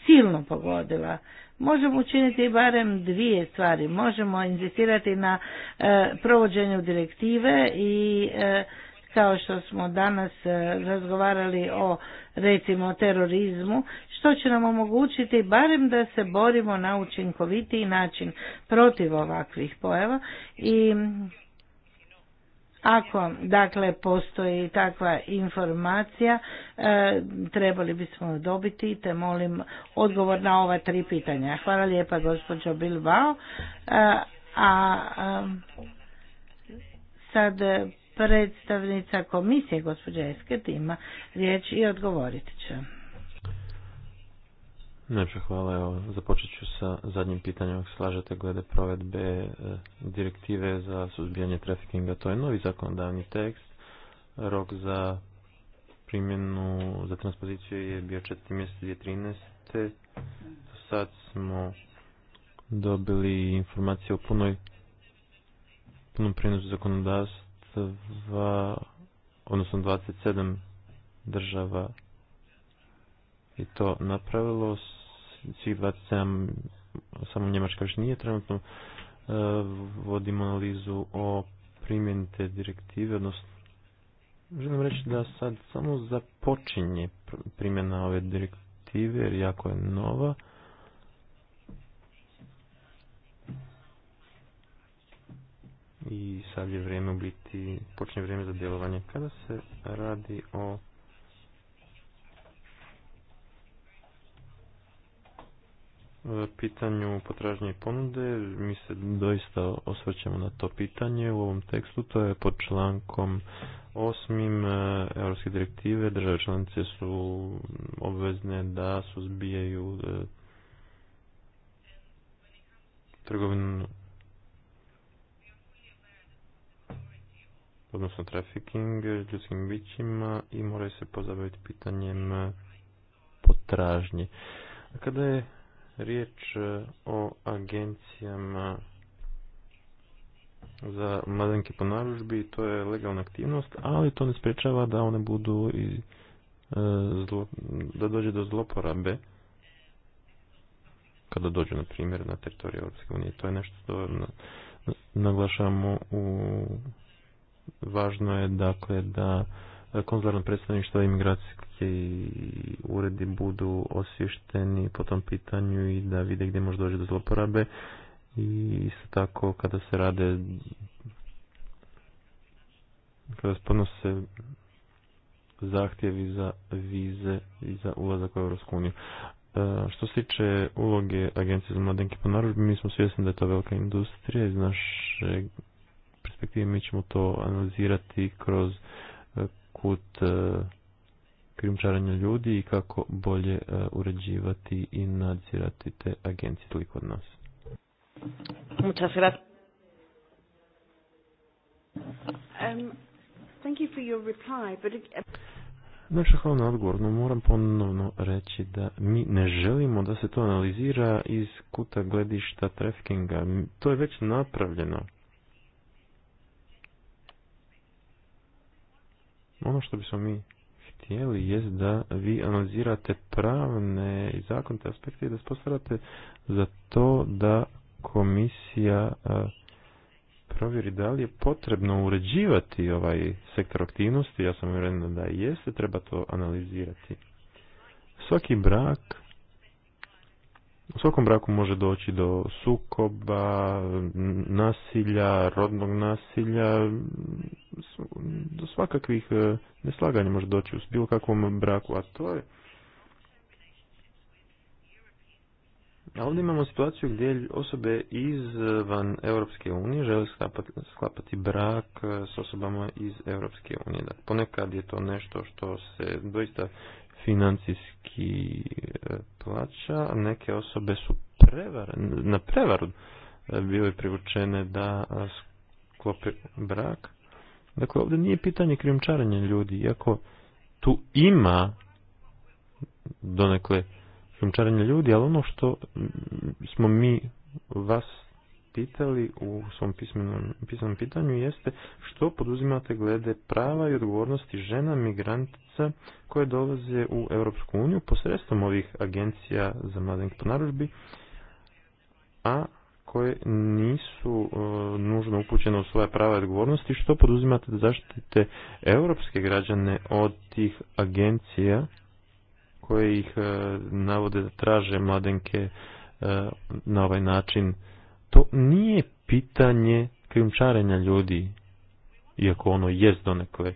silno pogodila. Možemo učiniti barem dvije stvari. Možemo inzistirati na e, provođenju direktive i e, kao što smo danas razgovarali o recimo terorizmu, što će nam omogućiti barem da se borimo na učinkovitiji način protiv ovakvih pojava i ako dakle postoji takva informacija, e, trebali bismo dobiti te molim odgovor na ova tri pitanja. Hvala lijepa gospođo Bilbao. E, a sad predstavnica komisije gospođa Esket ima riječ i odgovoriti će. Najprej hvala. Evo, započet ću sa zadnjim pitanjem ako slažete glede provedbe e, direktive za suzbijanje trafikinga. To je novi zakonodavni tekst. Rok za primjenu, za transpoziciju je bio 4. mjesec 2013. Sad smo dobili informacije o punoj punom prijenosu zakonodavstva, odnosno 27 država i to napravilo 27, samo Njemačka još nije trenutno, e, vodimo analizu o primjeni te direktive, odnosno želim reći da sad samo započinje primjena ove direktive jer jako je nova. I sad je vrijeme biti, počinje vrijeme za djelovanje. Kada se radi o pitanju potražnje i ponude, mi se doista osvrćamo na to pitanje u ovom tekstu, to je pod člankom osmim e, Europske direktive, države članice su obvezne da suzbijaju e, trgovinu odnosno trafficking ljudskim bićima i moraju se pozabaviti pitanjem potražnje. kada je riječ e, o agencijama za mladenke po naružbi, to je legalna aktivnost, ali to ne sprečava da one budu i e, da dođe do zloporabe kada dođu na primjer na teritoriju Europske unije. To je nešto što naglašavamo u važno je dakle da konzularno predstavništvo imigracijski uredi budu osvješteni po tom pitanju i da vide gdje može doći do zloporabe i isto tako kada se rade kada se podnose zahtjevi za vize i za ulazak u Europsku uniju. E, što se tiče uloge Agencije za mladenke po mi smo svjesni da je to velika industrija iz naše perspektive mi ćemo to analizirati kroz put e, krimčaranja ljudi i kako bolje e, uređivati i nadzirati te agencije toliko od nas. Um, Naša hvala na odgovor, no moram ponovno reći da mi ne želimo da se to analizira iz kuta gledišta traffickinga. To je već napravljeno. Ono što bismo mi htjeli je da vi analizirate pravne i zakonite aspekte i da spostavate za to da komisija provjeri da li je potrebno uređivati ovaj sektor aktivnosti. Ja sam uvjeren da jeste, treba to analizirati. Svaki brak u svakom braku može doći do sukoba, nasilja, rodnog nasilja, do svakakvih e, neslaganja može doći u bilo kakvom braku, a to je... A ovdje imamo situaciju gdje osobe izvan Europske unije žele sklapati, brak e, s osobama iz Europske unije. Ponekad je to nešto što se doista financijski e, plaća, neke osobe su prevar, na prevaru e, bile privučene da sklope brak. Dakle, ovdje nije pitanje krijumčaranja ljudi, iako tu ima donekle krijumčarenja ljudi, ali ono što smo mi vas pitali u svom pismenom, pitanju jeste što poduzimate glede prava i odgovornosti žena migrantica koje dolaze u Europsku uniju posredstvom ovih agencija za mladenke po a koje nisu e, nužno upućene u svoje prava i odgovornosti, što poduzimate da zaštite europske građane od tih agencija koje ih e, navode da traže mladenke e, na ovaj način to nije pitanje krijumčarenja ljudi, iako ono jest donekle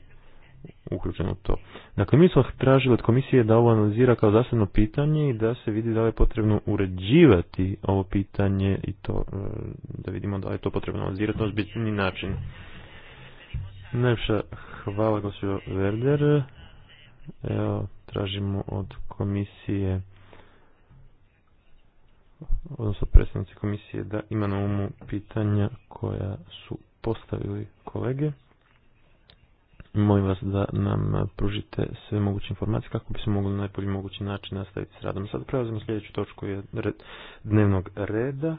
uključeno to. Dakle, mi smo tražili od komisije da ovo analizira kao zasebno pitanje i da se vidi da li je potrebno uređivati ovo pitanje i to e, da vidimo da li je to potrebno analizirati na ozbiljni način. Najljepša hvala gospođo Verder. Evo, tražimo od komisije odnosno predstavnici komisije da ima na umu pitanja koja su postavili kolege. Molim vas da nam pružite sve moguće informacije kako se mogli na najbolji mogući način nastaviti s radom. Sada prelazimo sljedeću točku je red, dnevnog reda.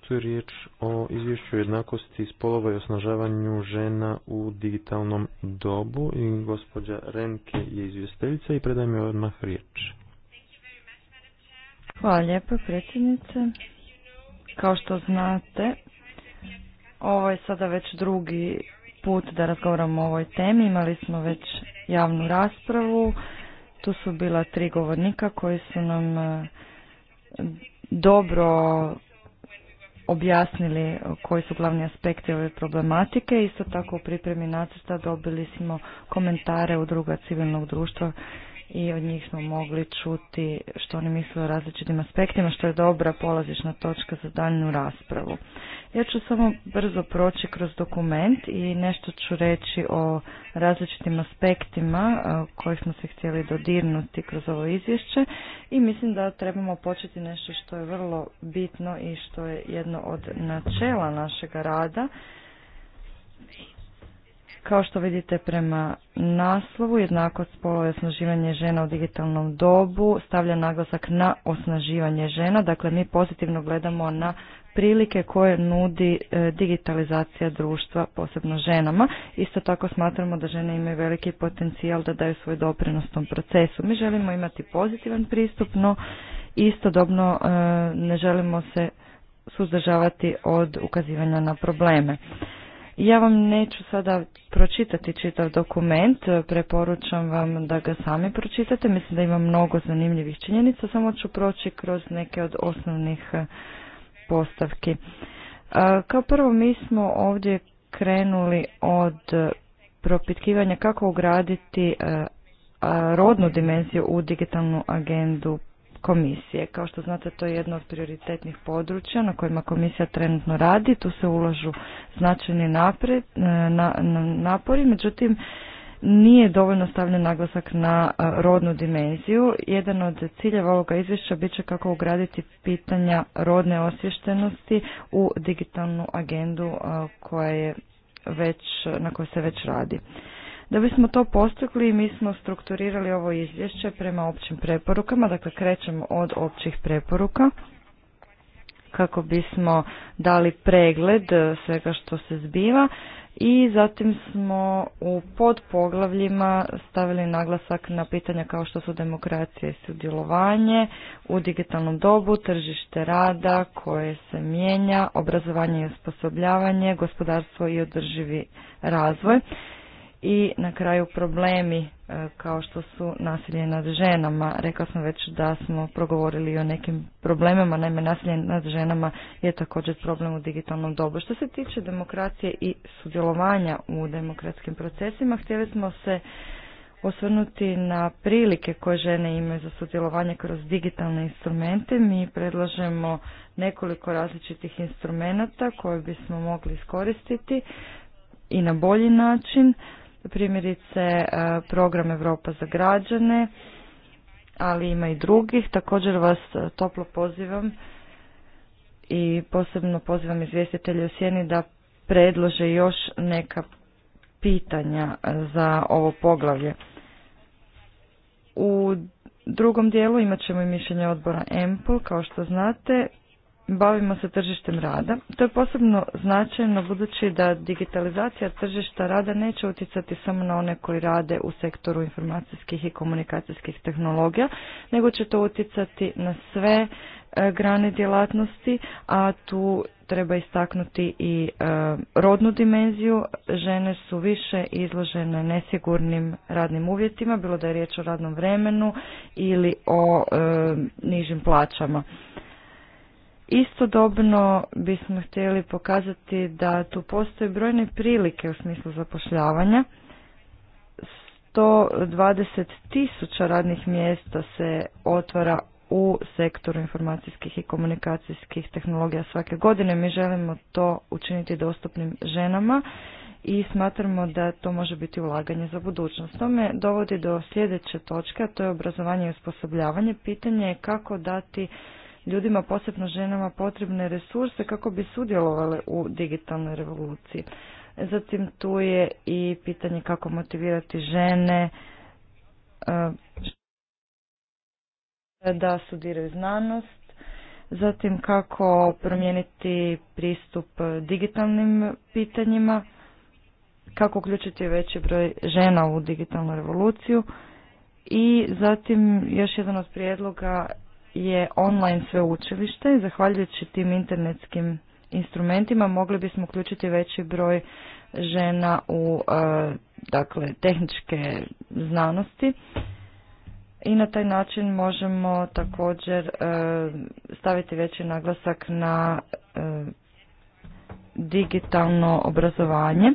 Tu je riječ o izvješću jednakosti spolova i osnažavanju žena u digitalnom dobu i gospođa Renke je izvjesteljica i predajem mi odmah riječ. Hvala lijepo, predsjednice. Kao što znate, ovo je sada već drugi put da razgovaramo o ovoj temi. Imali smo već javnu raspravu. Tu su bila tri govornika koji su nam e, dobro objasnili koji su glavni aspekti ove problematike. Isto tako u pripremi nacrta dobili smo komentare u druga civilnog društva i od njih smo mogli čuti što oni misle o različitim aspektima, što je dobra polazišna točka za daljnju raspravu. Ja ću samo brzo proći kroz dokument i nešto ću reći o različitim aspektima e, koji smo se htjeli dodirnuti kroz ovo izvješće i mislim da trebamo početi nešto što je vrlo bitno i što je jedno od načela našeg rada, kao što vidite prema naslovu, jednakost spolova i osnaživanje žena u digitalnom dobu stavlja naglasak na osnaživanje žena. Dakle, mi pozitivno gledamo na prilike koje nudi e, digitalizacija društva, posebno ženama. Isto tako smatramo da žene imaju veliki potencijal da daju svoj doprinos tom procesu. Mi želimo imati pozitivan pristup, no istodobno e, ne želimo se suzdržavati od ukazivanja na probleme. Ja vam neću sada pročitati čitav dokument, preporučam vam da ga sami pročitate, mislim da ima mnogo zanimljivih činjenica, samo ću proći kroz neke od osnovnih eh, postavki. Eh, kao prvo mi smo ovdje krenuli od propitkivanja kako ugraditi eh, rodnu dimenziju u digitalnu agendu komisije. Kao što znate, to je jedno od prioritetnih područja na kojima komisija trenutno radi. Tu se ulažu značajni e, na, napori, međutim, nije dovoljno stavljen naglasak na e, rodnu dimenziju. Jedan od ciljeva ovoga izvješća bit će kako ugraditi pitanja rodne osvještenosti u digitalnu agendu e, koja je već, na kojoj se već radi. Da bismo to postigli, mi smo strukturirali ovo izvješće prema općim preporukama, dakle krećemo od općih preporuka kako bismo dali pregled svega što se zbiva i zatim smo u podpoglavljima stavili naglasak na pitanja kao što su demokracija i sudjelovanje u digitalnom dobu, tržište rada koje se mijenja, obrazovanje i osposobljavanje, gospodarstvo i održivi razvoj i na kraju problemi e, kao što su nasilje nad ženama. Rekla sam već da smo progovorili o nekim problemima, naime nasilje nad ženama je također problem u digitalnom dobu. Što se tiče demokracije i sudjelovanja u demokratskim procesima, htjeli smo se osvrnuti na prilike koje žene imaju za sudjelovanje kroz digitalne instrumente. Mi predlažemo nekoliko različitih instrumenata koje bismo mogli iskoristiti i na bolji način primjerice e, program Europa za građane, ali ima i drugih. Također vas e, toplo pozivam i posebno pozivam izvjestitelje u Sjeni da predlože još neka pitanja e, za ovo poglavlje. U drugom dijelu imat ćemo i mišljenje odbora EMPL, kao što znate bavimo se tržištem rada. To je posebno značajno budući da digitalizacija tržišta rada neće utjecati samo na one koji rade u sektoru informacijskih i komunikacijskih tehnologija, nego će to utjecati na sve e, grane djelatnosti, a tu treba istaknuti i e, rodnu dimenziju. Žene su više izložene nesigurnim radnim uvjetima, bilo da je riječ o radnom vremenu ili o e, nižim plaćama. Istodobno bismo htjeli pokazati da tu postoje brojne prilike u smislu zapošljavanja. 120 tisuća radnih mjesta se otvara u sektoru informacijskih i komunikacijskih tehnologija svake godine. Mi želimo to učiniti dostupnim ženama i smatramo da to može biti ulaganje za budućnost. To me dovodi do sljedeće točke, a to je obrazovanje i osposobljavanje. Pitanje je kako dati ljudima, posebno ženama, potrebne resurse kako bi sudjelovale u digitalnoj revoluciji. Zatim tu je i pitanje kako motivirati žene eh, da studiraju znanost, zatim kako promijeniti pristup digitalnim pitanjima, kako uključiti veći broj žena u digitalnu revoluciju i zatim još jedan od prijedloga je online sveučilište. Zahvaljujući tim internetskim instrumentima mogli bismo uključiti veći broj žena u e, dakle, tehničke znanosti i na taj način možemo također e, staviti veći naglasak na e, digitalno obrazovanje.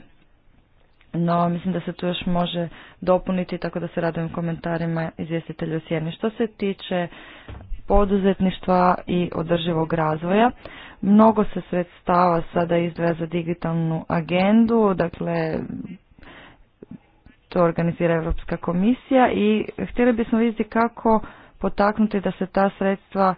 No, mislim da se tu još može dopuniti, tako da se radujem komentarima izvjestitelju Sjeni. Što se tiče poduzetništva i održivog razvoja. Mnogo se sredstava sada izdvaja za digitalnu agendu, dakle to organizira Europska komisija i htjeli bismo vidjeti kako potaknuti da se ta sredstva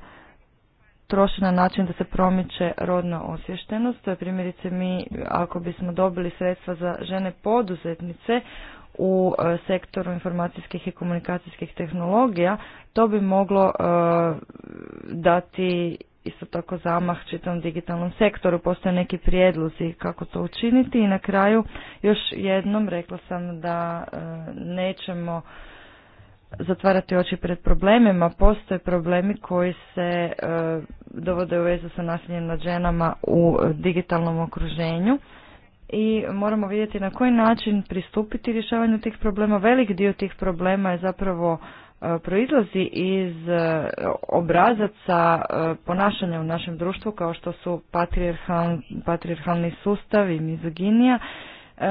troši na način da se promiče rodna osviještenost. To je primjerice mi ako bismo dobili sredstva za žene poduzetnice u e, sektoru informacijskih i komunikacijskih tehnologija, to bi moglo e, dati isto tako zamah čitom digitalnom sektoru. Postoje neki prijedlozi kako to učiniti i na kraju još jednom rekla sam da e, nećemo zatvarati oči pred problemima. Postoje problemi koji se dovode u vezu sa nasiljem nad ženama u digitalnom okruženju i moramo vidjeti na koji način pristupiti rješavanju tih problema. Velik dio tih problema je zapravo e, proizlazi iz e, obrazaca e, ponašanja u našem društvu kao što su patrijarhalni sustav i mizoginija.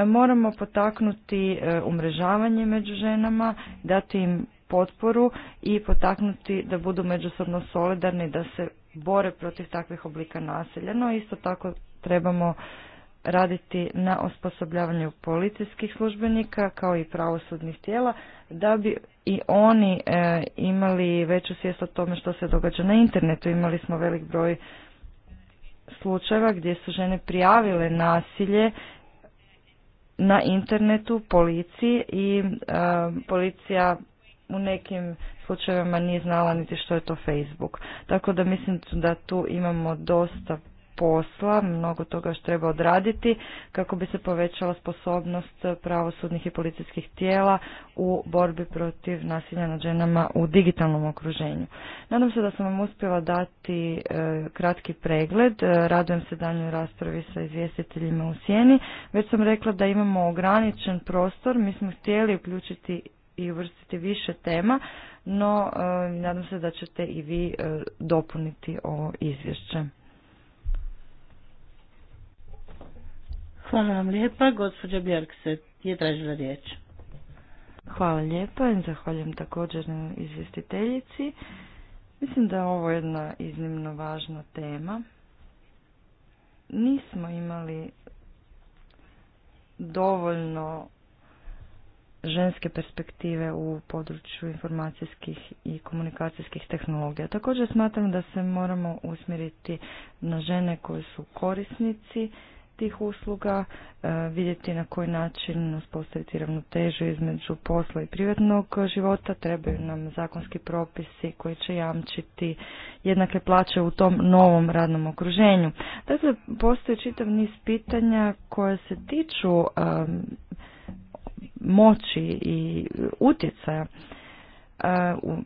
Moramo potaknuti umrežavanje među ženama, dati im potporu i potaknuti da budu međusobno solidarni, da se bore protiv takvih oblika nasilja. No isto tako trebamo raditi na osposobljavanju policijskih službenika kao i pravosudnih tijela da bi i oni e, imali veću svijest o tome što se događa na internetu. Imali smo velik broj slučajeva gdje su žene prijavile nasilje na internetu policiji i e, policija u nekim slučajevima nije znala niti što je to Facebook. Tako da mislim da tu imamo dosta posla, mnogo toga što treba odraditi kako bi se povećala sposobnost pravosudnih i policijskih tijela u borbi protiv nasilja nad ženama u digitalnom okruženju. Nadam se da sam vam uspjela dati e, kratki pregled. E, radujem se daljnjoj raspravi sa izvjestiteljima u sjeni. Već sam rekla da imamo ograničen prostor. Mi smo htjeli uključiti i uvrstiti više tema, no e, nadam se da ćete i vi dopuniti ovo izvješće. Hvala vam lijepa. Gospođa Bjerg se je tražila riječ. Hvala lijepa i zahvaljujem također na izvjestiteljici. Mislim da je ovo jedna iznimno važna tema. Nismo imali dovoljno ženske perspektive u području informacijskih i komunikacijskih tehnologija. Također smatram da se moramo usmjeriti na žene koje su korisnici tih usluga, e, vidjeti na koji način uspostaviti ravnotežu između posla i privatnog života. Trebaju nam zakonski propisi koji će jamčiti jednake plaće u tom novom radnom okruženju. Dakle, postoji čitav niz pitanja koje se tiču moći i utjecaja. E,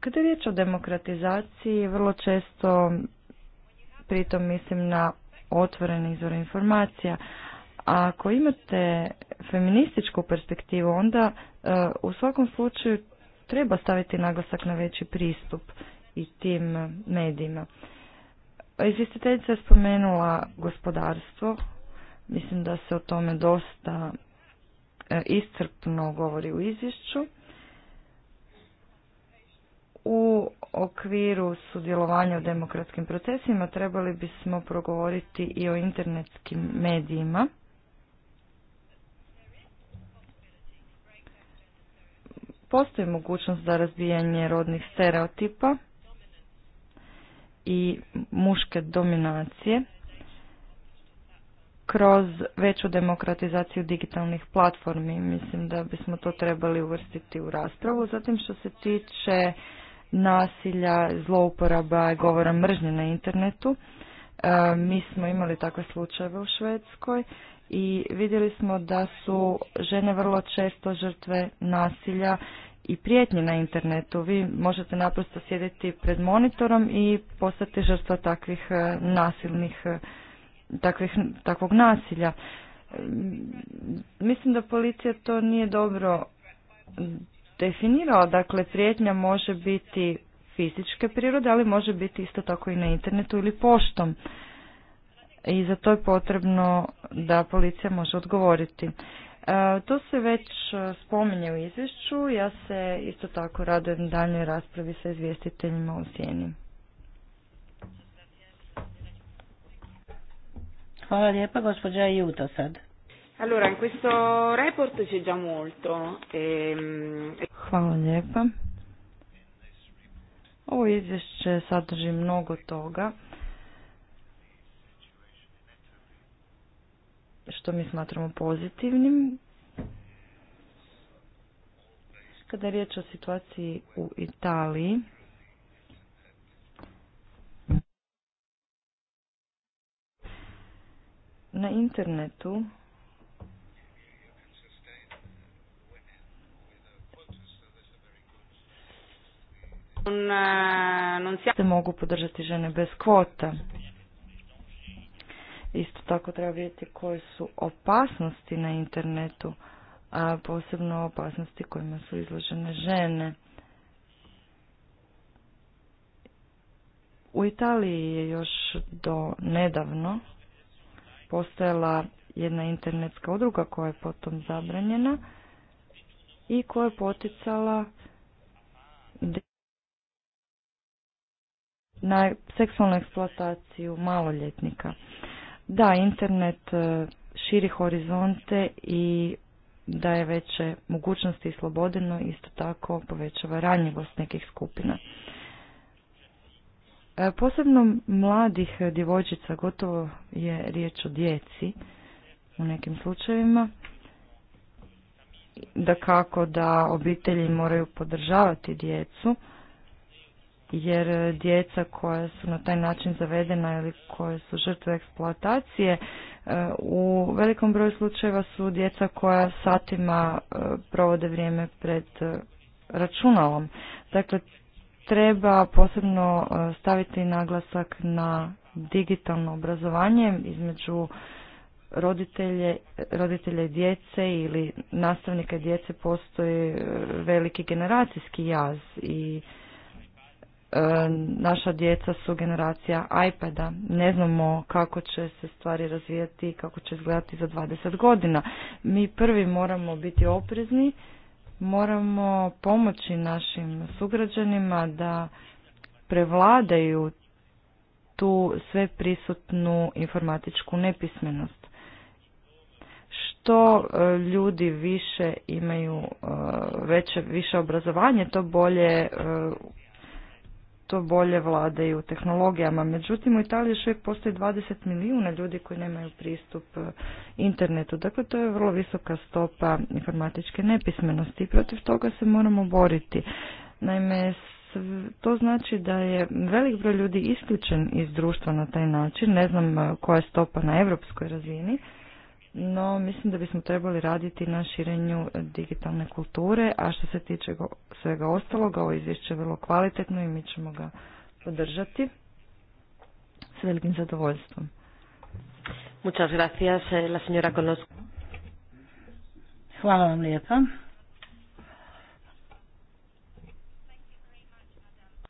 kada je riječ o demokratizaciji, vrlo često pritom mislim na otvorene izvore informacija. A ako imate feminističku perspektivu, onda e, u svakom slučaju treba staviti naglasak na veći pristup i tim medijima. Izvjestiteljica je spomenula gospodarstvo. Mislim da se o tome dosta e, iscrpno govori u izvješću u okviru sudjelovanja u demokratskim procesima trebali bismo progovoriti i o internetskim medijima. Postoji mogućnost za razbijanje rodnih stereotipa i muške dominacije kroz veću demokratizaciju digitalnih platformi. Mislim da bismo to trebali uvrstiti u raspravu. Zatim što se tiče nasilja, zlouporaba govora mržnje na internetu. E, mi smo imali takve slučajeve u Švedskoj i vidjeli smo da su žene vrlo često žrtve nasilja i prijetnje na internetu. Vi možete naprosto sjediti pred monitorom i postati žrtva takvih e, nasilnih, e, takvih, takvog nasilja. Mislim da policija to nije dobro definirao. Dakle, prijetnja može biti fizičke prirode, ali može biti isto tako i na internetu ili poštom. I za to je potrebno da policija može odgovoriti. E, to se već e, spominje u izvješću, ja se isto tako radujem daljnjoj raspravi sa izvjestiteljima u Sjeni. Hvala lijepa, gospođa Juto sad. Allora, in questo report c'è già molto. Ehm, Hvala lijepa. Ovo izvješće sadrži mnogo toga što mi smatramo pozitivnim. Kada je riječ o situaciji u Italiji, na internetu Uh, Se mogu podržati žene bez kvota. Isto tako treba vidjeti koje su opasnosti na internetu, a posebno opasnosti kojima su izložene žene. U Italiji je još do nedavno postojala jedna internetska udruga koja je potom zabranjena i koja je poticala na seksualnu eksploataciju maloljetnika. Da, internet e, širi horizonte i daje veće mogućnosti i slobode, isto tako povećava ranjivost nekih skupina. E, posebno mladih djevojčica, gotovo je riječ o djeci u nekim slučajevima, da kako da obitelji moraju podržavati djecu, jer e, djeca koja su na taj način zavedena ili koje su žrtve eksploatacije e, u velikom broju slučajeva su djeca koja satima e, provode vrijeme pred računalom. Dakle, treba posebno staviti naglasak na digitalno obrazovanje između roditelje, roditelje djece ili nastavnika djece postoji veliki generacijski jaz i E, naša djeca su generacija iPada. Ne znamo kako će se stvari razvijati i kako će izgledati za 20 godina. Mi prvi moramo biti oprezni, moramo pomoći našim sugrađanima da prevladaju tu sve prisutnu informatičku nepismenost. Što e, ljudi više imaju e, veće, više obrazovanje, to bolje to bolje vladaju tehnologijama. Međutim, u Italiji još uvijek postoji 20 milijuna ljudi koji nemaju pristup e, internetu. Dakle, to je vrlo visoka stopa informatičke nepismenosti i protiv toga se moramo boriti. Naime, to znači da je velik broj ljudi isključen iz društva na taj način. Ne znam e, koja je stopa na europskoj razini no mislim da bismo trebali raditi na širenju digitalne kulture, a što se tiče svega ostaloga, ovo izvješće je vrlo kvalitetno i mi ćemo ga podržati s velikim zadovoljstvom. Muchas gracias, eh, la señora Hvala vam lijepa.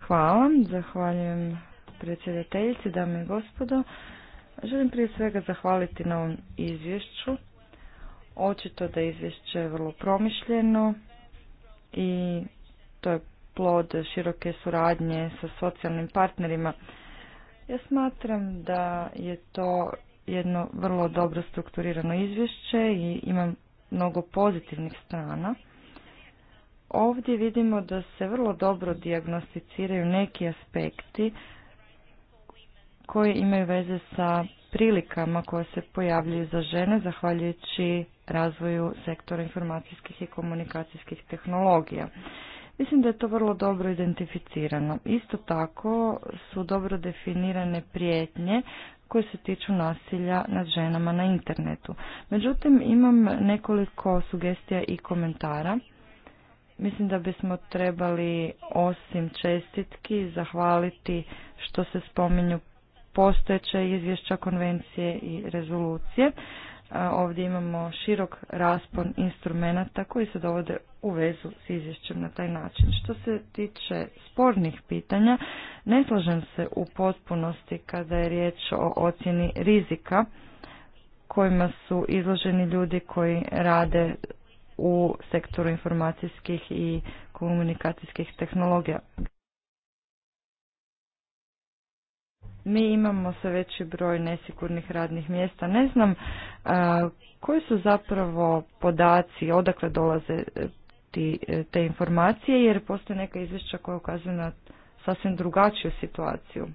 Hvala, zahvaljujem predsjedateljici, dame i gospodo. Želim prije svega zahvaliti na ovom izvješću. Očito da je izvješće vrlo promišljeno i to je plod široke suradnje sa socijalnim partnerima. Ja smatram da je to jedno vrlo dobro strukturirano izvješće i imam mnogo pozitivnih strana. Ovdje vidimo da se vrlo dobro diagnosticiraju neki aspekti koje imaju veze sa prilikama koje se pojavljuju za žene zahvaljujući razvoju sektora informacijskih i komunikacijskih tehnologija. Mislim da je to vrlo dobro identificirano. Isto tako su dobro definirane prijetnje koje se tiču nasilja nad ženama na internetu. Međutim, imam nekoliko sugestija i komentara. Mislim da bismo trebali osim čestitki zahvaliti što se spominju postojeće izvješća, konvencije i rezolucije. E, ovdje imamo širok raspon instrumenata koji se dovode u vezu s izvješćem na taj način. Što se tiče spornih pitanja, ne slažem se u potpunosti kada je riječ o ocjeni rizika kojima su izloženi ljudi koji rade u sektoru informacijskih i komunikacijskih tehnologija. mi imamo sve veći broj nesigurnih radnih mjesta. Ne znam koji su zapravo podaci, odakle dolaze e, ti, e, te informacije, jer postoje neka izvješća koja ukazuju na sasvim drugačiju situaciju.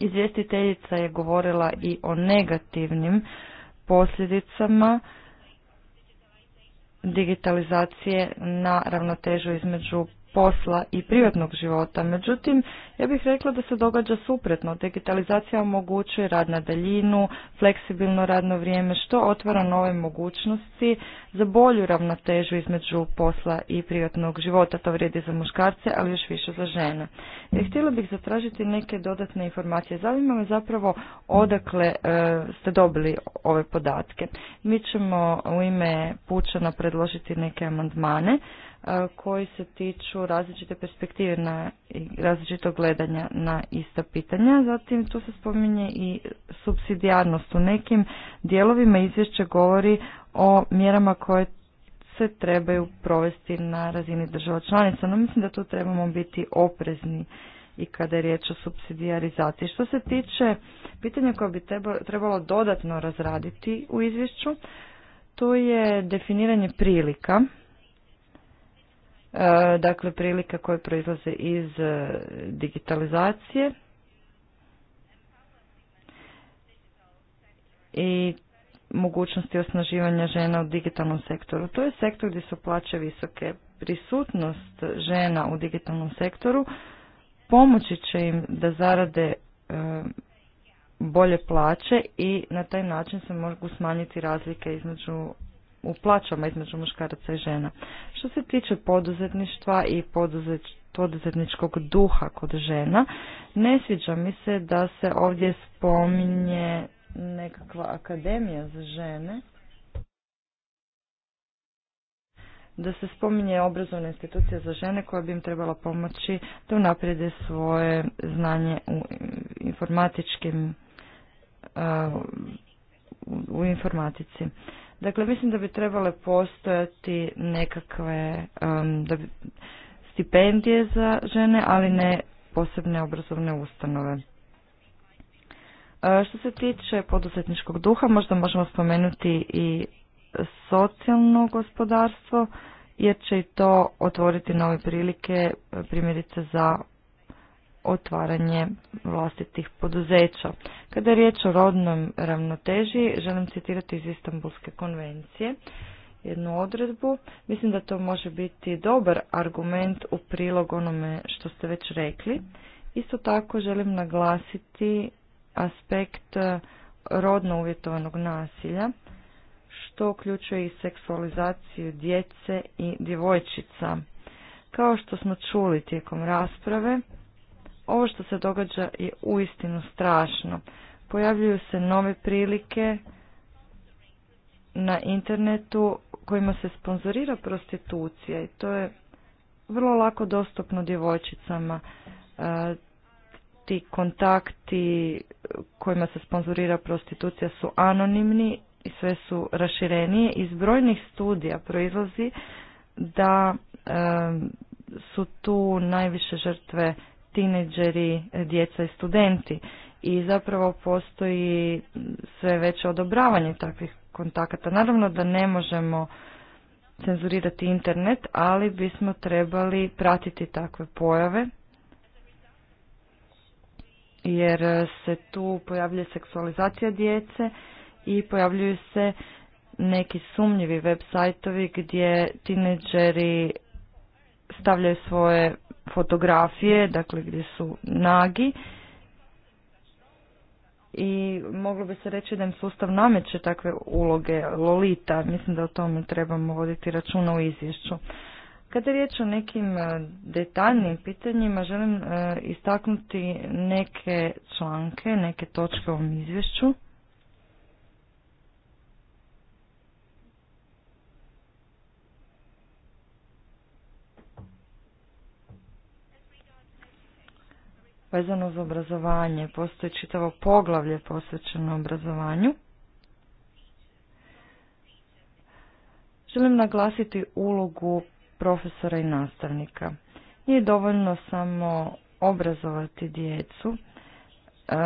Izvjestiteljica je govorila i o negativnim posljedicama digitalizacije na ravnotežu između posla i privatnog života. Međutim, ja bih rekla da se događa supretno. Digitalizacija omogućuje rad na daljinu, fleksibilno radno vrijeme, što otvara nove mogućnosti za bolju ravnotežu između posla i privatnog života. To vrijedi za muškarce, ali još više za žene. Ja htjela bih zatražiti neke dodatne informacije. Zanima me zapravo odakle e, ste dobili ove podatke. Mi ćemo u ime Pučana predložiti neke amandmane koji se tiču različite perspektive na različitog gledanja na ista pitanja. Zatim tu se spominje i subsidijarnost. U nekim dijelovima izvješće govori o mjerama koje se trebaju provesti na razini država članica, no mislim da tu trebamo biti oprezni i kada je riječ o subsidijarizaciji. Što se tiče pitanja koje bi trebalo dodatno razraditi u izvješću, to je definiranje prilika E, dakle prilika koje proizlaze iz e, digitalizacije i mogućnosti osnaživanja žena u digitalnom sektoru. To je sektor gdje su plaće visoke. Prisutnost žena u digitalnom sektoru pomoći će im da zarade e, bolje plaće i na taj način se mogu smanjiti razlike između u plaćama između muškaraca i žena. Što se tiče poduzetništva i poduzetničkog duha kod žena, ne sviđa mi se da se ovdje spominje nekakva akademija za žene, da se spominje obrazovna institucija za žene koja bi im trebala pomoći da unaprijede svoje znanje u informatičkim u informatici. Dakle, mislim da bi trebale postojati nekakve da stipendije za žene, ali ne posebne obrazovne ustanove. E, što se tiče poduzetničkog duha, možda možemo spomenuti i socijalno gospodarstvo, jer će i to otvoriti nove prilike, primjerice za otvaranje vlastitih poduzeća. Kada je riječ o rodnom ravnoteži, želim citirati iz Istanbulske konvencije jednu odredbu. Mislim da to može biti dobar argument u prilog onome što ste već rekli. Isto tako želim naglasiti aspekt rodno uvjetovanog nasilja, što uključuje i seksualizaciju djece i djevojčica. Kao što smo čuli tijekom rasprave, ovo što se događa je uistinu strašno. Pojavljuju se nove prilike na internetu kojima se sponzorira prostitucija i to je vrlo lako dostupno djevojčicama. E, ti kontakti kojima se sponzorira prostitucija su anonimni i sve su raširenije. Iz brojnih studija proizlazi da e, su tu najviše žrtve tineđeri, e, djeca i studenti i zapravo postoji sve veće odobravanje takvih kontakata. Naravno da ne možemo cenzurirati internet, ali bismo trebali pratiti takve pojave jer e, se tu pojavljuje seksualizacija djece i pojavljuju se neki sumnjivi web sajtovi gdje tineđeri stavljaju svoje fotografije, dakle gdje su nagi i moglo bi se reći da im sustav nameće takve uloge lolita, mislim da o tome trebamo voditi računa u izvješću. Kada je riječ o nekim e, detaljnim pitanjima, želim e, istaknuti neke članke, neke točke u ovom izvješću. vezano za obrazovanje. Postoji čitavo poglavlje posvećeno obrazovanju. Želim naglasiti ulogu profesora i nastavnika. Nije dovoljno samo obrazovati djecu. E,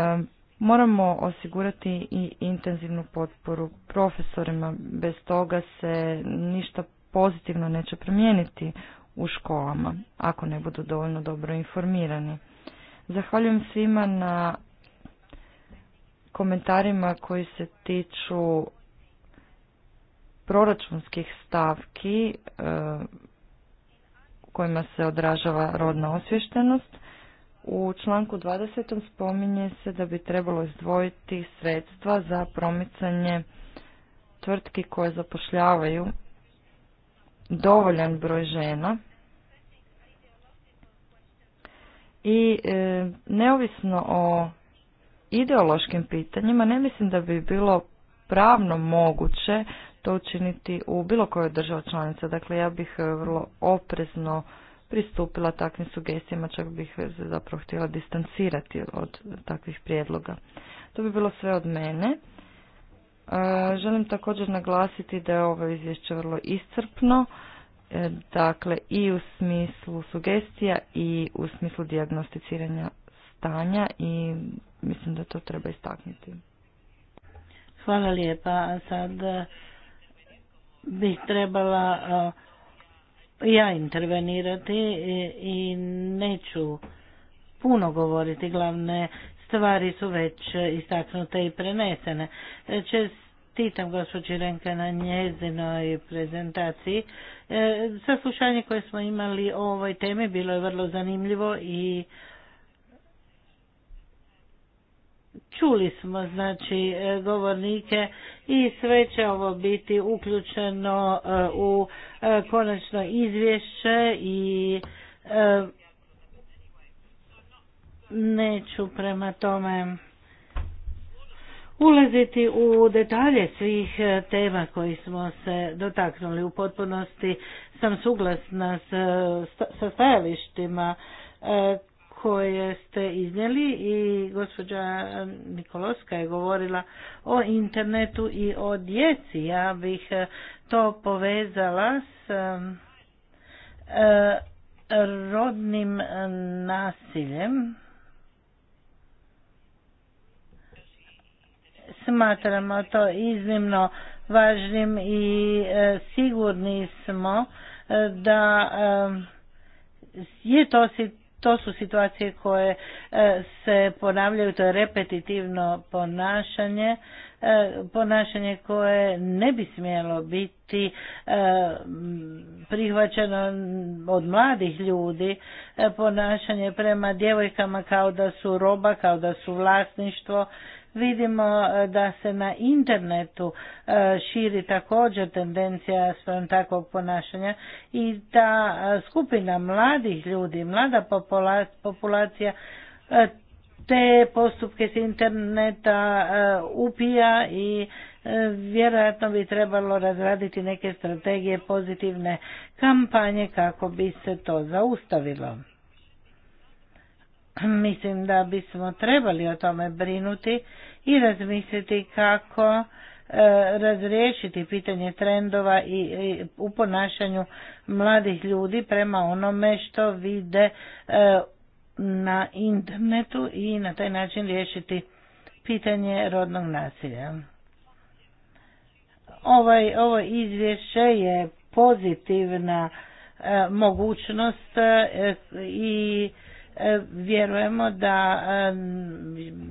moramo osigurati i intenzivnu potporu profesorima. Bez toga se ništa pozitivno neće promijeniti u školama ako ne budu dovoljno dobro informirani. Zahvaljujem svima na komentarima koji se tiču proračunskih stavki e, kojima se odražava rodna osvještenost. U članku 20. spominje se da bi trebalo izdvojiti sredstva za promicanje tvrtki koje zapošljavaju dovoljan broj žena i e, neovisno o ideološkim pitanjima ne mislim da bi bilo pravno moguće to učiniti u bilo kojoj država članica. Dakle, ja bih e, vrlo oprezno pristupila takvim sugestijama, čak bih se zapravo htjela distancirati od takvih prijedloga. To bi bilo sve od mene. E, želim također naglasiti da je ovo izvješće vrlo iscrpno. E, dakle i u smislu sugestija i u smislu dijagnosticiranja stanja i mislim da to treba istaknuti. Hvala lijepa. Sad e, bih trebala e, ja intervenirati i neću puno govoriti. Glavne stvari su već istaknute i prenesene. Čest čestitam gospođi Renka na njezinoj prezentaciji. E, saslušanje koje smo imali o ovoj temi bilo je vrlo zanimljivo i čuli smo znači e, govornike i sve će ovo biti uključeno e, u konačno izvješće i neću prema tome ulaziti u detalje svih e, tema koji smo se dotaknuli. U potpunosti sam suglasna e, sa stajalištima e, koje ste iznijeli i gospođa Nikoloska je govorila o internetu i o djeci. Ja bih to povezala s rodnim nasiljem smatramo to iznimno važnim i e, sigurni smo e, da e, je to, to su situacije koje se ponavljaju, to je repetitivno ponašanje, ponašanje koje ne bi smjelo biti prihvaćeno od mladih ljudi, ponašanje prema djevojkama kao da su roba, kao da su vlasništvo Vidimo e, da se na internetu e, širi također tendencija svojom takvog ponašanja i da e, skupina mladih ljudi, mlada populacija te postupke s interneta upija i vjerojatno bi trebalo razraditi neke strategije pozitivne kampanje kako bi se to zaustavilo. Mislim da bismo trebali o tome brinuti i razmisliti kako e, razriješiti pitanje trendova i u ponašanju mladih ljudi prema onome što vide e, na internetu i na taj način riješiti pitanje rodnog nasilja. Ovaj, ovo izvješće je pozitivna e, mogućnost i E, vjerujemo da e,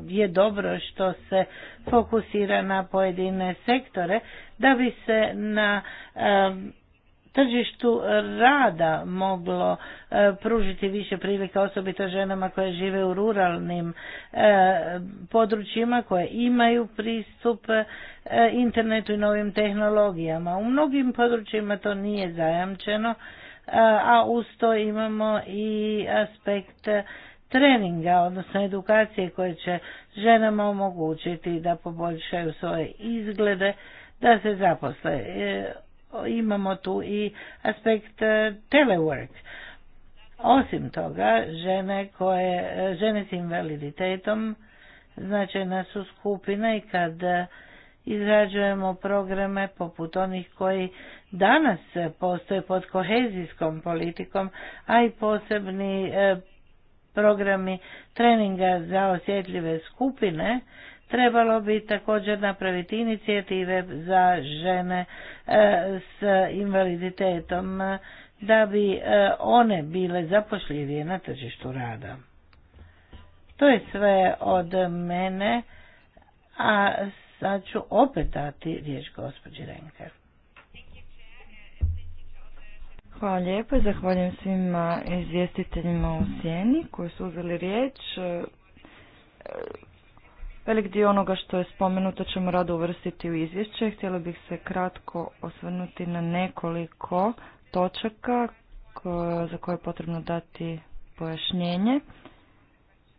je dobro što se fokusira na pojedine sektore da bi se na e, tržištu rada moglo pružiti više prilika osobito ženama koje žive u ruralnim područjima koje imaju pristup internetu i novim tehnologijama. U mnogim područjima to nije zajamčeno a uz to imamo i aspekt treninga, odnosno edukacije koje će ženama omogućiti da poboljšaju svoje izglede, da se zaposle. E, imamo tu i aspekt e, telework. Osim toga, žene, koje, e, žene s invaliditetom značajna su skupina i kad izrađujemo programe poput onih koji danas postoje pod kohezijskom politikom, a i posebni e, programi treninga za osjetljive skupine, trebalo bi također napraviti inicijative za žene e, s invaliditetom e, da bi one bile zapošljivije na tržištu rada. To je sve od mene, a sad ću opet dati riječ gospođi Renke. Hvala lijepo i zahvaljujem svima izvjestiteljima u Sjeni koji su uzeli riječ. E, velik dio onoga što je spomenuto ćemo rado uvrstiti u izvješće. Htjela bih se kratko osvrnuti na nekoliko točaka za koje je potrebno dati pojašnjenje.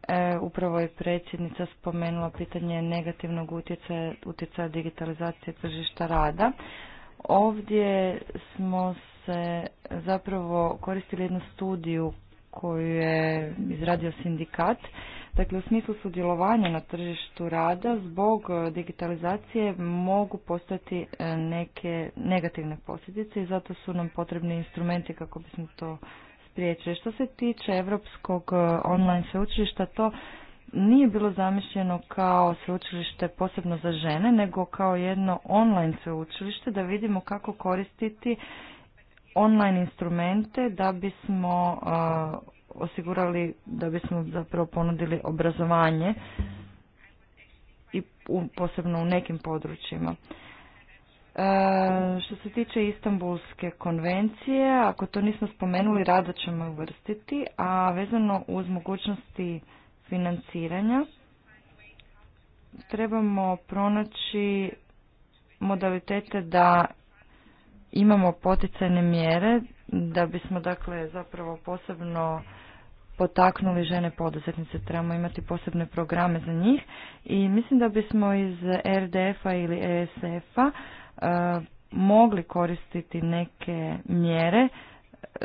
E, upravo je predsjednica spomenula pitanje negativnog utjecaja, utjecaja digitalizacije tržišta rada. Ovdje smo se zapravo koristili jednu studiju koju je izradio sindikat. Dakle, u smislu sudjelovanja na tržištu rada zbog digitalizacije mogu postati e, neke negativne posljedice i zato su nam potrebni instrumenti kako bismo to spriječe. Što se tiče Europskog e, online sveučilišta, to nije bilo zamišljeno kao sveučilište posebno za žene, nego kao jedno online sveučilište da vidimo kako koristiti online instrumente da bismo e, osigurali, da bismo zapravo ponudili obrazovanje i posebno u nekim područjima. E, što se tiče Istanbulske konvencije, ako to nismo spomenuli, rado ćemo uvrstiti, a vezano uz mogućnosti financiranja, trebamo pronaći modalitete da imamo poticajne mjere, da bismo dakle zapravo posebno potaknuli žene poduzetnice, trebamo imati posebne programe za njih i mislim da bismo iz RDF-a ili ESF-a E, mogli koristiti neke mjere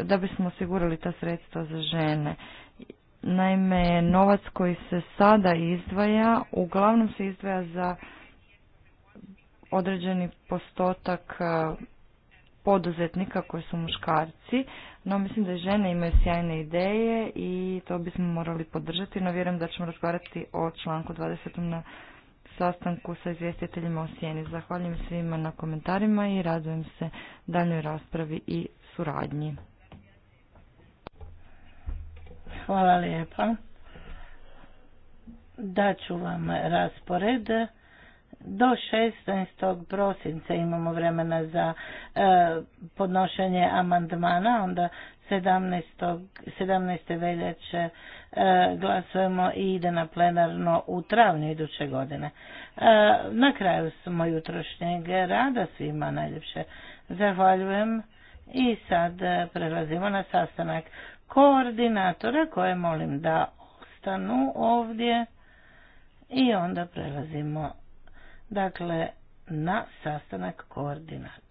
da bismo osigurali ta sredstva za žene. Naime, novac koji se sada izdvaja, uglavnom se izdvaja za određeni postotak e, poduzetnika koji su muškarci, no mislim da žene imaju sjajne ideje i to bismo morali podržati, no vjerujem da ćemo razgovarati o članku 20. na sastanku sa izvjestiteljima o sjeni. Zahvaljujem svima na komentarima i radujem se daljnoj raspravi i suradnji. Hvala lijepa. Daću vam raspored. Do 16. prosinca imamo vremena za e, podnošenje amandmana, onda 17. 17. veljače E, glasujemo i ide na plenarno u travnju iduće godine. E, na kraju smo jutrošnjeg rada svima najljepše zahvaljujem i sad e, prelazimo na sastanak koordinatora koje molim da ostanu ovdje i onda prelazimo dakle na sastanak koordinatora.